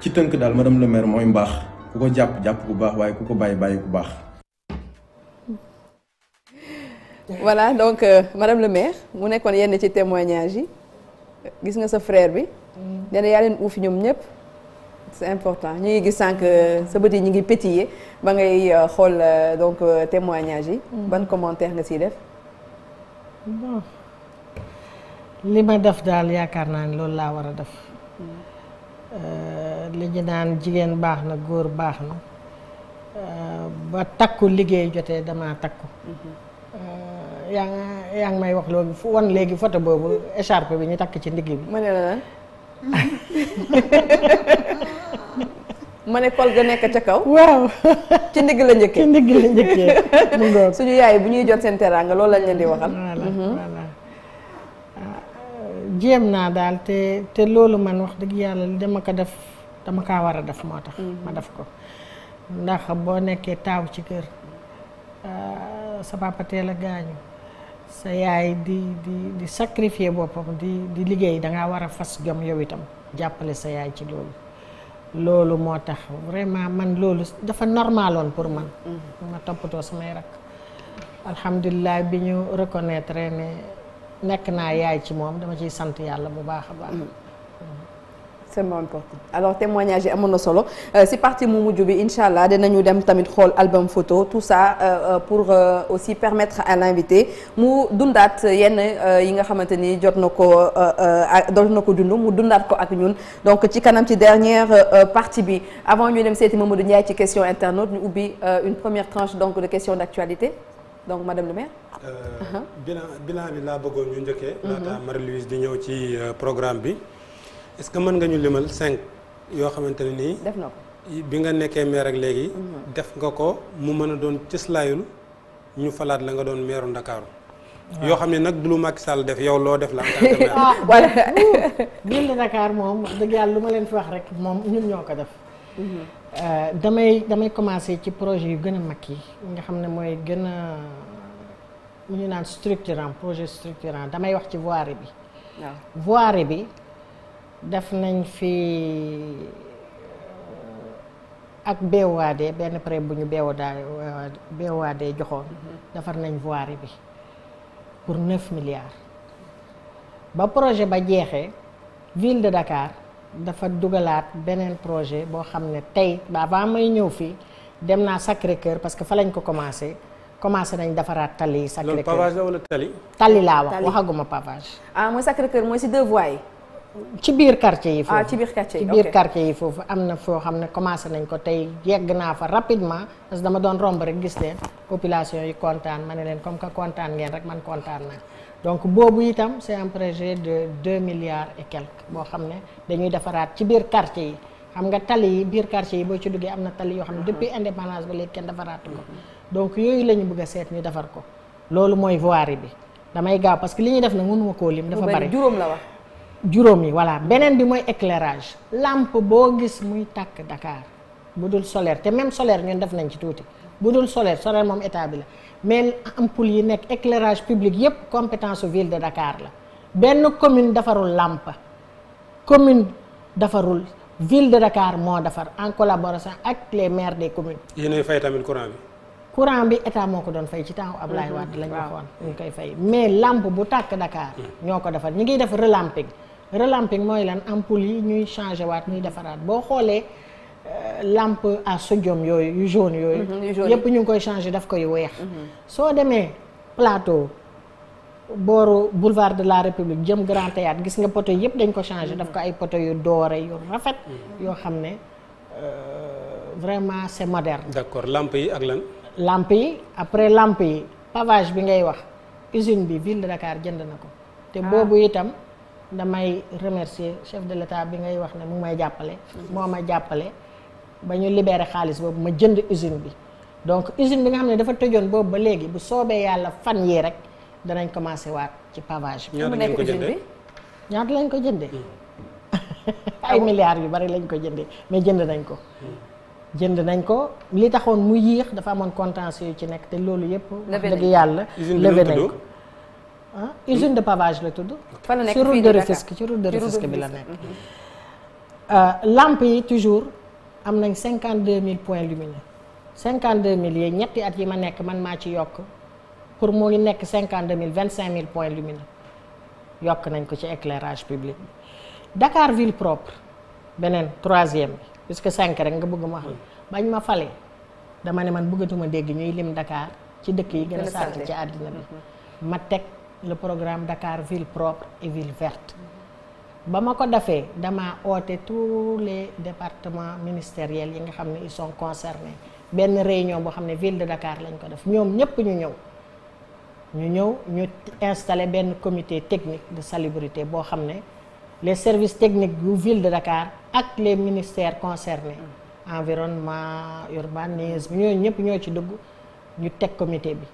ci tënk daal madame le maire mooy mbaax ku ko jàpp jàpp bu baax waaye ku ko bàyyi bàyyi bu baax. voilà donc euh, madame le maire mu nekkoon yenn ci témoignage yi gis nga sa frère bi. Mm. nee na yaa leen uuf ñoom ñëpp. c'est important ñu ngi gis sànq euh, sa bët yi ñu ngi pétillé ba ngay euh, xool euh, donc témoignage yi. Mm. ban commentaire nga siy def. li ma def daal yaakaar naa ni loolu laa war a def hmm. euh, li ñu naan jigéen baax na góor baax na euh, ba takku liggéey jotee damaa takku hmm. euh, yaa nga yaa ngi may wax loolu fu wan léegi photo boobu écharpe bi ñu takk ci ndigg bi ma ne la ma ne kol ga nekk ca kaw waaw ci ndigg la njëkkee ci ndigg la njëkkee suñu yaay bu ñuy jot seen teraanga lool lañ leen di waxal voilà hmm. jéem naa daal te te loolu man wax dëgg yàlla li dama ko def dama kaa war a def moo tax mhm. ma def ko ndax boo nekkee taaw ci kër ah, sa papa la a gaañu sa yaay di di di sacrifier boppam di di liggéey dangaa war a fas jom yow itam jàppale sa yaay ci loolu loolu moo tax vraiment man loolu dafa normaloon pour man mhm. ma toppatoo samay rakk alhamdulilah bi ñu reconnaître ne nekk naa yaay ci moom dama ciy sant yàlla bu baax a baax. Mm-hmm. c'est alors témoignage yi amoon na solo euh, si partie mu mujj bi incha allah dinañu dem tamit xool album photo tout ça euh, euh, pour aussi permettre à l'invité mu dundaat yenn yi nga xamante ni jot na ko jot na ko dund mu dundaat ko ak ñun donc ci kanam ci dernière partie bi avant ñu dem seeti Mamadou Ndiaye ci question internaute ñu ubbi une première tranche donc de questions d'actualité donc ma dem le maire. Euh, uh-huh. bilan bilan bi laa bëggoon ñu njëkkee. Uh-huh. laata marie di ñëw ci euh, programme bi est-ce que mën nga ñu limal cinq yoo xamante ne nii. na bi nga nekkee maire ak léegi. Uh-huh. def nga ko mu mën a doon cëslaayul ñu falaat la nga doon maire Ndakaaru. yoo xam ne nag du lu Macky sàll def yow loo def la. ah voilà. ville lu ma leen fi wax rek moom ñun ñoo ko def. Euh, damay damay commencer ci projet yu gën a mag yi nga xam ne mooy gën a mu ñu naan structurant projet structurant damay wax ci voirie bi. waaw voirie bi def nañ fi euh, ak BOAD benn prêt bu ñu beew BOAD joxoon. Mhm. defar nañ voirie bi pour neuf milliards. ba projet ba jeexee ville de Dakar. dafa dugalaat beneen projet boo xam ne tey avant may ñëw fii dem naa Sacré Cœur parce que fa lañ ko commencé commencé nañ defaraat tali Sacré Cœur pavage la wala tali. tali laa wax waxaguma pavage. Ah, mooy Sacré Cœur mooy si deux voies yi. ci biir quartier yi. Ah, foofu ci biir quartier yi biir quartier yi foofu am na foo xam ne commencé nañ ko tey yegg naa fa rapidement parce dama doon romb rek gis leen population yi kontaan ma ne leen comme que kontaan ngeen rek man kontaan naa. donc boobu itam c'est un projet de deux milliards et quelques boo xam ne dañuy defaraat ci biir quartier yi xam nga tali yi biir quartier yi boo ci duggee am na tali yoo xam ne depuis indépendance ba léegi kenn defaraatu ko donc yooyu la ñu bëgg a seet ñu defar ko loolu mooy voirie bi damay gaaw parce que li ñuy def nag mënuma koo lim dafa bari juróom la wax juróom yi voilà beneen bi mooy éclairage làmp boo gis muy tàkk Dakar bu dul solaire te même solaire ñun def nañ ci tuuti bu dul solaire solaire moom état bi la mais ampoule yi nekk éclairage public yépp compétence ville de Dakar la benn commune defarul làmp commune defarul ville de Dakar moo defar en collaboration ak les maires des communes. yéenay fay tamit courant bi. courant bi état moo ko doon fay ci ab Ablaye mhm. Wade lañ waxoon ñu koy fay mais lampe bu tàkk Dakar mhm. ñoo ko defar ñu ngi def relamping relamping mooy lan ampoule yi ñuy changé waat ñuy defaraat boo xoolee lampe à sodium yooyu yu jaune yooyu mhm, yépp ñu ngi koy changé daf koy weex mhm. soo demee plateau booru boulevard de la république jëm grand gis nga poto yëpp dañ ko changé daf ko ay poto yu doore yu rafet mhm. yoo xam ne euh, vraiment c'est moderne d'accord lampe yi ak lan lampe yi après lampe yi pavage bi ngay wax usine bi ville de Dakar jënd na ko te ah. boobu itam damay remercier chef de l'état bi ngay wax ne mu ngi may jàppale moo ma jàppale ba ñu libéré xaalis boobu ma jënd usine bi donc usine bi nga xam ne dafa tëjoon boobu ba léegi bu soobee yàlla fan yii rek danañ commencé waat ci pavage bi. ñaata ko jëndee ñaata lañ ko jëndee. Hmm. ay milliards yu bari lañ ko jëndee mais jënd nañ ko. Hmm. jënd nañ ko li taxoon mu yéex dafa amoon contentieux yu ci nekk te loolu yëpp. wax dëgg yàlla levé nañ ko. ah usine de pavage la tudd. fa la nekk fii de Dakar ci route de Rufisque ci route de Rufisque bi la nekk. Mhm. Euh, lampe yi toujours. am nañ cinquante deux mille points lumineux cinquante deux mille yooyu ñetti at yi ma nekk man maa ci yokk pour mu ngi nekk cinquante deux mille vingt cinq mille points lumineux yokk nañ ko ci éclairage public bi Dakar ville propre beneen troisième bi puisque cinq rek nga bëgg ma wax bañ ma falee dama ne man buggatuma dégg ñuy lim Dakar ci dëkk yi gën a sàrt ci àddina bi mm-hmm. ma teg le programme Dakar ville propre et ville verte ba ma ko defee dama oote tous les départements ministériels yi nga xam ne ils sont concernés benn réunion boo xam ne ville de Dakar lañ ko def ñoom ñëpp ñu ñëw ñu ñëw ñu installé benn comité technique de salubrité boo xam ne les services techniques yu ville de Dakar ak les ministères concernés environnement urbanisme ñooñu ñëpp ñoo ci dugg ñu teg comité bi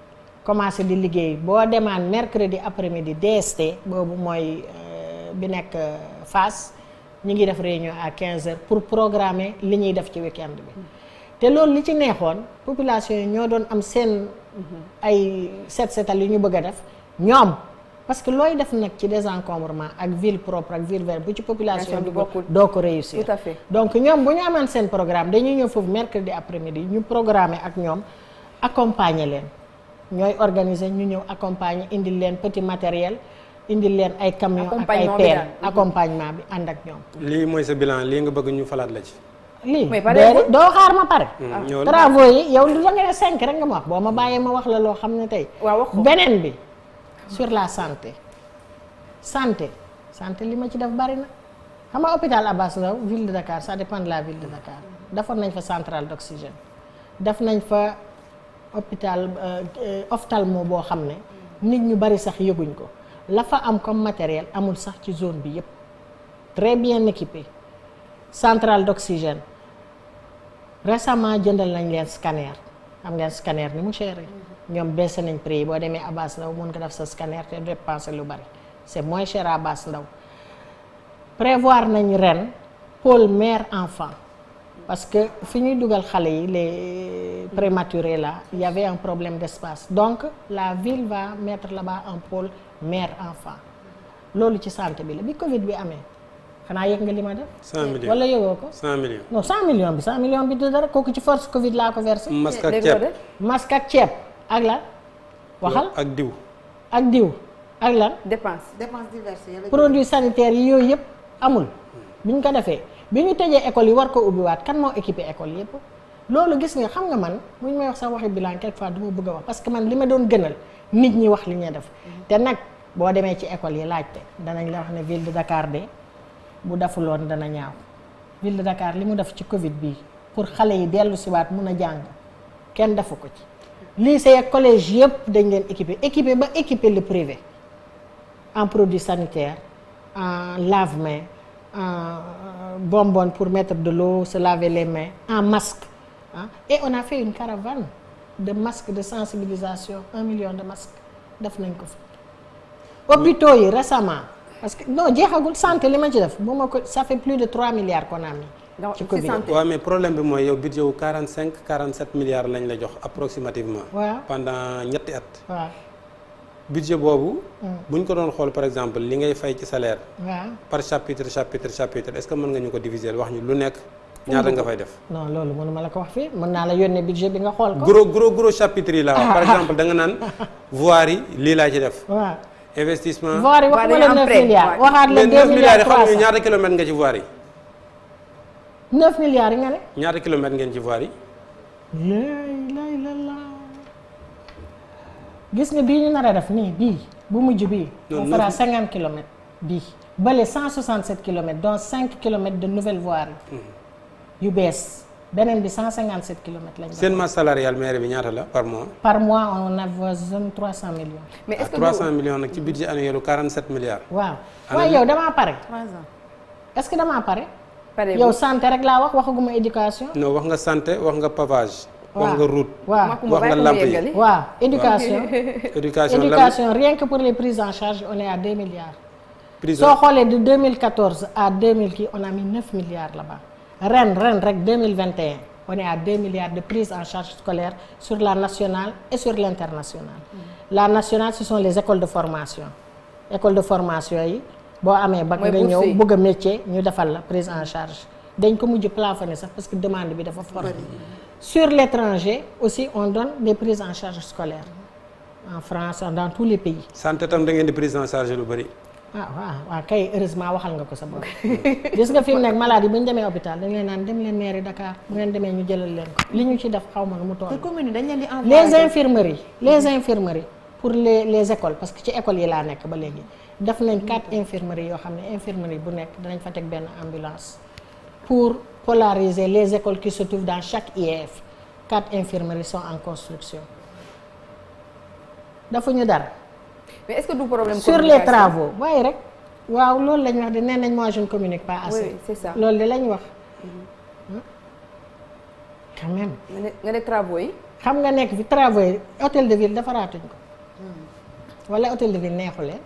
commencé di liggéey boo demaan mercredi après-midi DST boobu mooy euh, bi nekk euh, Fass ñu ngi def réunion à 15 heures pour programme li ñuy def ci week-end bi te loolu li ci neexoon population yi ñoo doon am seen ay set setal yu ñu bëgg a def ñoom parce que looy def nag ci désencombrement ak ville propre ak ville verte bu ci population bi bokkul doo ko réussir tout donc ñoom bu ñu amaan seen programme dañuy ñëw foofu mercredi après-midi ñu programme ak ñoom accompagner leen ñooy organiser ñu ñëw accompagner indil leen petit matériel indi leen ay camion ak ay peel accompagnement bi ànd ak ñoom lii mooy sa bilan lii nga bëgg ñu falaat la ci lii doo xaar ma pare mm, travaux yi yow lu la ne cinq rek nga ma wax boo ma bàyyee ma wax la loo xam ne tey beneen bi sur la santé santé santé li ma ci def bari na xam nga hôpital Abass Ndao ville de Dakar ça dépend la ville de Dakar defoon nañ fa centrale d'oxygène def nañ fa hôpital euh, euh, ophtalmo boo xam ne nit ñu bari sax yëguñ ko la fa am comme matériel amul sax ci zone bi yépp très bien équipé centrale d'oxygène récemment jëndal nañ leen scanner am ngeen scanner ni mu cher ñoom baissé nañ prix yi boo demee Abass Ndao mun nga def sa scanner te dépenser lu bari c'est moins cher à Abass Ndao prévoir nañ ren pôle mère enfant parce que fi ñuy dugal xale yi les prématurés là il y avait un problème d'espace donc la ville va mettre là-bas un pôle mère enfant loolu ci santé bi la bi Covid bi amee xanaa yëg nga li ma def. 100 millions wala yëgoo ko. 100 millions non 100 millions bi 100 bi du dara kooku ci force Covid laa ko versé. masque ak ceeb masque ak la waxal ak diw. ak diw ak lan. dépense dépense diverses produits sanitaires yi yooyu yëpp amul. bi ñu ko defee bi ñu tëjee école yi war ko ubbiwaat kan moo équipé école yëpp. loolu gis nga xam nga man bu ñu may wax sax waxi bilan quelque fois du ma bëgg a wax parce que man li ma doon gënal. nit ñi wax li ñuy def mm-hmm. te nag boo demee ci école yi laajte danañ la wax ne ville de Dakar de bu defuloon dana ñaaw ville de Dakar li mu def ci Covid bii pour xale yi dellu siwaat mun a jàng kenn defu ko ci lycée ak collège yëpp dañ leen équipé équipé ba équipe le privé en produit sanitaire en lave-mains en euh, bonbonne pour mettre de l'eau se laver les mains en masque ah et on a fait de masques de sensibilisation un million de masques def nañ ko fi. hôpitaux yi récemment parce que non jeexagul santé li ma ci def bu ma ko ça fait plus de 3 milliards qu'on a mis. donc ci Covid waaw mais problème bi mooy yow budget wu 45 47 milliards lañ la jox approximativement. waaw pendant ñetti at. waaw budget boobu. Mm. buñ ko doon xool par exemple li ngay fay ci salaire. waaw par chapitre chapitre chapitre est-ce que mën nga ñu ko diviser wax ñu lu nekk. ñaata nga fay def. non loolu mënuma la ko wax fii mën naa la yónnee budget bi nga xool ko. gros gros gros chapitre yi laa par exemple danga nga naan voirie yi lii laa ci def. waaw investissement. voirie waxuma la 9 milliards waxaat la 2 milliards 300 xam nga ñaata kilomètre nga ci voirie yi. milliards yi nga ne. ñaata kilomètre ngeen ci voirie yi. lay la la gis nga bii ñu nar a def nii bii bu mujj bii. on fera 50 kilomètres bii. bële 167 kilomètres dont 5 kilomètres de nouvelle yu bees beneen bi 157 kilomètres lañ. seen masse salariale maire bi ñaata la par mois. par mois on avoisine 300 mais est-ce ah, que 300 millions nag ci budget annuel 47 milliards. waaw waaye yow damaa pare. 3 ans est damaa pare. pare santé rek laa wax waxaguma éducation. non wax nga santé wax nga pavage. wax nga route wax nga lamp yi waaw éducation. éducation éducation rien que pour les prises en charge on est à 2 milliards. prise soo xoolee de à 2000 kii on a milliards là-bas. ren ren rek 2021 on est à 2 milliards de prises en charge scolaire sur la national et sur l'internationale mm. la nationale ce sont les écoles de formation école de formation yi boo amee bac nga ñëw bëgg a métier ñu defal la prise en charge dañ ko mujj plafonné sax parce que demande bi dafa fort sur l'étranger aussi on donne des prises en charge scolaires en France dans tous les pays santé tam da ngeen di prise en charge lu bari ah waaw kay heureusement waxal nga ko sa bopp gis nga fi mu nekk maladie bu ñu demee hôpital dañ leen naan dem leen mairie Dakar bu ngeen demee ñu jëlal leen ko li ñu ci def xaw ma nu mu toll les infirmeries les infirmeries pour les les écoles parce que ci école yi laa nekk ba léegi def nañ quatre infirmeries yoo xam ne infirmerie bu nekk danañ fa teg benn ambulance pour polariser les écoles qui se trouvent dans chaque IEF quatre infirmeries sont en construction dafa ñu dara mais est-ce que du problème sur les travaux waaye rek waaw loolu lañ wax de nee nañ moi je ne communique pas assez. loolu de lañ wax. Mm-hmm. quand même. nga yi. xam nga nekk fi travaux yi hôtel de ville dafa raatuñ ko. Mm. wala hôtel de ville neexu leen.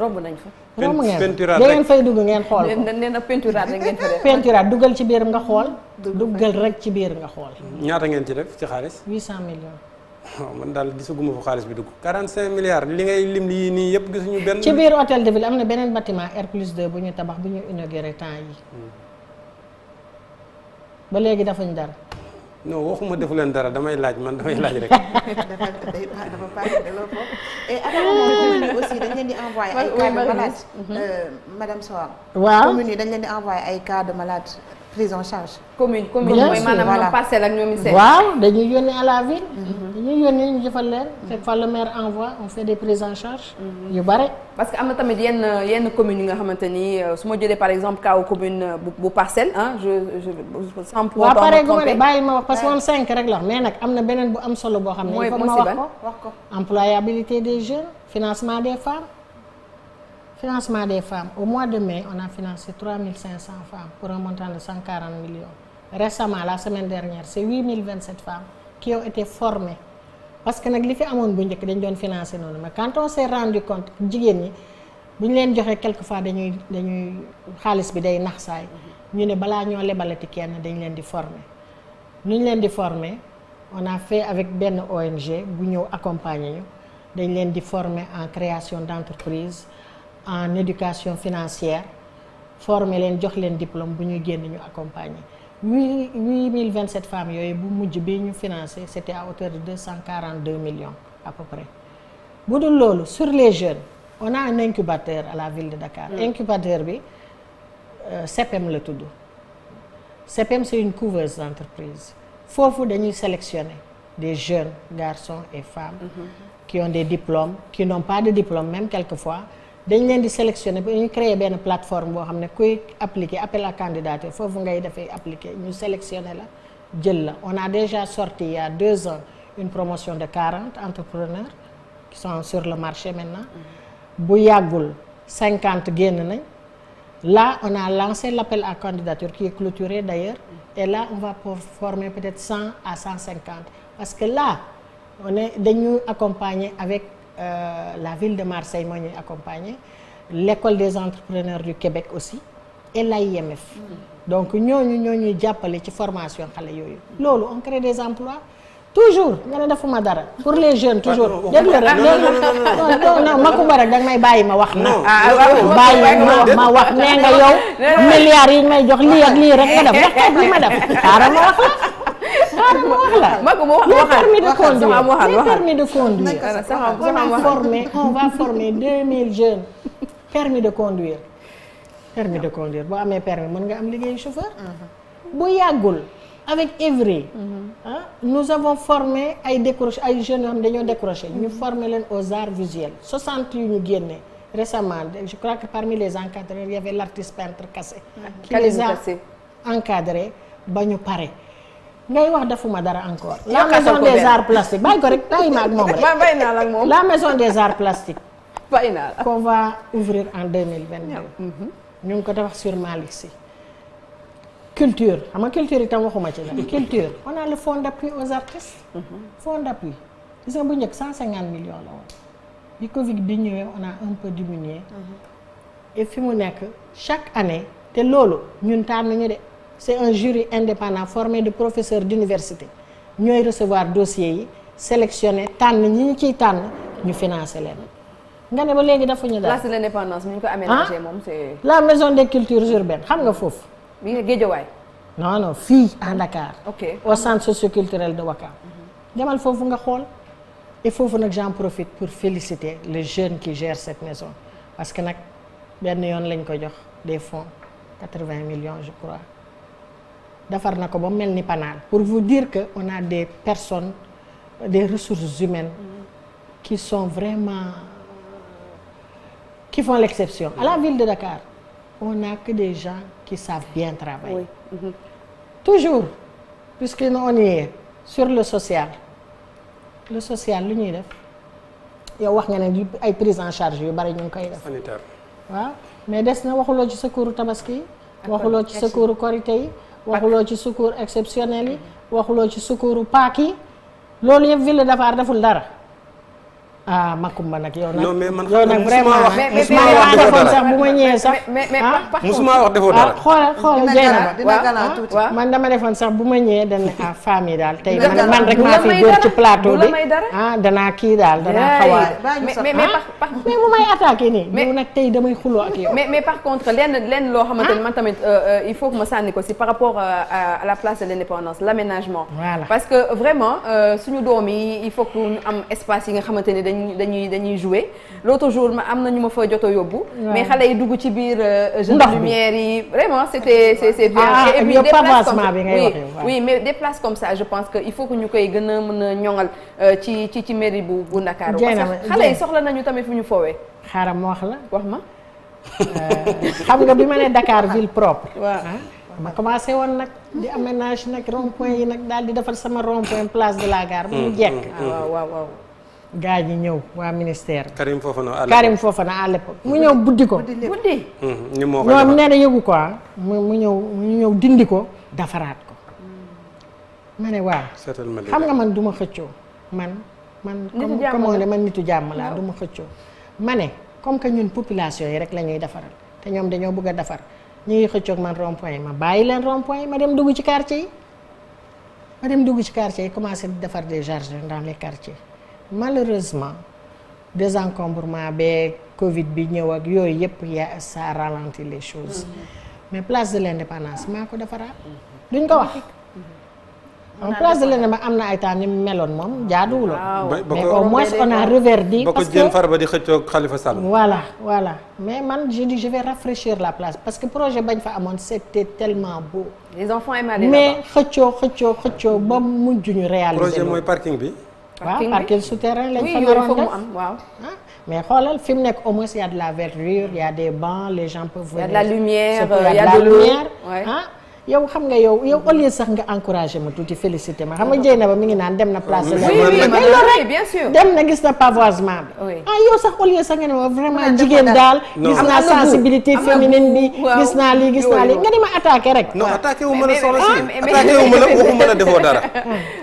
romb nañ fa. romb ngeen peinturaat fay dugg ngeen xool ko. nee na peinturaat rek ngeen fa def. peinturaat duggal ci biir nga xool. duggal rek ci biir nga xool. ñaata ngeen ci def ci xaalis. 800 millions. man daal gisaguma fa xaalis bi dugg 45 milliards li ngay lim lii nii yëpp gisuñu benn. ci biir hôtel de am na beneen bâtiment R plus bu ñu tabax bu ñu inauguré temps yi hmm. ba léegi defuñ dara. non waxuma defu leen dara damay laaj man damay laaj rek. dafa dafa de loolu et di envoyé ay cas euh, madame Sow. waaw commune dañ leen di envoyé ay cas de prise en charge. commune commune mooy maanaam ñoom parcelle ak ñoom seen. waaw dañuy yónnee à la ville. Mhm. dañuy yónnee ñu jëfal leen. Mhm. chaque fois le maire envoie on fait des prises en charge. Mhm. yu bare. parce que am na tamit yenn yenn communes yi nga xamante ni euh, su ma jëlee par exemple kaw commune euh, bu bu parcelle ah je je sans pour autant me tromper bàyyi ma wax parce que woon cinq rek la mais nag am na beneen bu am solo boo xam ne. mooy ma wax ko wax ko employabilité des jeunes financement des femmes. financement des femmes au mois de mai on a financé 3500 femmes pour un montant de 140 millions récemment la semaine dernière c'est 8027 femmes qui ont été formées parce que nag li fi amoon bu njëkk dañ doon financé noonu ma quand on s'est rendu compte jigéen ñi bu ñu leen joxee quelquefois dañuy dañuy xaalis bi day nax saay ñu ne balaa ñoo lebalati kenn dañ leen di former nu ñu leen di former on a fait avec benn ONG bu ñëw accompagner ñu dañ leen di former en création d'entreprise en éducation financière forme leen jox leen diplôme bu ñuy génn ñu accompagner huit huit mille vingt sept femmes yooyu bu mujj bi ñu financé c' était à hauteur de deux cent quarante deux millions à peu près bu dul loolu sur les jeunes on a un incubateur à la ville de Dakar. Mm. incubateur bi euh, CPM la tudd. CPM c' est une couveuse entreprise foofu dañuy sélectionner des jeunes garçons et femmes. Mm -hmm. des diplômes qui n'ont pas de diplôme même fois dañ leen di sélectionner ba ñu créer benn plateforme boo xam ne kuy appliquer appel à candidature foofu ngay defee appliquer ñu sélectionner la jël la on a déjà sorti il deux ans une promotion de 40 entrepreneurs qui sont sur le marché maintenant bu yàggul 50 génn nañ là on a lancé l'appel à candidature ki est clôturé d'ailleurs et là on va former peut-être 100 à 150 parce que là dañu accompagner avec Euh, la ville de Marseille moo ñuy accompagner l'école des entrepreneurs du Québec aussi et l'AIMF donc ñooñu ñoo ñuy jàppale ci formation xale yooyu loolu on des emplois toujours nga defuma dara pour les jeunes toujours ah, dégg nga rek non non Makumba danga may bàyyi ma wax na ah, ah, bàyyi ma wax nee yow milliards yi may jox lii ak lii rek li ma def xaaral ma wax le permis de conduire on a formé on jeunes permis de conduire permis de conduire boo amee permis mën nga am liggéeyu chauffeur bu yàggul avec Evry ah nous avons formé ay décroché ay jeunes yoo xam dañoo décroché ñu forme leen aux arts visuels 60 yu ñu génnee récemment je crois que parmi les encadrés il y avait l'artiste peintre Kassé a encadrés ba ñu pare ngay wax defuma dara encore. la maison des arts plastiques bàyyi ko rek bàyyi ma ak moom rek. la ak moom la maison des arts plastiques. bàyyi naa la qu'on va ouvrir en de mille vingt deux. Mm-hmm. ñu ngi ko tabax sur Malick culture xam nga culture itam waxuma ci la. culture on a le fonds d'appui aux artistes. Mm-hmm. fonds d'appui gis bu njëkk cent cinquante millions la woon. bi Covid bi ñëwee on a un peu diminué. Mm-hmm. et fi mu nekk chaque année te loolu ñun taam nañu de. c'est un jury indépendant formé de professeurs d'université ñooy recevoir dossiers yi sélectionné tànn ñi ñu ciy tànn ñu financé leen nga ne ba léegi dafa ñu daal place de l'indépendance ñu ko aménagé ah? moom c'est la maison des cultures urbaines xam nga foofu mi ngi Géejawaay non non fii en Dakar ok au centre socioculturel de Ouakam mhm. demal foofu nga xool et foofu nag j'en profite pour féliciter les jeunes qui gèrent cette maison parce que nag benn yoon lañ ko jox des fonds quatre-vingts millions je crois defar na ko ba mel ni panaan pour vous dire que on a des personnes des ressources humaines qui son vraiment qui font l'exception à la ville de Dakar on n'a que des gens qui savent bien travailler oui. mmh. toujours puisque on y sur le social le social lu ñuy def yow wax nga ne ay prise en charge yu bari ñu ngi koy def sanitaire mais des na waxuloo ci secours tabaski waxuloo ci secours korité yi waxuloo ci secours exceptionnel yi waxuloo ci secours paak yi loolu yëpp ville de Dakar deful dara Ah, man ma ñëwee sax. mais mais ah. musuma wax defoo dara. Ah, xoolal xoolal jéem a ba dama defoon sax bu ma ñëwee dañ ne ah daal tey kii daal danaa xawaar. mais bu may attaqué nii. mais nag tey damay xuloo ak yow. ni man tamit euh, euh, il faut que ma sànni ko si par rapport euh, à la place de l'indépendance l'aménagement. voilà parce que vraiment suñu doom yi il faut que ñu am espace yi nga xamante ni dañuy dañuy dañuy jouer l'autre jour ma am na ñu ma fa joto yóbbu mais xale yi dugg ci biir euh, jeu de lumière yi vraiment c'était ah, c'est c'est bien ah, et puis des places comme ça oui, oui mais des places comme ça pense que il faut que ñu koy gën a mën a ñoŋal euh, ci ci ci mairie bu bu Ndakaaru parce que xale yi soxla nañu tamit fu ñu foowee xaaral ma wax la wax ma euh, xam nga bi ma ne Dakar ville propre waaw ma commencé woon nag di aménage nag rond point yi nag daal di defar sama rond point place de la gare mu mm, jekk mm, mm. Ah, gaa yi ñëw waa ministère bi. Karim Fofana à l'époque Karim Fofana à mu ñëw buddi ko. buddi hmm, ni moo nee na yëgu ko ah. mu mu ñëw mu ñëw dindi ko defaraat ko. ma ne waaw. xam nga man duma xëccoo man. man comme comme man nitu jàmm laa du ma xëccoo. ma ne comme que ñun population yi rek la ñuy defaral te ñoom dañoo bëgg a defar ñu ngi xëccoog man rond ma bàyyi leen rond point ma dem dugg ci quartier yi. ma dem dugg ci quartier yi commencer di defar des charges dans les quartiers. malheureusement désencombrement beeg Covid bi ñëw ak yooyu yëpp ya ça ralentit les choses mm-hmm. mais place de l'indépendance maa ko defaraat mm-hmm. duñ ko wax. Mm-hmm. en place de l'indépendance am na ay temps ni meloon moom jaaduwuloon. mais au moins on a reverdi. parce que ba di xëccoog Khalifa Sall. voilà voilà mais man je dis je la place parce que projet bañ fa amoon c'était tellement beau. les enfants aimaient mais xëccoo xëccoo xëccoo ba mujj ñu réaliser. projet mooy parking bi. waaw parking souterrain lañ fa def am waaw mais xoolal fi mu nekk au moins y de la verdure y a des le les gens peuvent venir. de la lumière y a yow xam nga yow yow au lieu sax nga encouragé ma tuuti félicité ma xam nga jéy na ba mi ngi naan dem na place de la rek dem na gis na pavoisement bi ah sax au lieu jigéen daal gis naa sensibilité féminine gis naa lii gis naa lii nga di ma attaqué rek non attaqué wu mën a soxla si attaqué wu mën defoo dara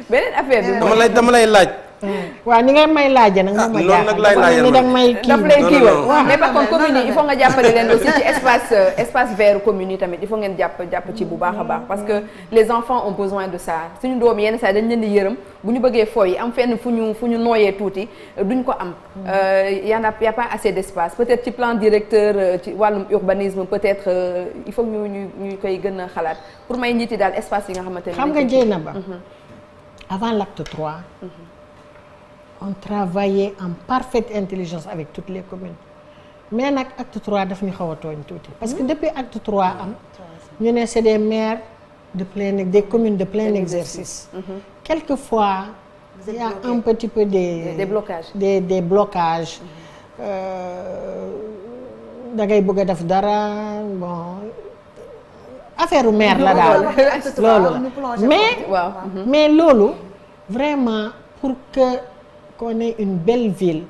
beneen affaire bi dama dama lay laaj waaw ni ngay may laaje nag ah, moom may kii daf lay kiiwal mais par contre commune yi il faut nga jàppale leen aussi ci yi euh, tamit il faut ngeen jàpp jàpp ci bu baax a baax parce que les enfants ont besoin de ça suñu doom yenn saa dañ leen di yërëm bu ñu bëggee fooy am fenn fu ñu fu ñu nooyee tuuti euh, duñu ko am euh, y en a y a pas assez d'espace peut-être ci plan directeur ci wàllum urbanisme peut-être il faut ñu ñu ñu koy gën a xalaat pour may njiiti daal espace yi nga xamante ne xam nga jéy na ba avant l'acte mhm. on travaillait en parfaite intelligence avec toutes les communes mais nag acte 3 daf ñu xaw a tooñ tuuti. parce que hmm? depuis acte 3 am. Hmm. ñu ne c'est des maires de plein des commune de plein exercice. Hmm. quelquefois. il y a un petit peu des des blocages des des blocages. Euh, da ngay bëgg a def dara bon. affaire maire la daal loolu la mais mais loolu vraiment pour que qu'on ait une belle ville.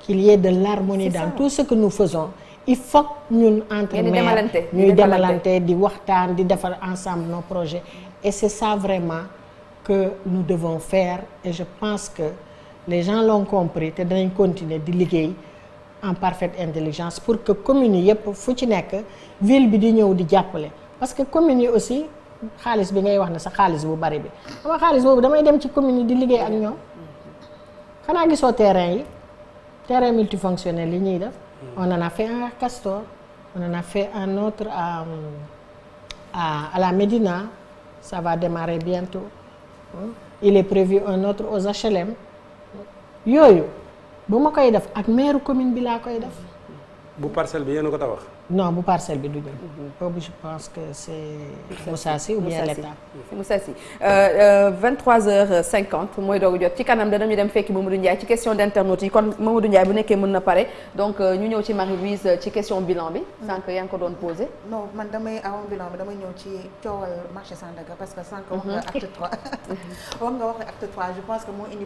qu'il y ait de l'harmonie dans tout ce que nous faisons. il faut ñun entre maires ñuy demalante di waxtaan di defar ensemble nos projets et c'est ça vraiment que nous devons faire je pense que les gens l'ont compris danañ continuer di liggéey en parfaite intelligence pour que communes yi yëpp fu ci nekk ville bi di ñëw di jàppale parce que communes yi aussi xaalis bi ngay wax ne sa xaalis bu bari bi ama damay dem ci commune yi di liggéey ak ñoom xanaa gisoo terrain yi terrain multifonctionnel yi ñuy def. Hmm. on na a fait un à Castor on en a un autre à la Médina ça va démarrer bientôt hmm. il est prévu un autre aux HLM yooyu bu ma koy def ak maire commune bi laa koy def. bu parcelle bi yéen a ko tabax. non bu parcelle bi du ñun. Mhm. boobu je pense que c' est. Euh, euh, jot ci kanam danañu dem fekki Mamadou Ndiaye ci question d' internautes yi kon Mamadou Ndiaye bu nekkee mën na pare donc euh, ñu ñëw ci Marie Louise ci question bilan bi. Mhm. sànq yaa ngi ko doon posé. non man damay avant bilan bi damay ñëw ci coowal marché Sandaga parce que sànq. wax nga mhm. acte 3 wax nga wax ne acte 3 je pense que moo indi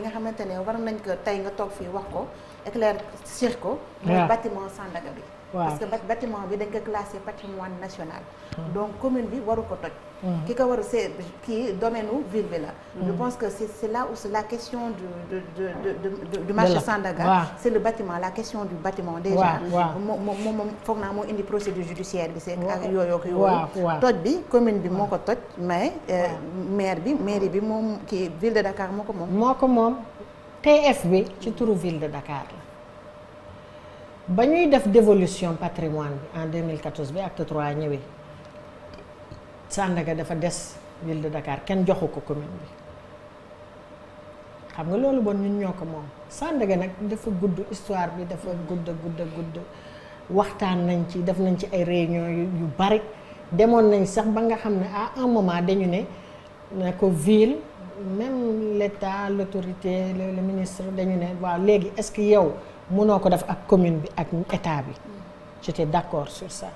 nga xamante war nañ ko tey nga toog fii wax ko éclaircir ko mooy bâtiment Sandaga bi parce que bâtiment bi dañ ko classé patrimoine national hmm. donc commune bi waru ko toj hmm. ki ko waru se kii domaine u ville bi la hmm. je pense que c'est c'est là où la question du de de de marché Sandaga c'est le bâtiment la question du bâtiment déjà moom moom foog naa moo indi procédure judiciaire bi c'est ak yooyu ak yooyu toj bi commune bi moo ko toj mais euh, maire bi mairie bi moom kii ville de Dakar moo ko moom moo ko moom TF bi ci turu ville de Dakar la ba ñuy def dévolution patrimoine bi en 2014 bi acte 3 ñëwee Sandaga dafa des ville de Dakar kenn joxu ko commune bi xam nga loolu bon ñun ñoo ko moom Sandaga nag dafa gudd histoire bi dafa gudd gudd gudd waxtaan nañ ci def nañ ci ay réunion yu bari demoon nañ sax ba nga xam ne à un moment dañu ne na ko ville même l'état l'autorité le, le ministre dañu ne waaw léegi est-ce que yow mënoo ko def ak commune bi ak état bi j'étais d'accord sur ça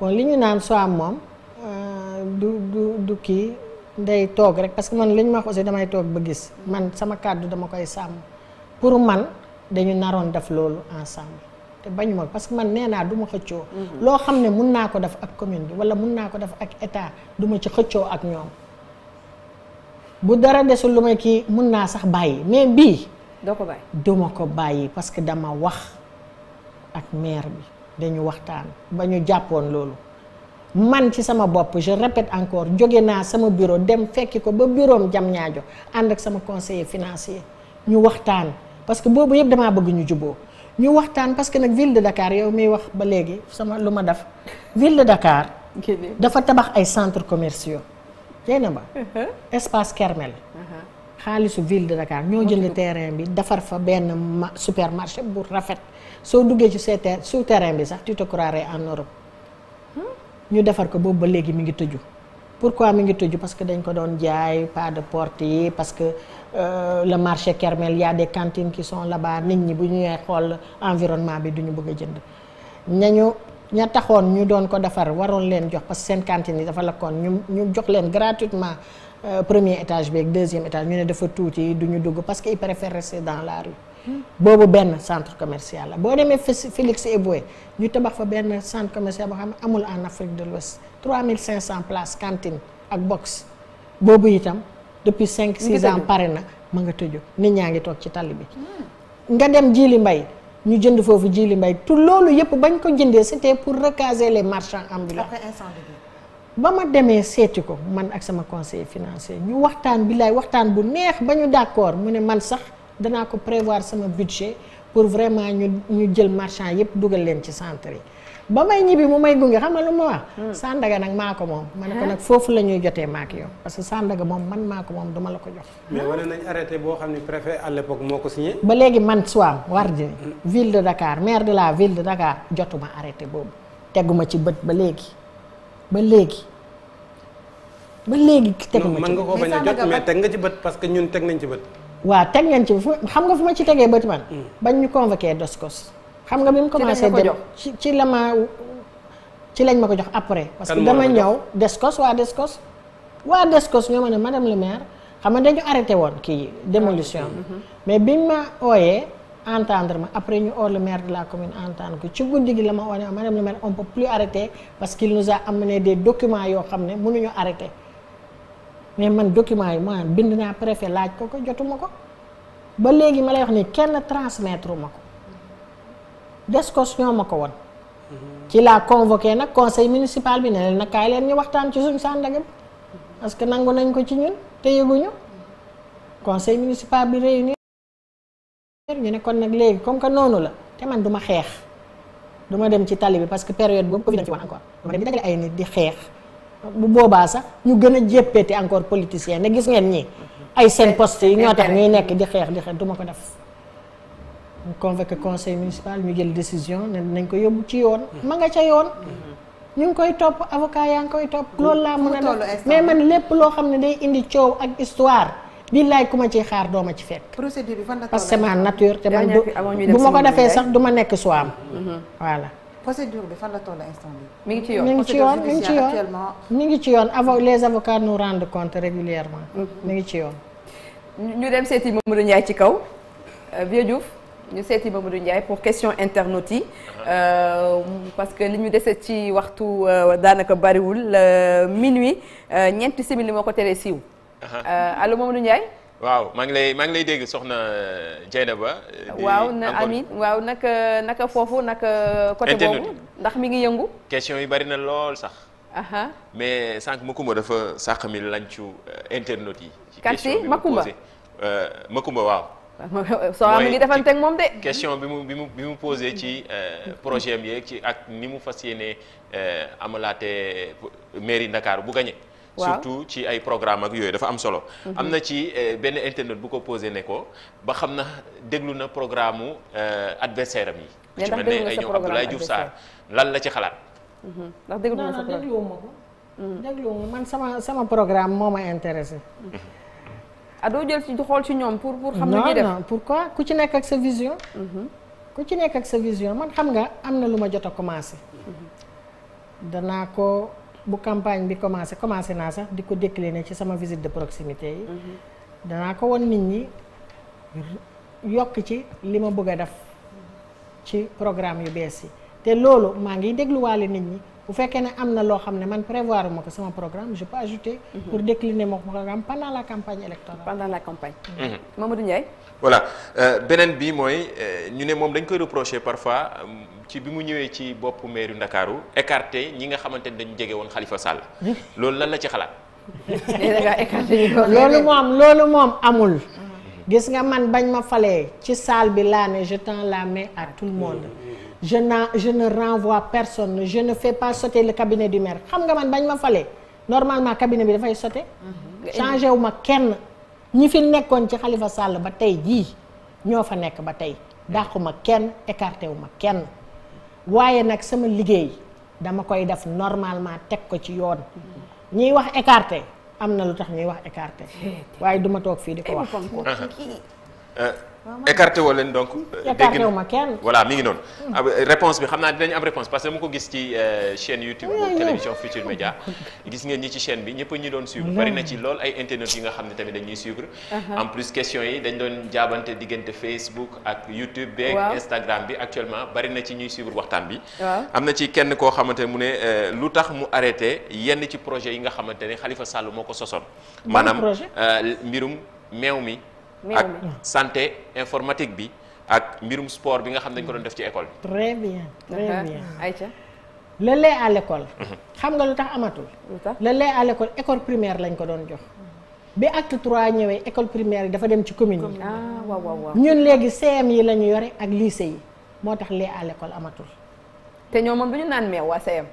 bon li ñu naan soit moom euh, du du du kii day toog rek parce que man li ñu ma wax aussi damay toog ba gis man sama kàddu dama koy sàmm pour man dañu naroon def loolu ensemble te bañu ma parce que man nee naa du ma xëccoo mm-hmm. loo xam ne mun naa ko def ak commune bi wala mun naa ko def ak état duma ci xëccoo ak ñoom bu dara desul lu ma kii mun naa sax bàyyi mais bii. doo ko bàyyi duma ko bàyyi parce que dama wax ak maire bi dañu waxtaan ba ñu jàppoon loolu. man ci sama bopp je répète encore jóge naa sama bureau dem fekki ko ba bureau jam ñaajo ànd ak sama conseiller financier ñu waxtaan parce que boobu yëpp damaa bëgg ñu juboo ñu waxtaan parce que nag ville de Dakar yow miy wax ba léegi sama lu ma def ville de Dakar dafa tabax ay centres commerciaux Dieyna Ba uh-huh. espace Kermel uh-huh. xaalisu ville de Dakar ñoo jënd terrain bi defar fa benn supermarché bu rafet soo duggee ci seete su terrain bi sax tu te croirais en Europe hmm? ñu defar ko boobu ba léegi mi ngi tëju pourquoi mi ngi tëju parce que dañ ko doon jaay pas de porte yi parce que euh, le marché Kermel y a des cantines qui son là-bas nit ñi bu ñuy xool environnement bi duñu bëgg a jënd nañu ña taxoon ñu doon ko defar waroon leen jox parce que seen cantine yi dafa lakkoon ñu ñu jox leen gratuitement euh, premier étage bi ak deuxième étage ñu ne dafa tuuti duñu ñu dugg parce que ils préfèrent rester dans la rue. Hmm. boobu benn centre commercial la boo demee Félix Éboué ñu tabax fa benn centre commercial boo xam ne amul en Afrique de l'Ouest 3500 places cantine ak box boobu itam depuis cinq 6 ans pare na ma nga tëju nit ñaa ngi toog ci tali bi hmm. nga dem Djily Mbaye ñu jënd foofu li mbay tout loolu yëpp bañ ko jëndee c'était pour recaser les marchands ambulants ba ma demee seeti ko man ak sama conseil financier ñu waxtaan bi laay waxtaan bu neex ba ñu d'accord mu ne man sax danaa ko prévoir sama budget pour vraiment ñu ñu jël marchand yëpp dugal leen ci centre yi ba may ñibbi mu may gunge xam nga lu ma wax. Hmm. Sandaga nag maa ko moom. ma ne ko nag foofu la ñuy jotee maa ak yow parce que Sandaga moom man maa ko moom duma la ko jox. mais wane nañ arrêté boo xam ne préfet à l'époque moo ko signé. ba léegi man Soham Wardini hmm. ville de Dakar maire de la ville de Dakar jotuma arrêté boobu teguma ci bët ba léegi ba léegi. ba léegi teg ma ci mën nga koo bañ a jot mais teg nga ci bët parce que ñun teg nañ ci bët. waaw teg nañ ci fu xam nga fu ma ci tegee bët man. Hmm. bañ ñu convoqué Descos. xam nga bi mu commencé dem ci ci la ma ci lañ ma ko jox après. parce que dama ñëw Descos waa Descos. waa Descos ñoo man ne madame le maire xam nga dañu arrêté woon kii démolition ah, mhm. mais biñ ma ooyee entendre ma après ñu oo le maire de la commune entendre ko ci guddi gi la ma oo ne madame le maire on peut plus arrêter parce qu'il nous am amené des documents yoo xam ne mënuñu arrêter mais man document yi maanaam bind naa préfet laaj ko ko jotuma ko ba léegi ma la wax ni kenn transmettre ma ko. descos ñoo ma ko woon ci laa convoqué nag conseil municipal bi ne leen nag leen ñu waxtaan ci suñu sàndaga bi parce que nangu nañ ko ci ñun te yëguñu conseil municipal bi réunir ñu ne kon nag léegi comme que noonu la te man duma xeex duma dem ci tali bi parce que période boobu Covid ci woon encore dama dem di dagale ay nit di xeex bu boobaa sax ñu gën a jéppeeti encore politicien ne gis ngeen ñi ay seen poste yi ñoo tax ñuy nekk di xeex di xeex duma ko def ñu convoqué conseil municipal ñu jël décision ne nañ ko yóbbu ci yoon. ma nga ca yoon. ñu ngi koy topp avocat yaa ngi koy topp. loolu laa mën a def mais man lépp loo xam ne day indi coow ak histoire. billaay ku ma ciy xaar doo ma ci fekk. procédure bi fan la parce que nature te man du bu ma ko defee sax du ma nekk soo am. Mhm. voilà. procédure bi fan la toll instant bi ngi ci yoon mi ngi ci yoon mi ngi ci yoon mi ngi ci yoon avo les avocats nous compte régulièrement mhm. mi ngi ci yoon. ñu dem seeti Mamadou Ndiaye ci kaw euh, ñu seeti Mamadou Ndiaye pour question internautes yi euh, parce que li ñu dese ci waxtu euh, daanaka bariwul euh, minuit ñeenti simili moo ko teree siiw. allo Mamadou Ndiaye. waaw maa ngi lay maa ngi lay dégg soxna Dieynaba. waaw na amit waaw naka naka foofu naka. côté boobu ndax mi ngi yëngu. question yi bari na lool sax. mais sànq Makumba dafa sàq mi lancu internautes yi. ci question bi ma posé Makumba waaw. soo am li defante ak moom de. question bi mu bi mu bi ci euh, projet am yeeg ci ak ni mu fas yéene euh, amalaate mairie ndakaar bu gañe surtout ci ay programme ak yooyu dafa am solo. Mhm. am na ci euh, benn internet bu ko posé ne ko ba xam na déglu na programme mu adversaire am yi. ci mel ne ay ñoom lan la ci xalaat. Mhm. ndax déglu na sa programme mhm. man sama programme moo ma intéressé. ah doo jël ci xool ci ñoom pour pour. xam na ñuy def pour non ku ci nekk ak sa vision. Mhm. ku ci nekk ak sa vision man xam nga am na lu ma jot a commencé. Mhm. danaa ko bu campagne bi commencé commencé naa sax di ko décliner ci sama visite de proximité yi. Mhm. danaa ko won nit ñi yokk ci li ma bëgg a def ci programme yu bees yi te loolu maa ngi dégluwaale nit ñi. bu fekkee ne am na loo xam ne man prévoir ma ko sama programme je peux ajouter. Mhm. pour décliner mon programme pendant la campagne électorale. pendant la campagne. Mhm. Mhm. Mamadou Ndiaye. voilà euh, beneen bi mooy euh, ñu ne moom dañ koy reprocher parfois euh, ci bi mu ñëwee ci boppu maire Ndakaaru écarté ñi nga xamante ne dañu jege woon xalifa Sall. loolu lan la ci xalaat. loolu moom loolu moom amul. gis nga man bañ ma falee ci salle bi laa ne je tends la mais à tout le monde jeune na je ne personne je ne fais pas sauter le cabinet du maire xam nga man bañ ma falee normalement cabinet bi dafay sote mm-hmm. changé wu ma kenn ñi fi nekkoon ci xalifa Sall ba tey jii ñoo fa nekk ba tey dàquma kenn écarté wu ma kenn waaye nag sama liggéey dama koy def normalement teg ko ci yoon mm-hmm. ñiy wax écarté am na lu tax ñuy wax écarté waaye duma toog fii di ko wax écarté woo leen donc. Euh, écarté wu ma kenn mi ngi noonu. Hmm. Ah, euh, réponse bi xam naa dinañ am réponse parce que dama ko gis ci euh, chaîne YouTube. bu télévision Média. gis ngeen ñi ci chaîne bi ñëpp ñu doon suivre. bari na ci hmm. lool ay internautes yi nga xam ne tamit dañuy suivre. Uh-huh. en plus question yi dañ doon jaabante diggante Facebook ak YouTube. beeg Instagram bi actuellement bari na ci ñuy suivre waxtaan bi. am na ci kenn koo xamante mu ne lu tax mu arrêté yenn ci projet yi nga xamante ne Khalifa Sall moo ko sosoon. maanaam mbirum meew mi. ak santé informatique bi ak mbirum sport bi nga xam ne dañ ko doon def ci école bi. très bien très bien Aïcha. le lait à l'école mhm. xam nga lu tax amatul. le lait à l'école école primaire lañ ko doon jox. bi acte 3 ñëwee école primaire yi dafa dem ci commune yi. ah waaw waaw ñun léegi CM yi la ñu yore ak lycée yi moo tax lait à l'école amatul. te ñoom moom du ñu naan meew waa CM.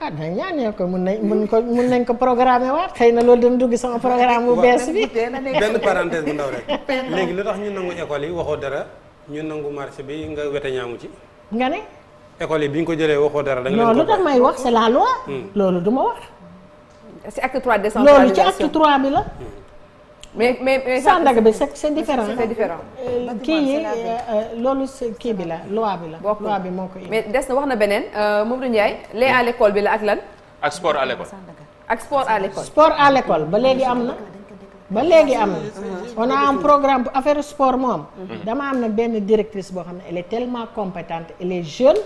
ah dañ ñaanee ko mun nañ mun ko nañ ko programmer waat xëy na loolu dana dugg sama programme bu bees bi benn parenthèse bu ndaw rek léegi lu tax ñu nangu école yi waxoo dara ñu nangu marché bi nga wete ñaamu ci nga ne école yi bi ñu ko jëlee waxoo dara da nga non lu tax may wax c'est la loi hmm. loolu du ma wax ci acte 3 décentralisation loolu ci bi la hmm. mais mais mais Sandaga bi c'est c'est différent c'est différent. Euh, kii yi euh, euh, loolu kii bi la loi bi la. loi bi moo ko indi. mais des na wax na beneen Mamadou Ndiaye lait à l'école bi la ak lan. ak sport à l'école. ak sport à l'école. sport ba léegi am na. ba léegi am na on a un programme affaire sport moom. Mhm. dama am na benn directrice boo xam ne elle est tellement compétente elle est jeune.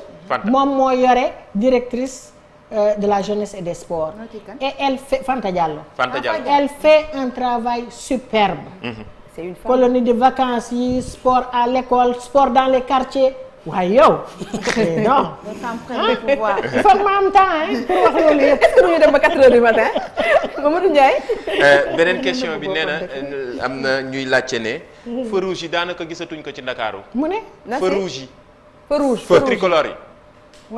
moom moo yore directrice. Euh, de la jeunesse et des sports. et elle fait Fanta Diallo. Fanta Diallo elle fait un travail superbe. Mm-hmm. c'est de vacances yi sport à l'école sport dans les quartiers. waaye yow non. il faut am temps hein pour wax loolu yëpp. est-ce que ñu ba 4 heures matin Mamadou euh, beneen question bi nee na am na ñuy laajte ne. Mm-hmm. yi daanaka gisatuñ ko ci Ndakaaru. mu yi. feu rouge yi.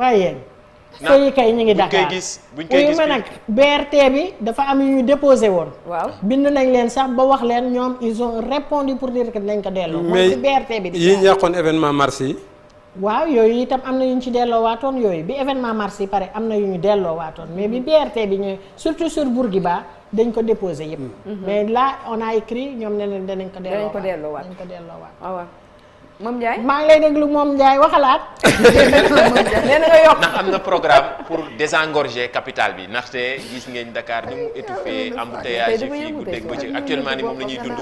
waaye. sëy kay ñu ngi Dakar buñ koy gis ma nag BRT bi dafa am yu ñu déposé woon. waaw bind nañ leen sax ba wax leen ñoom ils ont répondu pour dire que dinañ ko delloo. mais BRT bi yi ñu yàqoon événement mars yi. waaw yooyu itam am na yu ñu ci delloowaatoon yooyu bi événement mars yi pare am na yu ñu delloowaatoon mais bi BRT bi ñu surtout sur Bourguiba dañ ko déposé yëpp. Mm. mais là on a écrit ñoom ne leen danañ ko. delloowaat danañ ko delloowaat. Ah, moom Ndiaye maa ngi lay déglu moom Ndiaye waxalaat. nee na nga yokk ndax am na programme pour désengorger capitale bi ndaxte gis ngeen Dakar ni mu étouffé embouteillage ah, ah, fii guddeeg bëccëg actuellement ni moom la ñuy dund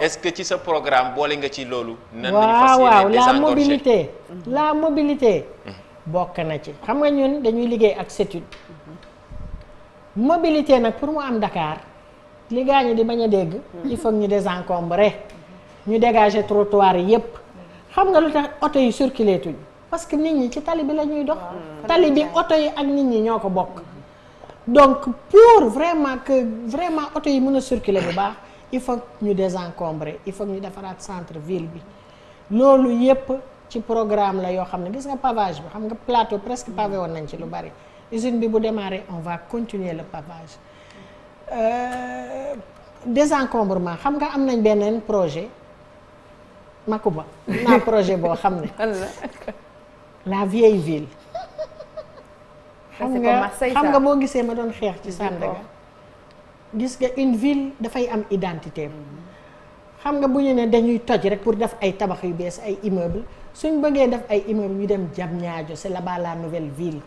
est-ce que ci sa programme boole nga ci loolu. nan la ñu fas yéene désengorger waaw waaw mhm. mhm. bokk na ci xam nga ñun dañuy liggéey ak CETUD. mobilité nag pour mu am Dakar li gaa ñi di bañ a dégg. Mhm. il faut ñu désencombrer. ñu dégager trottoir yépp xam nga lu tax oto yi circulé tuñ parce que nit ñi ci tali bi la ñuy dox. Ah, tali bi oto yi ak nit ñi ñoo ko bokk. donc pour vraiment que vraiment oto yi mun a circuler bu baax il faut ñu désencombrer il faut ñu defaraat centre ville bi loolu yépp ci programme la yoo xam ne gis nga pavage bi xam nga plateau presque pavé woon nañ ci lu bari usine bi bu démarrer on va continuer le pavage euh, désencombrement xam nga am nañ beneen projet. macou ba naa projet boo xam ne. la vieille ville. Ah, xam nga xam nga boo gisee ma doon xeex ci Sandaga. gis nga une ville dafay am identité xam nga bu ñu ne dañuy toj rek pour def ay tabax yu bees ay immeuble suñ bëggee def ay immeuble ñu dem Diamniadio c'est là-bas la nouvelle ville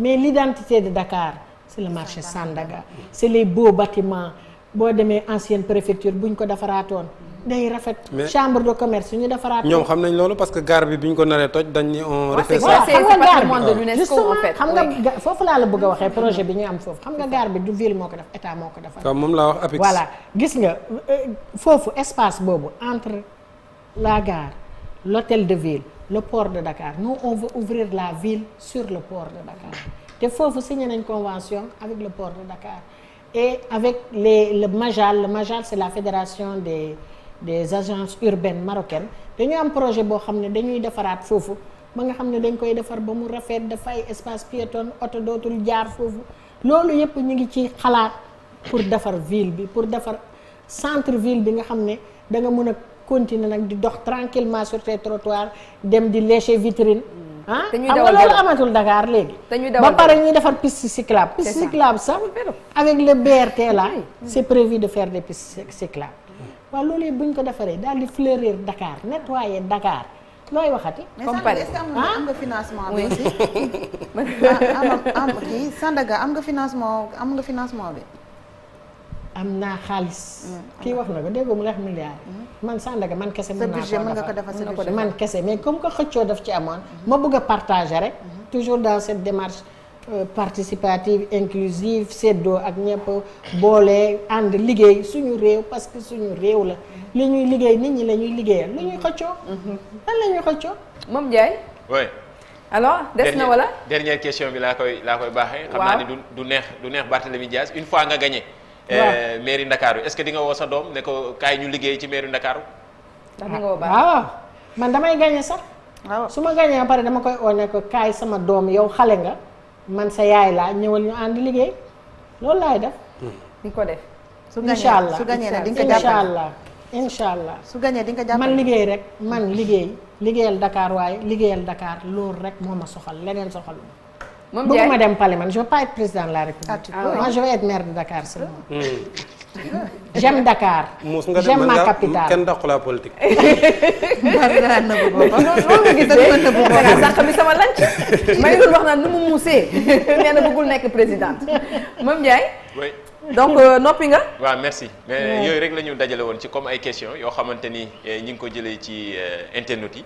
mais l'identité de Dakar c'est le marché Sandaga c'est les beaux batiment boo demee ancienne préfecture buñ ko defaraatoon day rafet. chambre de commerce ñu defaraat. ñoom xam nañ loolu parce que gare bi bi ñu ko naree toj dañ ne on. refait ça xam nga xam nga foofu laa la bëgg waxee projet bi ñu am foofu xam nga gare bi du ville moo ko def état moo ko defar. waaw moom laa wax APIX. voilà gis nga euh, foofu espace boobu entre la gare l'hôtel de ville le port de Dakar nous on veut ouvrir la ville sur le port de Dakar te foofu signé nañ convention avec le port de Dakar et avec les le Majal le Majal c'est la fédération des. des agences urbaines marocaines dañu am projet boo xam ne dañuy defaraat foofu ba nga xam ne dañ koy defar ba mu rafet dafay espace piéton oto dootul jaar foofu loolu yëpp ñu ngi ci xalaat pour defar ville bi pour defar centre ville bi nga xam ne da nga mën a continuer nag di dox tranquillement sur tes trottoirs dem di lécher vitrine mm. ah xam nga loolu amatul Dakar léegi ba pare ñuy defar piste cyclable piste cyclable sax avec le BRT là c'est prévu de faire des pistes cyclables waaw loolu yëpp buñ ko defaree daal di fleurir Dakar nettoyer dakaar looy waxati. comme pare mais Sandaga ah? am nga financement bi aussi. Ah, am kii Sandaga am nga financement am nga financement bi. am naa xaalis. Mm, kii wax na ko dégg mu neex milliard. Mm. man Sandaga man kese mën naa ko defar man kese mais comme que xëccoo daf ci amoon. Mm-hmm. ma bëgg a partager rek. Mm-hmm. toujours dans cette démarche. Euh, participative inclusive séddoo ak ñëpp boole ànd liggéey suñu réew parce que suñu réew la li ñuy liggéey nit ñi lañuy ñuy liggéeyal lu ñuy xëccoo. Mhm. la ñuy xëccoo. moom Ndiaye. oui. alors des na wala. dernière question bi laa koy laa koy baaxee. xam naa ne du neex du neex Barthélémy Dias une fois nga gañe euh, waaw mairie Ndakaaru est-ce que di nga woo sa doom ne ko kaay ñu liggéey ci mairie Ndakaaru. ndax di nga ah, waaw man damay gagné sax. Ah. su ma gagné ba pare dama koy oo ne kaay sama doom yow xale nga. man sa yaay laa ñëwal ñu ànd liggéey loolu laay def. di ko def. su gañee su gañee nag di nga ko jàppale incha allah incha allah su gañee di nga ko man liggéey rek man liggéey liggéeyal Dakar waaye liggéeyal Dakar loolu rek moo ma soxal leneen soxal ma. moom bëgguma dem pale man je veux président la République. Ah, ah moi je veux être maire de j'aime Dakar. muus nga dem ma kenn dàqu laa politique. dara nëbbu boppam. nga gis noppi nga. waaw merci mais yooyu rek la ñu dajale woon ci comme ay questions yoo xamante ni eh, ñi ngi ko jëlee ci eh, internet yi.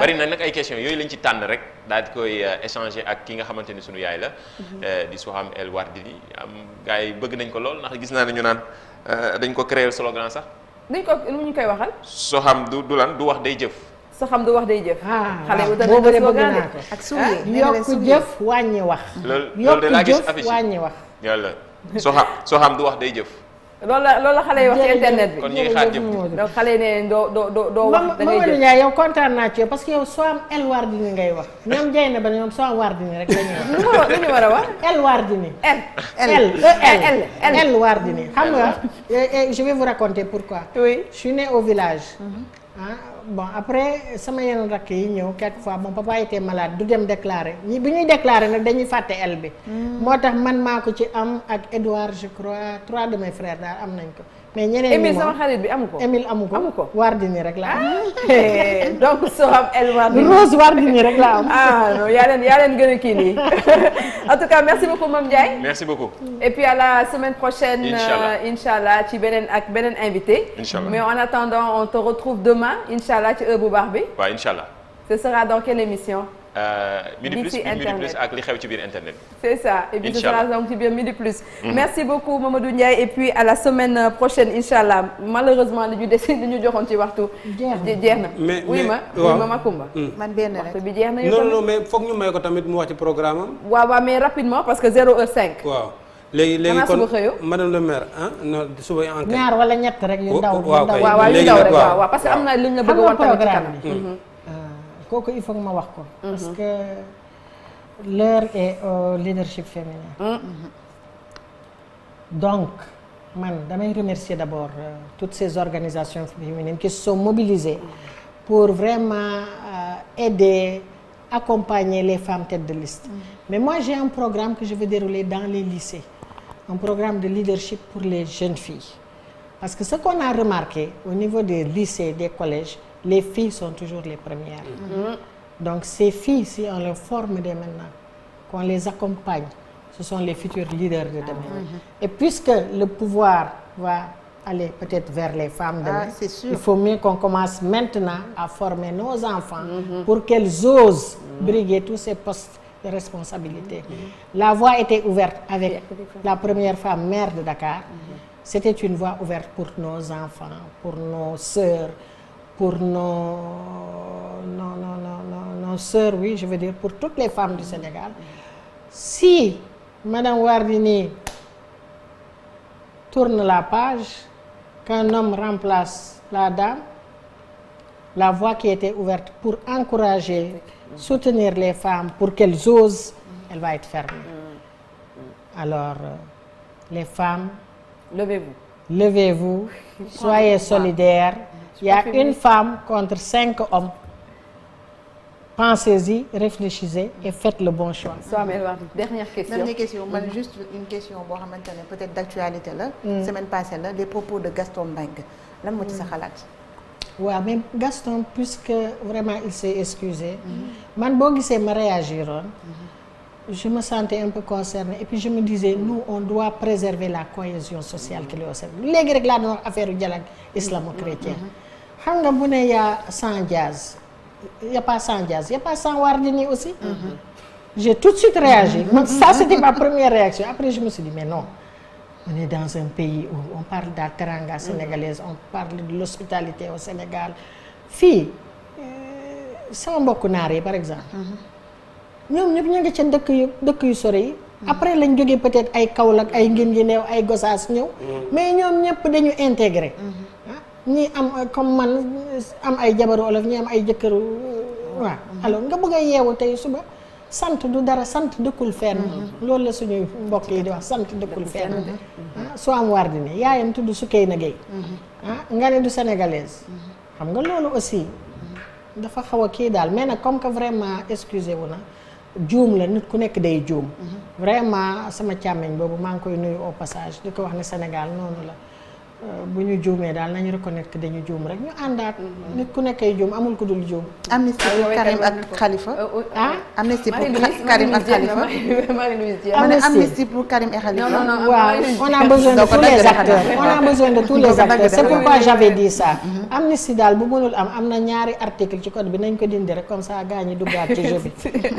bari na nag ay questions yooyu lañ ci tànn rek daal di koy eh, échanger ak ki nga xamante ni sunu yaay la. Mhm. di Soham El Wardini am gars yi bëgg nañ ko lool ndax gis naa ne naan. Eh, dañ ko créer slogan sax. dañ ko lu ñu koy waxal. soo xam du du lan du wax day jëf. soo xam du wax day jëf. Ah, xale bu tëddee bëgg naa ko ak suñu yokk jëf wàññi wax. loolu loolu de laa gis affiche wax. yàlla soo xam soo xam du wax day jëf. loolu la loolu la xale yi wax ci internet bi. kon ñu ngi xaar jëm donc xale doo doo doo yow kontaan naa ci parce que yow soo am El Wardini ngay wax ñoom jey na ba ñoom soo am Wardini rek la ñuy wax. lu ñu war a wax. El Wardini. El El El e, El El Wardini. xam nga je vais vous raconter pourquoi. oui je au village. Mhm. bon après sama yeneen rakk yi ñëw fois bon papa était malade du dem déclarer ñi bu ñuy déclarer nag dañuy fàtte el bi hmm. moo tax man maa ko ci am ak Edouard je crois trois de mes frères daal am nañ ko mais ñeneen ñi Émile bi amu ko Émile amu ko amu ko Wardini rek la am. Ah, eh, donc Soham El Wardini Rose rek la am. ah non yaa leen yaa leen gën a kii nii en tout cas merci beaucoup Mame Ndiaye. merci beaucoup. et la semaine prochaine. incha allah euh, ci beneen ak beneen invité. incha allah mais en attendant on te retrouve demain incha allah ci heure bu baax bi. waaw incha allah. ce sera émission. Euh, midi plus midi plus li xew ci biir internet c'est ça et puis ce sera donc ci biir midi plus mhm. merci beaucoup Mamadou Ndiaye et puis à la semaine euh, prochaine incha allah malheureusement li ñu desi li ñu joxoon ci waxtu jeex na mais oui ma ma Makumba mm. man benn rek bi jeex na non non mais foog ñu may ko tamit mu wax ci programme am waaw mais rapidement parce que zéro heure cinq waaw léegi léegi kon madame le maire ah non suba oh, oh, yu ndaw yu ndaw waaw parce que am na li ñu la bëgg a wan kooku il faut ma wax ko. Mm-hmm. parce que l'heure est au leadership féminin. Mm-hmm. donc man damay remercier d'abord euh, toutes ces organisations féminines qui se sont mobilisées mm-hmm. pour vraiment euh, aider accompagner les femmes têtes de liste. mais moi j'ai un programme que je vais dérouler dans les lycées un programme de leadership pour les jeunes filles parce que ce qu'on a remarqué au niveau des lycées des collèges les filles sont toujours les premières. Mmh. Donc ces filles, si on les forme dès maintenant, qu'on les accompagne, ce sont les futurs leaders de demain. Mmh. Et puisque le pouvoir va aller peut-être vers les femmes demain, ah, sûr. il faut mieux qu'on commence maintenant à former nos enfants mmh. pour qu'elles osent briguer tous ces postes de responsabilité. Mm-hmm. La voie était ouverte avec la première femme maire de Dakar. Mm-hmm. C'était une voie ouverte pour nos enfants, pour nos sœurs, pour nos, nos, nos, nos sœurs, oui, je veux dire pour toutes les femmes du Sénégal. Si Madame Wardini tourne la page, qu'un homme remplace la dame, la voie qui était ouverte pour encourager, mmh. soutenir les femmes, pour qu'elles osent, mmh. elle va être fermée. Mm. Mm. Euh, les femmes... Levez-vous, soyez solidaires. yaa une femme contre cinq hommes pensez-y réfléchissez et faites le bon choix. Soham El question man juste une question boo xamante ne peut-être d'actualité la. Mm. semaine passée la les propos de Gaston Mbengue lan moo ci sa mm. xalaat. waa mais Gaston puisque vraiment il s'est excusé. Mm -hmm. man boo gisee ma réagiroon. -hmm. je me sentais un peu concernée et puis je me disais nous on doit préserver la cohésion sociale qui est au Sénégal léegi rek laa doon wax affaire u dialogue islamo xam nga bu ne yaa sans jazz y a pas sans jazz y a pas sans Wardini aussi. Mm-hmm. j'ai tout de suite réagi. man mm-hmm. ça c'était ma mm-hmm. première réaction après je me suis dit mais non. on est dans un pays où on parle de la teranga sénégalaise on parle de l'hospitalité au Sénégal fii euh, sama mbokk naar yi par exemple. ñoom ñëpp ñu ngi ca dëkk yu dëkk yu sore yi. après lañ jógee peut-être ay Kaolack ay Guinguinéo ay Gossas ñëw. mais ñoom ñëpp dañu intégré. ñi am comme man am ay jabaru olof ñi am ay jëkkëru mm-hmm. waaw alors nga bëgg a yeewu tey suba sant du dara sant dëkkul fenn mm-hmm. loolu la suñuy mbokk yi di wax sant dëkkul fenn ah, soo am war di ne yaayam tudd Soukeyna Gueye mm-hmm. ah, nga ne du sénégalaise xam nga loolu aussi dafa xaw a kii daal mais nag comme que vraiment excusez wu na juum la nit ku nekk day juum vraiment sama càmmiñ boobu maa ngi koy nuyu au passage di ko wax ne Sénégal noonu la Euh, bu ñu juumee daal nañu reconnaître que dañu juum rek ñu àndaat. Mm-hmm. nit ku nekkay juum amul ku dul juum. amnistie euh, euh, ah? pour Karim ak Khalifa. ne a besoin de tous les a besoin mm-hmm. am na ñaari article ci code bi nañ ko dindi rek comme ça gars ñi duggaat ci jeu bi.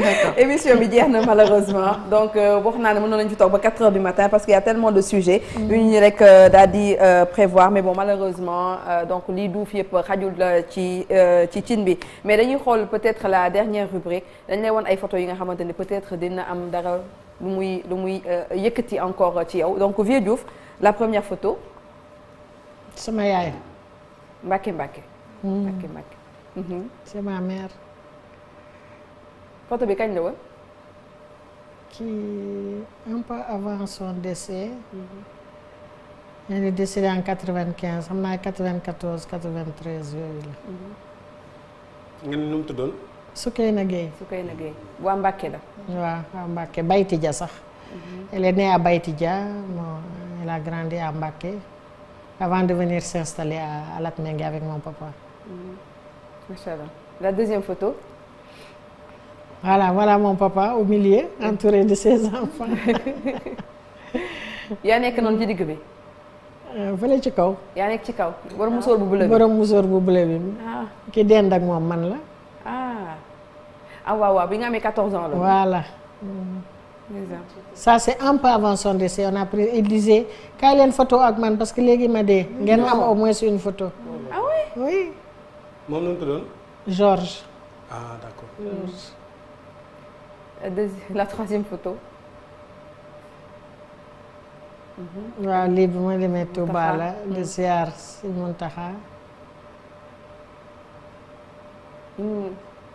émission jeex na malheureusement donc wax naa ne mënoon nañu ci toog ba 4 heures du matin parce qu'il y a tellement de sujets. yu mm-hmm. ñu rek daal di. prévoir mais bon malheureusement euh, donc lii duuf yëpp xajul euh, ci euh, ci cin bi mais dañuy xool peut-être la dernière rubrique dañ lay woon ay photos yi nga xamante ne peut-être dina am dara lu muy lu muy yëkkati encore ci yaw donc Vieux Diouf la première photo. sama yaay. Mbacke Mbacke. Hmm. Mbacke Mbacke. Mhm. c'est ma mère. photo bi kañ la woon. qui un peu avant son décès. Mhm. ñu ngi décédé en quatre-vingt-quinze e xam naa quatre-vingt-quatorze e quatre-vingt-treize e yooyu la. ngeen ni nu mu tuddoon. Soukeyna Gueye. Soukeyna Gueye waa la. waaw waa Mbacke Baytija sax. elle est née à Baytija elle a grandi à Mbacke avant de venir s'installer à à Latmingué avec mon papa. Mmh. macha allah la deuxième photo. voilà voilà mon papa au milieu entouré de ses enfants. yaa nekk noonu ci digg bi. Euh, fële ci kaw. yaa nekk ci kaw borom musóor bu bële bi borom musóor bu bële bi. Ah. ki dend ak moom man la. ah ah bi nga amee 14 ans la. voilà. ça c'est un peu avant son on a il disait kaay leen photo ak man parce que léegi ma de ngeen am au moins une photo. ah oui oui. moom nu mu tuddoon. Georges. Ah, hmm. euh, la troisième photo. Mm-hmm. waaw lii bi ma demee Touba la di ziar si Muntaxa mm,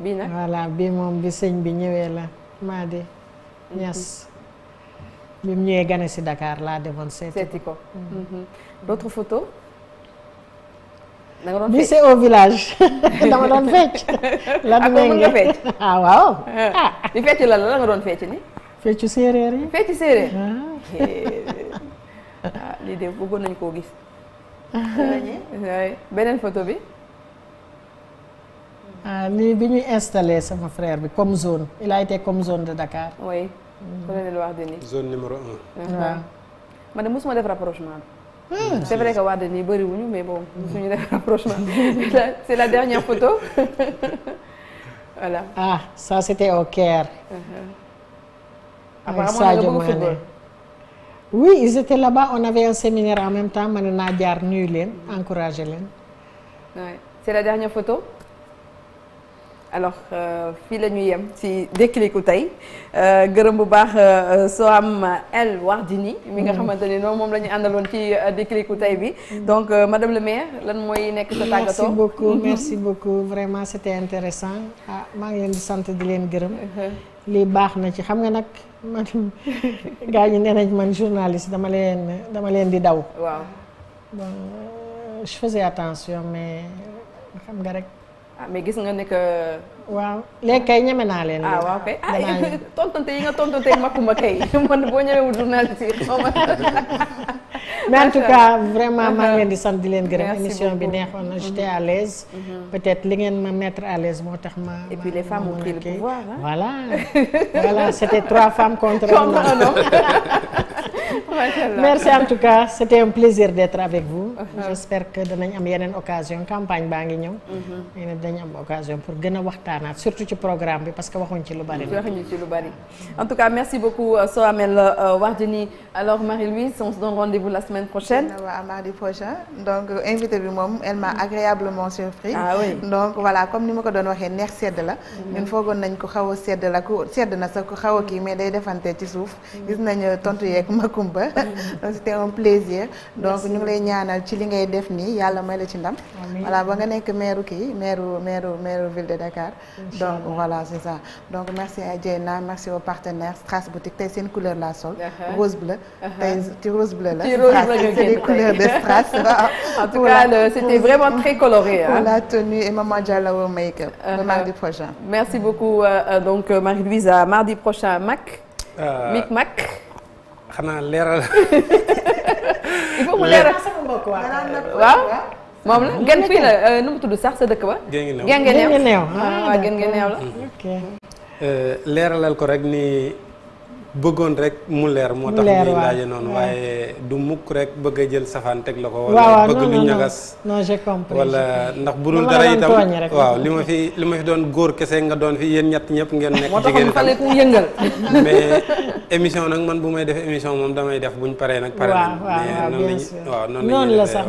bii nag moom bi sëñ bi ñëwee la maa di ñas mm-hmm. bi mu ñëwee gane si Dakar laa demoon seeti ko mm-hmm. d'autres photos da nga doon fecc lan nga ah waaw ah di fecc la la nga doon ni feccu séeréer yi. feccu séeréer. ah lii de bëggoon nañu koo gis. beneen photo bi. ah lii bi ñuy installé sama frère bi comme zone il a été comme zone de Dakar. oui. colonel mm. Wardini. zone numéro un. waaw. man de mosuma def rapprochement bi. c'est vrai que Wardini bëriwuñu mais bon mosuñu def rapprochement c'est la dernière photo voilà. ah ça c'était au Caire. Uh -huh. ak Sadio Mané oui ils étaient là-bas on avait un séminaire en même temps mën naa jaar nuyu leen encouragé leen. oui c'est la dernière photo. alors euh, fii la ñu yem ci déclicu tey euh, gërëm bu baax euh, soo am El ni mi nga mm. xamante ni noonu moom la ñu àndaloon ci déclicu tey bi mm. donc madame le maire lan mooy nekk sa tàggatoo merci beaucoup mm-hmm. merci beaucoup vraiment c'était intéressant ah maa ngi leen di sant di leen gërëm uh-huh. lii baax na ci xam nga nag man gaa ñi nee nañ man journaliste dama leen dama leen di daw. waaw bon euh, je attention mais xam nga rek. ah mais gis nga ne que waaw léegi kay ñeme naa leen. ah waaw kay ah tontante yi nga tontante Macoumba kay man boo ñëwee journaliste yi xaw ma. mais en tout cas vraiment maa ngi uh-huh. leen di sant di leen gërëm émission bi neexoon na uh-huh. j'étais à l'aise uh-huh. peut li ngeen ma mettre à l'aise moo tax ma. et puis les femmes ont pris le pouvoir voilà voilà c'était trois femmes contre un merci en tout cas c'était un plaisir d'être avec vous j'espère que danañ am yeneen occasion campagne baa ngi ñëw. dañ am occasion pour gën a waxtaan. waxtaanaat surtout ci programme bi parce que waxuñ ci lu bari. Euh, euh, Marie-Louise on se donne rendez la semaine prochaine. waaw mardi prochain donc invité bi moom elle agréablement surpris. Ah donc voilà comme ni ma ko doon waxee neex sedd la. Mm-hmm. ñun foogoon nañ ko xaw a sedd la ku sedd na sax ku xaw a kii mais day defante ci suuf. Mm-hmm. gis nañu tontu yeeg Makumba. Mm-hmm. c'était un plaisir. donc ñu ngi lay ñaanal ci li ngay def nii yàlla may la ci ndam. voilà ba nga nekk maire donc voilà c'est ça donc merci à Dieyna merci aux partenaires Strass Boutique tey seen couleur la sol uh-huh. rose bleu uh-huh. tey ci rose bleu la c'est les couleurs de Strass en tout cas c'était vraiment très coloré pour la tenue et maman Diallo make-up le uh-huh. mardi prochain merci beaucoup euh, euh, donc euh, Marie-Louise à mardi prochain Mac Mic Mac xanaa leeral il faut mu leeral sama mbokk waaw moom la ah, gen fii la euh, nu mu tudd sax sa dëkk ba. gën ngeen neew gën ngeen ah, ah, neew waaw gën ngeen neew la. Mm-hmm. Euh, leeralal ko rek ni. bëggoon rek mu leer moo tax ñuy laaje noonu waaye du mukk rek bëgg jël safaan teg la ko wala bëgg lu ñagas non j'ai wala ndax bu dul dara waaw li ma fi li ma doon góor kese nga doon fi yéen ñett ñëpp ngeen nekk jigéen itam yëngal mais émission nag man bu may def émission moom damay def buñ paree nag pare na mais noonu waaw noonu la sax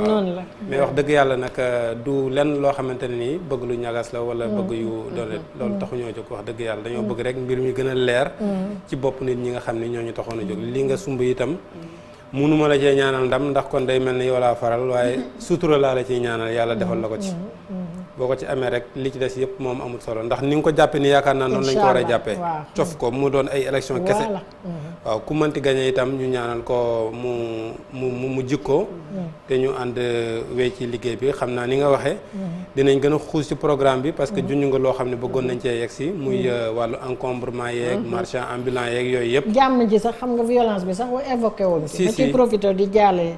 mais wax dëgg yàlla nag euh, du lenn loo xamante ne nii bëgg lu ñagas la wala mm. bëgg yu doole mm. loolu ñoo jóg wax dëgg yàlla dañoo mm. bëgg rek mbir mi gën a leer ci bopp nit ñi nga xam ni ñoo ñu taxoon a jóg li nga sumb itam munuma la cee ñaanal ndam ndax kon day mel ni yow laa faral waaye mm-hmm. sutura laa la ciy ñaanal yàlla defal la ko ci mm-hmm. Mm-hmm. boo ko ci amee rek li ci des yëpp moom amul solo ndax ni nga ko jàppee ni yaakaar naa noonu lañ ko war a jàppee cof ko mu doon ay élection kese waaw ku mënti gañe itam ñu ñaanal ko mu mu mu jikkoo mm. te ñu ànd uh, wéy ci liggéey bi xam naa ni nga waxee mm. dinañ gën a xuus ci programme bi parce que mm. junj nga loo xam ne bëggoon nañ cee yegg si muy uh, wàllu encombrement yeeg mm-hmm. marchand ambulant yeeg yooyu yëpp jàmm ji sax xam nga violence bi sax wa évoqué woon ci profité di jaale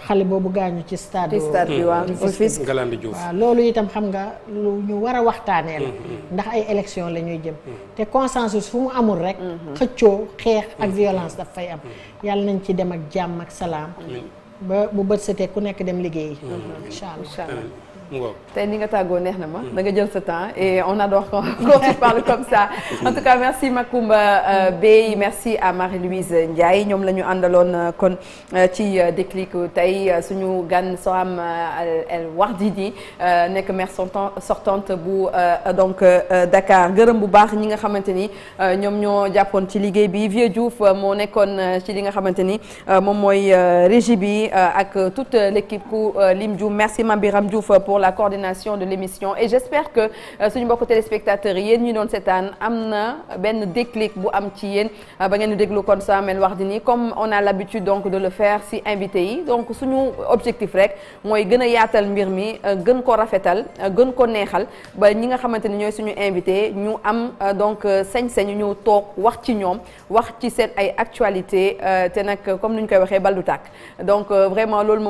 xale boobu gaañu ci stade bi. stade bi waaw Rufisque waaw loolu itam xam nga lu ñu war a waxtaanee la. Mm-hmm. Mm-hmm. ndax ay élection la ñuy jëm. Mm-hmm. te consensus fu mu amul rek. xëccoo xeex ak violence daf fay am. yàlla nañ ci dem ak jàmm ak salaam. ba bu bët setee ku nekk dem liggéeyi. incha allah. tey ni nga tàggoo neex na ma. da nga jël sa temps et on adore quand on se parle comme ça. en tout cas merci Macoumba euh, Bey merci à Marie-Louise Ndiaye ñoom lañu ñu àndaloon euh, kon euh, ci déclic tey suñu gan Soham El Wardini nekk maire sortante bu donc Dakar gërëm bu baax ñi nga xamante ni ñoom ñoo jàppoon ci liggéey bi Vieux Diouf moo nekkoon ci li nga xamante ni moom mooy régie bi ak toute l' ku lim Diouf merci Mame Biram Diouf pour la coordination de l'émission et j'espère que euh, suñu mbokk téléspectateurs yéen ñu doon seetaan am na benn déclic bu am ci yéen euh, ba ngeen di déglu kon Samuel Wardini comme on a l'habitude donc de le faire si invité yi donc suñu objectif rek mooy gën a yaatal mbir mi euh, gën ko rafetal gën ko neexal ba ñi nga xamante ni ñooy suñu invité ñu am donc sañ-sañu ñu toog wax ci ñoom wax ci seen ay actualité te nag comme ni ñu koy waxee baldu tàkk donc vraiment loolu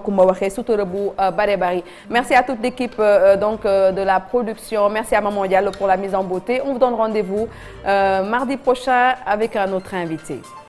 Makumba waxee sutura bu euh, bare bari merci à toute l'équipe euh, euh, donc de la production merci à Maman Diallo pour la mise en beauté on vous donne rendez-vous mardi prochain avec un autre invité